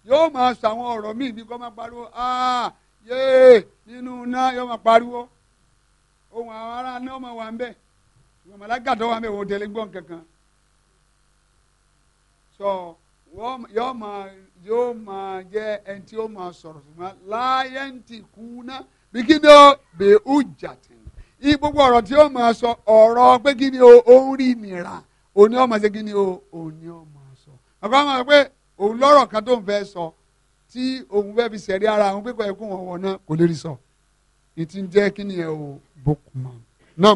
yóò máa sọ àwọn ọ̀rọ̀ míì bí kò máa pariwo aa ah, yéé nínú náà yóò máa pariwo ohun àwọn ará náà máa wà ń bẹ̀ ìwọ̀n màlágàdọ́ wà ń bẹ̀ wò ó délé gbọ́n kankan sọ. So, yóò máa yóò máa jẹ́ ẹni tí ó máa sọ̀rọ̀ ṣùgbọ́n láyé ń ti kú ná bí kí ni ó bè ó jà tì ní gbogbo ọ̀rọ̀ tí ó máa sọ ọ̀rọ̀ pé kí ni ó ń rí nira òní ó ṣe kí ni ó ní ó sọ ọ̀gá máa sọ òun lọ́rọ̀ kan tó ń fẹ́ sọ tí òun fẹ́ fi ṣẹ̀rí ara òun pé kọ́ ẹ̀kú wọn wọ̀ náà kò lè rí sọ ìtì kí ni ẹ̀ ò bókun náà.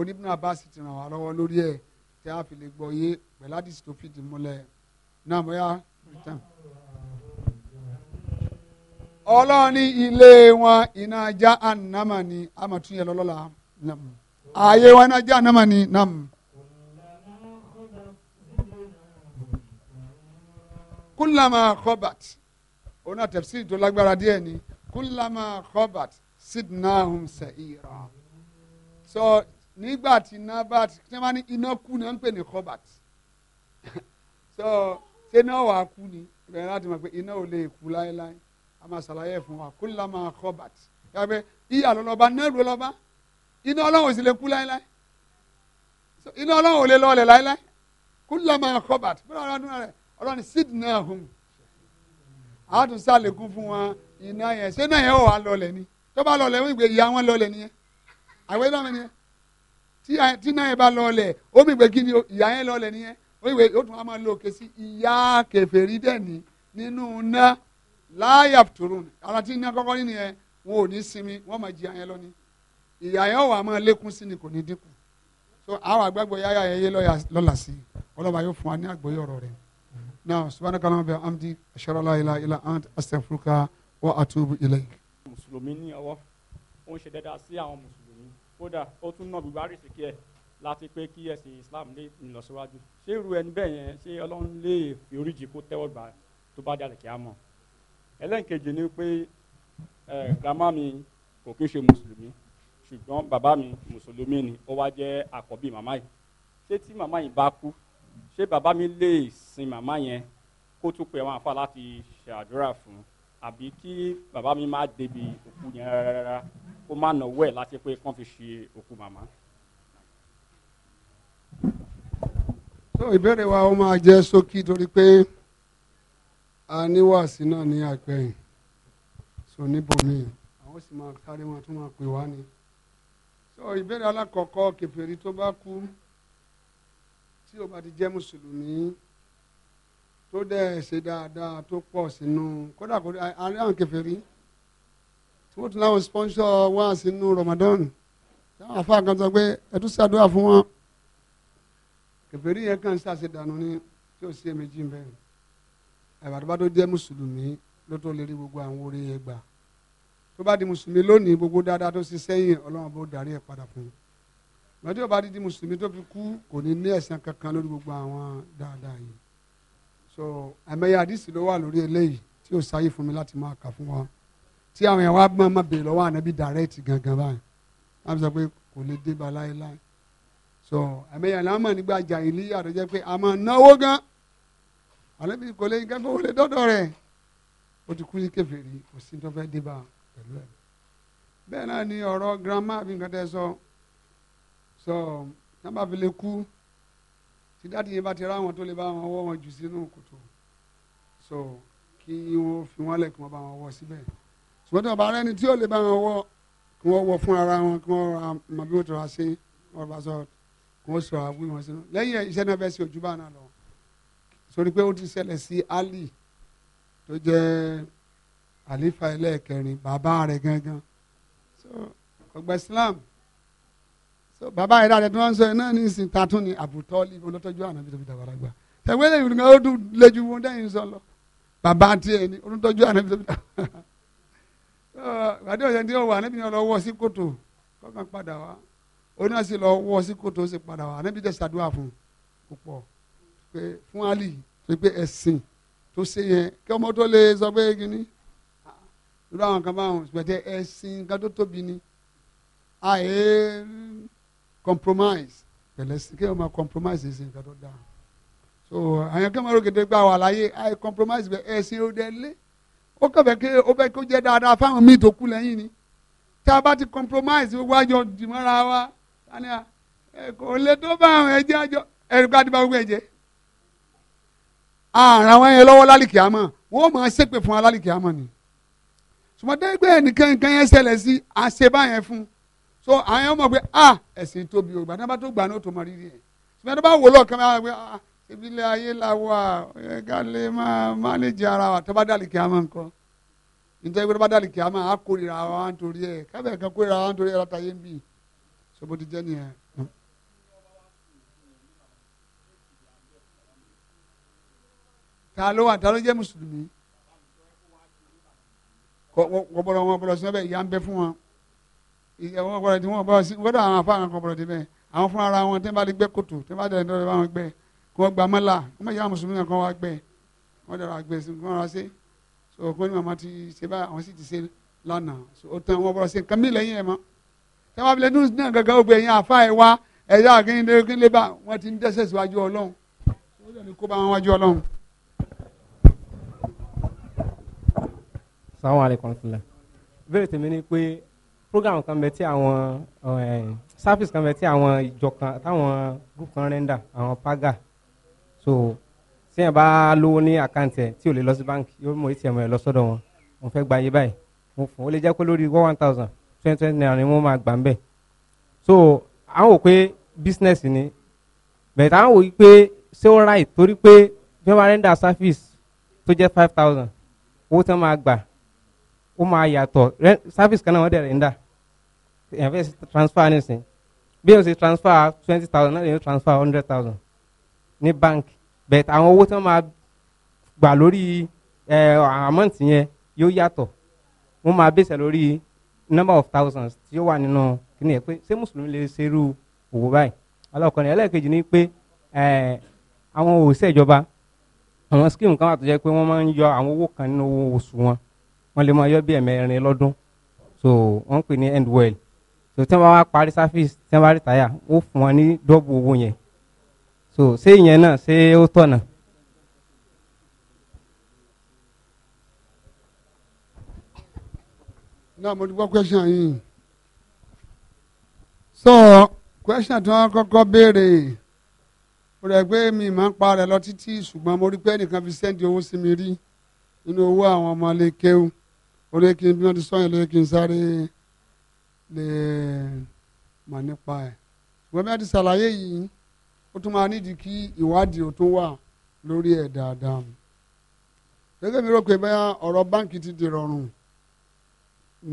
oníbùnú abasi ti ràn wá lọ́wọ́ lórí ẹ̀ tí a fi lè gbọ́ yé pẹ̀lú àdìsí tó fìdí múlẹ̀ náà bóyá return. ọlọ́run ilé wọn iná ajá ànámà ni a lọ́lọ́la nam ààyè wọn iná ajá ànámà ni nam. kúlàmà kọ́bàt òun náà tẹ̀síì tó lágbára díẹ̀ ni kúlàmà kọ́bàt sídìnnà ahùn sẹ̀ ìrà. so nígbà tí iná bá ti ṣe máa ní iná kú náà ń pè ní cobalt so ṣé náà wàá kú ni ìbẹ̀rẹ̀ láti mọ̀ pé iná ò lè kú láéláé a máa ṣàlàyé fún wa kó la máa cobalt yàgbẹ́ ìyá lọ́lọ́ba náà ló lọ́ba iná ọlọ́run ò sì lè kú láéláé iná ọlọ́run ò lè lọ́ọ̀lẹ̀ láéláé kó la máa cobalt fúnra ọlọ́run rẹ̀ ọlọ́run sid náà hùn àtúnṣe àlékún fún wa iná yẹn ṣé náà yẹn ò wá lọ́ọ̀lẹ̀ ni tó bá lọ́ọ̀lẹ̀ wọ́n ìgbé ìyá wọn lọ́ọ̀lẹ̀ nìyẹn àgbẹ̀ náà mi nìyẹn tí tí náà yẹn bá lọlẹ̀ ó mi gbé ni ìyá yẹn lọlẹ̀ nìyẹn ó ìwé ó tún wá máa lo òkè sí ìyá kèfèrí dẹ̀ni nínú ná láyà tòrún ara tí iná kọ́kọ́ nínú yẹn wọn ò ní sinmi wọn máa jìyà yẹn lọ ni ìyá yẹn wà máa lékún sí ni kò ní dínkù so àwọn àgbàgbọ́ yáyà yẹn yé lọ́la sí ọlọ́ba yóò fún wa ní àgbọ́yé ọ̀rọ̀ rẹ̀ náà subhanaka Allahumma bẹ ila ila ant astaghfiruka wa atubu ó ń ṣe dáadáa sí àwọn mùsùlùmí kódà ó tún náà bùbá rìsìkì ẹ̀ láti pé kí ẹ̀sìn Islam lè ìlọsíwájú ṣé irú ẹni bẹ́ẹ̀ yẹn ṣé Ọlọ́run lè fi oríjì kó tẹ́wọ́ gbà tó bá jáde kí á mọ̀ ẹlẹ́nkejì ni pé grandma mi kò kí ń ṣe mùsùlùmí ṣùgbọ́n bàbá mi mùsùlùmí ni ó wá jẹ́ àkọ́bí màmá yìí ṣé tí màmá yìí bá kú ṣé bàbá mi lè sin màmá yẹn kó tún pe àwọn àfa láti ṣàdúrà fún àbí kí bàbá mi má débi òkú yẹn rárá kó má náwó ẹ̀ láti pé kán fi ṣe òkú màmá. so ìbéèrè wa ó máa jẹ́ ṣókí torí pé a níwàásí náà ní àgbẹ̀yìn so níbòmíì àwọn sì máa sáré wọn tó máa pè wá ni so ìbéèrè alákọ̀ọ́kọ́ kèfèrí tó bá kú tí o bá ti jẹ́ mùsùlùmí tó dẹ̀ ṣe dáadáa tó pọ̀ sínú kódà kó àwọn kèfèrí wọ́n tún láwọn sponsor wá sínú Ramadan táwọn afáà kan sọ pé ẹ tún ṣàdúrà fún wọn kèfèrí yẹn kàn ṣàṣe dànù ni tí ò sí èméjì bẹ́ẹ̀ àbàdàbà tó jẹ́ mùsùlùmí ló tó lè rí gbogbo àwọn orí yẹn gbà tó bá di mùsùlùmí lónìí gbogbo dáadáa tó ṣe sẹ́yìn ọlọ́run bó darí ẹ̀ padà fún un lọ́jọ́ bá di mùsùlùmí tó fi kú kò ní ní ẹ̀san kankan lórí gbogbo àwọn dáadáa yìí so àmẹ́yẹ àdìsí ló wà lórí eléyìí tí ò sáyé fún mi láti máa kà fún wa tí àwọn yẹn wá gbọ́n ọmọ bèèrè lọ́wọ́ ànábì direct gangan báyìí wọ́n sọ pé kò lè dé ba láéláé so àmẹ́yàn náà mọ̀ nígbà jà ìlú yàtọ̀ jẹ́ pé àmọ́ náwó gan ànábì kò lè nǹkan kó lè dọ́dọ̀ rẹ̀ ó ti kú ní kèfèrí kò sí tó fẹ́ dé ba pẹ̀lú ẹ̀ bẹ́ẹ̀ náà ni ọ̀rọ̀ grandma àbí nǹkan tẹ́ sọ sọ nàbà fi lè kú tí dáàdi yẹn bá ti ráwọn tó lè bá wọn wọ́ wọn jù sínú kòtò so kí wọ́n fi wọ́n lẹ̀ kí wọ́n bá wọn wọ́ síbẹ̀ ṣùgbọ́n tí wọ́n ni tí yóò lè bá wọn wọ kí wọ́n wọ fún ara wọn kí wọ́n ra mọ bí wọ́n tọ́ra sí wọ́n bá sọ kí wọ́n sọ àbúrò wọn sínú lẹ́yìn iṣẹ́ náà bẹ́ẹ̀ sí náà lọ sórí pé ó ti ṣẹlẹ̀ sí Ali tó jẹ́ àlífà ẹlẹ́ẹ̀kẹrin bàbá rẹ̀ gangan so ọgbà Islam so bàbá yìí dáadé tí wọ́n sọ yẹn náà ní ìsìn tatún ni àbùtọ́lì olótọ́jú ànábi tó fi dàgbàrà gbà tẹ̀wé lè yùn ní ká ó dùn lẹ́jú wọn dẹ́yìn sọ lọ bàbá tiẹ̀ ni olótọ́jú ànábi tó fi dàgbàrà gbà gbàdé ọ̀sẹ̀ tí ó wà níbi lọ wọ́ sí kòtò kọ́kàn padà wá oní náà lọ wọ́ sí kòtò ó sì padà wá níbi dẹ̀ ṣàdúrà fún púpọ̀ pé fún Ali pé pé ẹ̀sìn tó ṣe yẹn kí ọmọ tó lè sọ pé kí ni irú àwọn kan báwọn pẹ̀tẹ́ ẹ̀sìn nǹkan tó tóbi ni àyè compromise pẹ̀lẹ́ sí kí ọmọ compromise ẹ̀sìn nǹkan tó dáa so àyànkẹ́ mọ́rọ́ gèdè gbà wà láyé àyè compromise ẹ̀sìn ó dẹ́ lé ó kàn fẹ́ kí ó fẹ́ kó jẹ́ dáadáa fáwọn míì tó kú lẹ́yìn ni tá a bá ti compromise gbogbo àjọ dìmọ́ra wa tani à kò lè tó bá àwọn ẹ̀jẹ̀ àjọ ẹ̀rù ká ti bá gbogbo ẹ̀jẹ̀ àrùn àwọn yẹn lọ́wọ́ lálìkì àmọ́ wọ́n máa ṣépè fún wa lálìkì àmọ́ ni sùmọ́tẹ́ ẹgbẹ́ nìkan nǹkan yẹn ṣẹlẹ̀ sí àṣebá yẹn fún so àwọn yẹn mọ̀ ah ẹ̀sìn tóbi o ìgbà tí wọ́n bá tó gbà ní òtò mọ̀ rírì sùmọ́tẹ́ bá wò lọ́ọ̀kan bá wà pé ah, ah ìbílẹ̀ ayé la wà ká lè máa mánéjì ara wa tó bá dàlí kí a máa ń kọ́ nítorí pé tó bá dàlí kí a máa á kórìíra wa nítorí ẹ̀ kábẹ̀ kan kórìíra wa nítorí ẹ̀ látàyé ń bì sọ́bodì jẹ́ nìyẹn. ta ló wà ta ló jẹ́ mùsùlùmí kò bọ̀rọ̀ wọn bọ̀rọ̀ sí wọn bẹ́ẹ̀ ìyá ń bẹ fún wọn ìyá wọn bọ̀rọ̀ tí wọn bọ̀rọ̀ sí wọn bọ̀rọ̀ àwọn afáàkàn kan tí bẹ́ẹ̀ àwọn fúnra ara wọn tẹ́ bá lè gbẹ́ kòtò tẹ́ bá dẹ̀ ń dọ́rọ̀ wọ́n gba mọ́là wọ́n mọ̀ yá mùsùlùmí náà kàn wá gbẹ wọ́n dàrọ̀ àgbẹ̀ wọ́n rà ṣe so kò ní màmá ti ṣe báyìí àwọn sì ti ṣe lánàá so ó tán wọ́n bọ̀ ṣe nǹkan mílẹ̀ yín ẹ̀ mọ́ tẹ́wọ́n abilẹ̀ dùn náà gàgà ó gbé yín àfa ẹ̀ wá ẹ̀yà akíndélé bá wọ́n ti ń dẹ́sẹ̀ síwájú ọlọ́run wọ́n dẹ̀ ní kó bá wọn wájú ọlọ́run. sàwọn àlekọ̀ntìlá ìbéèrè tèmi ni pé program kan bẹ tí àwọn eh, service kan bẹ tí àwọn ìjọ kan táwọn group kan rẹ́ńdà àwọn paga so tí yẹn bá lówó ní àkáǹtì ẹ tí ò lè lọ sí báńkì yóò mú atm ẹ lọ sọ́dọ̀ wọn mo fẹ́ gba iye báyìí mo fún ó lè jẹ́ pé lórí one thousand twenty twenty naira ni wọ́n máa gbà ń bẹ̀ so àwọn wò pé business ni bẹ̀rẹ̀ àwọn wò pé ṣé ó ráì torí pé bí wọ́n bá rẹ́ńdà service tó jẹ́ five thousand owó tí wọ́n máa gbà ó máa yàtọ̀ service kan náà wọ́n dẹ̀ rẹ́ńdà ẹ̀yàn fẹ́ transfer nísìnyí bí wọ́n ṣe transfer twenty thousand náà lè transfer hundred thousand ní báńkì bẹ̀t àwọn owó tí wọ́n máa gbà lórí àmọ́ǹtì yẹn yóò yàtọ̀ wọ́n máa bẹ̀sẹ̀ lórí number of thousands tí ó wà nínú kíni ẹ̀ pé ṣé mùsùlùmí lè ṣerú òwò báyìí alákọ̀ọ́ni ẹlẹ́ẹ̀kejì ni pé àwọn òṣìṣẹ́ ìjọba àwọn scheme kan wà tó jẹ́ pé wọ́n máa ń yọ àwọn owó kan nínú owó oṣù wọn wọ́n lè máa yọ bí ẹ̀mẹrin lọ́dún so wọ́n ń pè ní end well so tí wọ́n bá wá parí service tí wọ́n bá rí ó fún wọn ní dọ́bù owó yẹn so ṣé ìyẹn náà ṣé ó tọ̀nà. náà mo ti gbọ́ question yìí so question tí wọ́n kọ́kọ́ béèrè ó rẹ̀ pé mi máa ń pa rẹ̀ lọ títí ṣùgbọ́n mo rí pé ẹnìkan fi sẹ́ndì owó sí mi rí nínú owó àwọn ọmọ ilé kéwù ó lé kí n bí wọ́n ti sọ yẹn kí n sáré lè mọ̀ nípa ẹ̀ ṣùgbọ́n bí ti ṣàlàyé yìí ó tún máa nídìí kí ìwádìí ó tún wà lórí ẹ̀ dáadáa gẹ́gẹ́ mi rò pé bẹ́ẹ̀ ọ̀rọ̀ báǹkì ti di rọrùn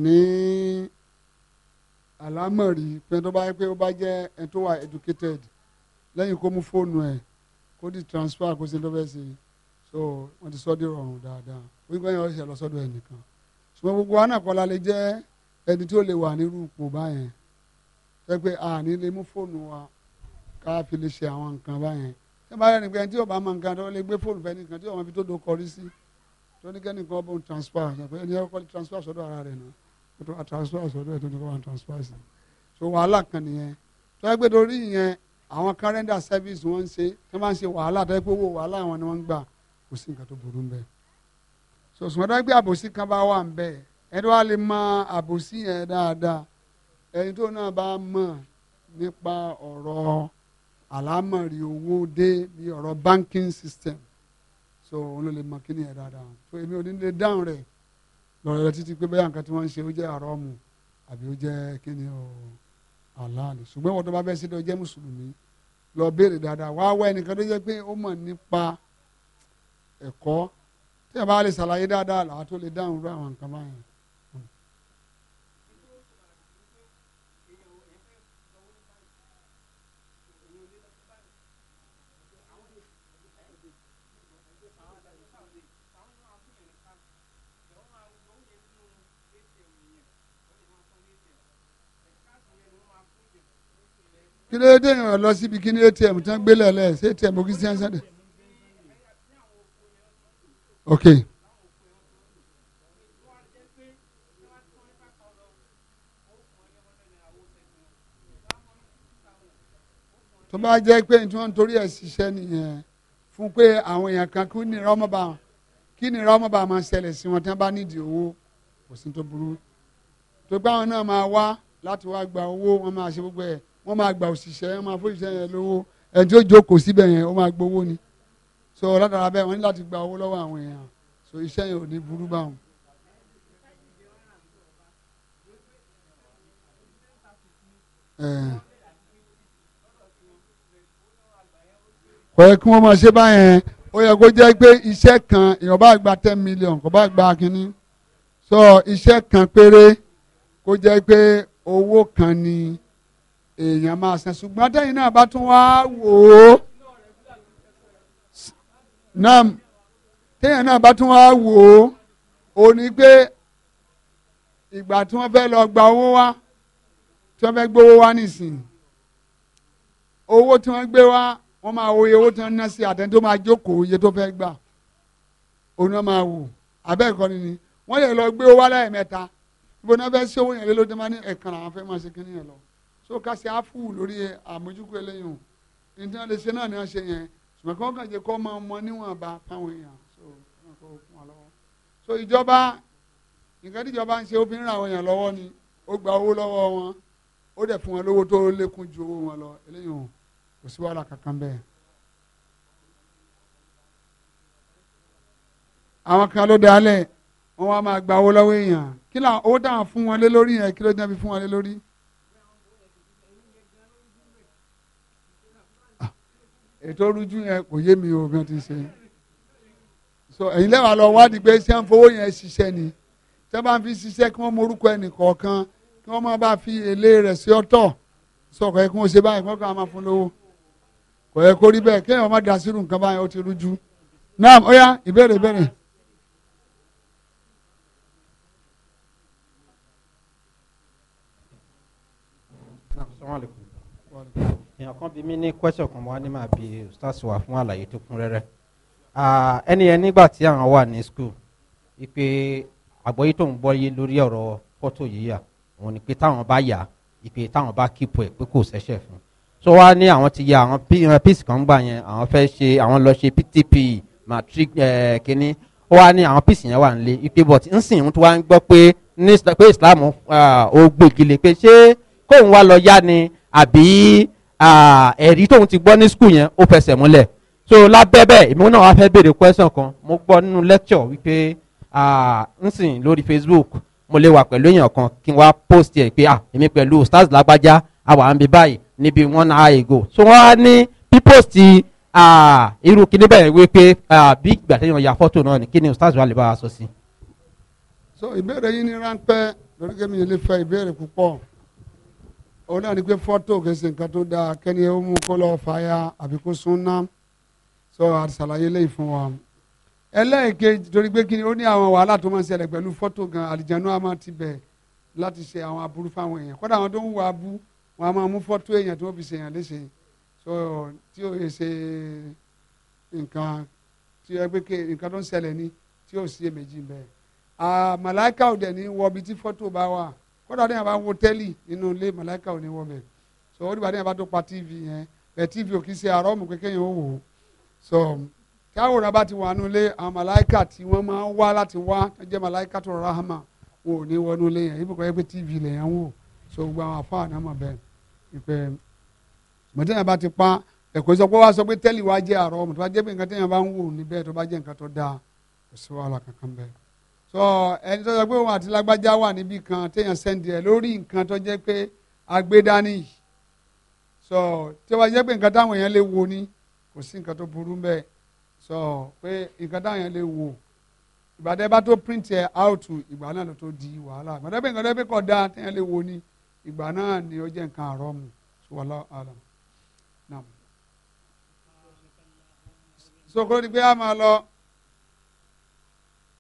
ní àlámọ̀rí pé tó bá yẹ pé ó bá jẹ́ ẹni tó wà educated lẹ́yìn kó mú fóònù ẹ̀ kó di transfer kó ṣe lọ́fẹ̀ẹ́ sí i so wọ́n ti sọ di rọrùn dáadáa wíwọ́n yẹn ọ̀ṣẹ̀ lọ́sọ́dọ̀ ẹnìkan ṣùgbọ́n gbogbo anàkọ́lá lè jẹ́ ẹni tí ó lè wà nírú ipò báyẹn tẹ́ pé àní lè mú fóònù wa ká fi lè ṣe àwọn nǹkan báyẹn tí wọ́n bá rẹ̀ nìkan tí yóò bá mọ nǹkan tó lè gbé fóònù fẹ́ nìkan tí yóò mọ ibi tó do kọrí sí tó ní kẹ́nìkan bó ń transfer ṣàpẹ́ ẹni ọkọ transfer sọ́dọ̀ ara rẹ̀ náà kó tó wà transfer sọ́dọ̀ ẹ̀ tó ní kó wà transfer sí so wàhálà kan nìyẹn tó yẹ pé torí ìyẹn àwọn calendar service wọ́n ń ṣe tó máa ń ṣe wàhálà tó yẹ pé owó wàhálà wọn ni wọ́n ń gbà kò sí nǹkan tó burú ń bẹ́ẹ̀ so sùgbọ́n tó yẹ pé àbòsí kan bá wà ń bẹ́ẹ̀ ẹni wàá tó náà bá mọ̀ nípa ọ̀rọ̀ àlámọ̀rí owó dé bí ọ̀rọ̀ banking system so òun ló lè mọ kí ni ẹ̀ dáadáa so èmi ò ní lè dáhùn rẹ̀ lọ́rọ̀ rẹ̀ títí pé bẹ́ẹ̀ nǹkan tí wọ́n ń ṣe ó jẹ́ àrọ́mù àbí ó jẹ́ kí ni o àlàálẹ̀ ṣùgbọ́n wọ́n tó bá fẹ́ sí lọ jẹ́ mùsùlùmí lọ béèrè dáadáa wá wá ẹnìkan tó jẹ́ pé ó mọ̀ nípa ẹ̀kọ́ tí ẹ bá lè ṣàlàyé dáadáa làá tó lè dáhùn rú àwọn nǹkan báyìí kí ló dé èèyàn lọ síbi kí ní atm tí wọ́n gbé lẹ́lẹ́ ṣé atm ògì sí ẹ̀sán dẹ̀. ok. tó bá jẹ́ pé tí wọ́n ń torí ẹ̀ ṣiṣẹ́ nìyẹn fún pé àwọn èèyàn kan kú nira ọmọ bá kí nira ọmọ máa ṣẹlẹ̀ sí wọn tí wọ́n bá nídìí owó kò sí tó burú tó gbá náà máa wá láti wá gba owó wọn máa ṣe gbogbo ẹ̀ wọ́n máa gba òṣìṣẹ́ wọ́n máa fóṣìṣẹ́ yẹn lówó ẹni tí ó jókòó síbẹ̀ yẹn ó máa gbowó ni so látara bẹ́ẹ̀ wọ́n ní láti gba owó lọ́wọ́ àwọn èèyàn so iṣẹ́ yẹn ò ní burú báwọn. kò yẹ kí wọ́n máa ṣe báyẹn ó yẹ kó jẹ́ pé iṣẹ́ kan èèyàn bá gba ten million kò bá gba kínní so iṣẹ́ kan péré kó jẹ́ pé owó kan ni èèyàn máa san ṣùgbọ́n tẹ́yìn náà bá tún wá wò ó náà tẹ́yìn náà bá tún wá wò ó ó ní pé ìgbà tí wọ́n fẹ́ lọ gba owó wá tí wọ́n fẹ́ gbowó wá nísìnyí owó tí wọ́n gbé wá wọ́n máa wo iye owó tí wọ́n ná sí àtẹni tó máa jókòó iye tó fẹ́ gbà òun náà máa wò abẹ́ ni ni wọ́n lè lọ gbé owó wá láyé mẹ́ta ibo náà fẹ́ sí owó yẹn lé lójúmọ́ ní ẹ̀kan làwọn fẹ́ máa ṣe kí nìyẹn lọ so kasi afu lori lórí àmójúkú eléyìí o nítorí wọn lè ṣe náà ni wọn ṣe yẹn ṣùgbọ́n kí wọ́n kàn jẹ́ kó máa mọ so wọn kò fún wọn so ìjọba nǹkan tí ń ṣe obìnrin àwọn èèyàn lọ́wọ́ ni ó gba owó lọ́wọ́ wọn ó dẹ̀ fún wọn lówó tó lékún ju owó wọn lọ eléyìí o kò sí wàhálà kankan bẹ́ẹ̀. àwọn kan ló dalẹ̀ wọn wá máa gba owó lọ́wọ́ èèyàn kí ló owó táwọn fún wọn lé lórí yẹn kí ló dé wọn fún wọn lé lórí ètò orújú yẹn kò yé mi o bí wọ́n ti ṣe so ẹ̀yin lẹ́wàá lọ wádìí pé ṣé ń fowó yẹn ṣiṣẹ́ ni ṣé bá ń fi ṣiṣẹ́ kí wọ́n morúkọ ẹnì kọ̀ọ̀kan kí wọ́n má bá fi èlé rẹ̀ sí ọ̀tọ̀ sọ̀kọ̀ yẹ kí wọ́n ṣe báyìí kí wọ́n kàn máa fún lówó kò yẹ kó rí bẹ́ẹ̀ kéèyàn má da sírù nǹkan báyìí ó ti rújú náà ó ìbéèrè ìbéèrè. Assalamu alaikum èèyàn kan bí mi ní question kan wá ní màá bi ustaz wa fún àlàyé tó kún rẹ́rẹ́ ẹni yẹn nígbà tí àwọn wà ní school wípé àgbọ́yé tó ń gbọ́ yé lórí ọ̀rọ̀ fọ́tò yíyà òun ni pé táwọn bá yà ìpè táwọn bá kípo ẹ̀ pé kò ṣẹ̀ṣẹ̀ fún so wá ní àwọn ti ya àwọn píìsì kan gbà yẹn àwọn fẹ́ ṣe àwọn lọ ṣe ptp matric kínní ó wá ní àwọn píìsì yẹn wà ń lé ipe but nsìn ń tó wá ń gbọ́ pé ní pé Islam ó gbègilè pé ṣé kóun wá lọ yá ni àbí ẹ̀rí tóun ti gbọ́ ní skul yẹn ó fẹsẹ̀ múlẹ̀ so lábẹ́ bẹ́ẹ̀ èmi náà wá fẹ́ béèrè question kan mo gbọ́ nínú lecture wípé nsìn lórí facebook mo lè wà pẹ̀lú èèyàn kan kí n wá post ẹ̀ pé èmi pẹ̀lú stars lágbájá àwa ń bí báyìí níbi one hour ago so wọ́n á ní pípòst irú kíní bẹ́ẹ̀ wípé bí ìgbà téèyàn ya fọ́tò náà ni kí ni stars wà lè bá wa sọ sí. so ìbéèrè yín ní ráńpẹ́ lórí kẹ́mi ilé fẹ́ ìbéèrè púpọ̀ òun náà ni pé fọ́tò kẹsì nǹkan tó dáa kẹ́ni ó mú kó lọ́ọ́ fàáyà àbí kó súnná sọ àṣàlàyé lẹ́yìn fún wa. ẹlẹ́ẹ̀kejì torí pé kíni ó ní àwọn wàhálà tó máa ń ṣẹlẹ̀ pẹ̀lú fọ́tò gan àlìjánu àmọ́ ti bẹ̀ láti ṣe àwọn aburú fáwọn èèyàn kọ́dà àwọn tó ń wà abú wọn a máa mú fọ́tò èèyàn tó fi ṣèyàn léṣe sọ tí ó ṣe nǹkan tí ó pé nǹkan tó ń ṣẹlẹ̀ ni tí ó sì èméjì bẹ́ẹ̀ kódà ní àbá ń wo tẹ́lì nínú ilé màláìka ò ní so ó dìbò àdéhùn àbá tó pa tv yẹn bẹ̀ tv ò kì í ṣe àrọ́ọ̀mù kékeré yẹn ó wò ó so táwòrán bá ti wà nínú ilé àwọn màláìka tí wọ́n máa ń wá láti wá jẹ́ màláìka tó rahama wọn ò ní wọnú ilé yẹn ibùkún ẹgbẹ́ tv lè yẹn wò so gbogbo àwọn afọ àná mọ̀ bẹ́ẹ̀ ìpè mọ̀tẹ́yìn bá ti pa ẹ̀kọ́ sọ pé wá sọ pé tẹ́lì wá jẹ́ àrọ́ọ̀mù tó bá jẹ́ pé nǹkan tẹ́yìn bá ń wò níbẹ̀ tó bá jẹ́ nǹkan tó dáa kò wàhálà kankan bẹ́ẹ̀ sọ ẹni tó sọ pé òun àti lágbájá wà níbì kan téèyàn sẹ́ndì ẹ̀ lórí nǹkan tó jẹ́ pé agbédání yìí sọ tí wọ́n jẹ́ pé nǹkan táwọn èèyàn lè wo ni kò sí nǹkan tó burú mbẹ́ sọ pé nǹkan táwọn èèyàn lè wo ìgbàdẹ́ bá tó print ẹ̀ out ìgbà náà ló tó di wàhálà ìgbàdẹ́ pé nǹkan tó pé kọ̀ da téèyàn lè wo ni ìgbà náà ni ó jẹ́ nǹkan àrọ́ mu wallahu alam náà. sọ kúrò ní pé a máa lọ.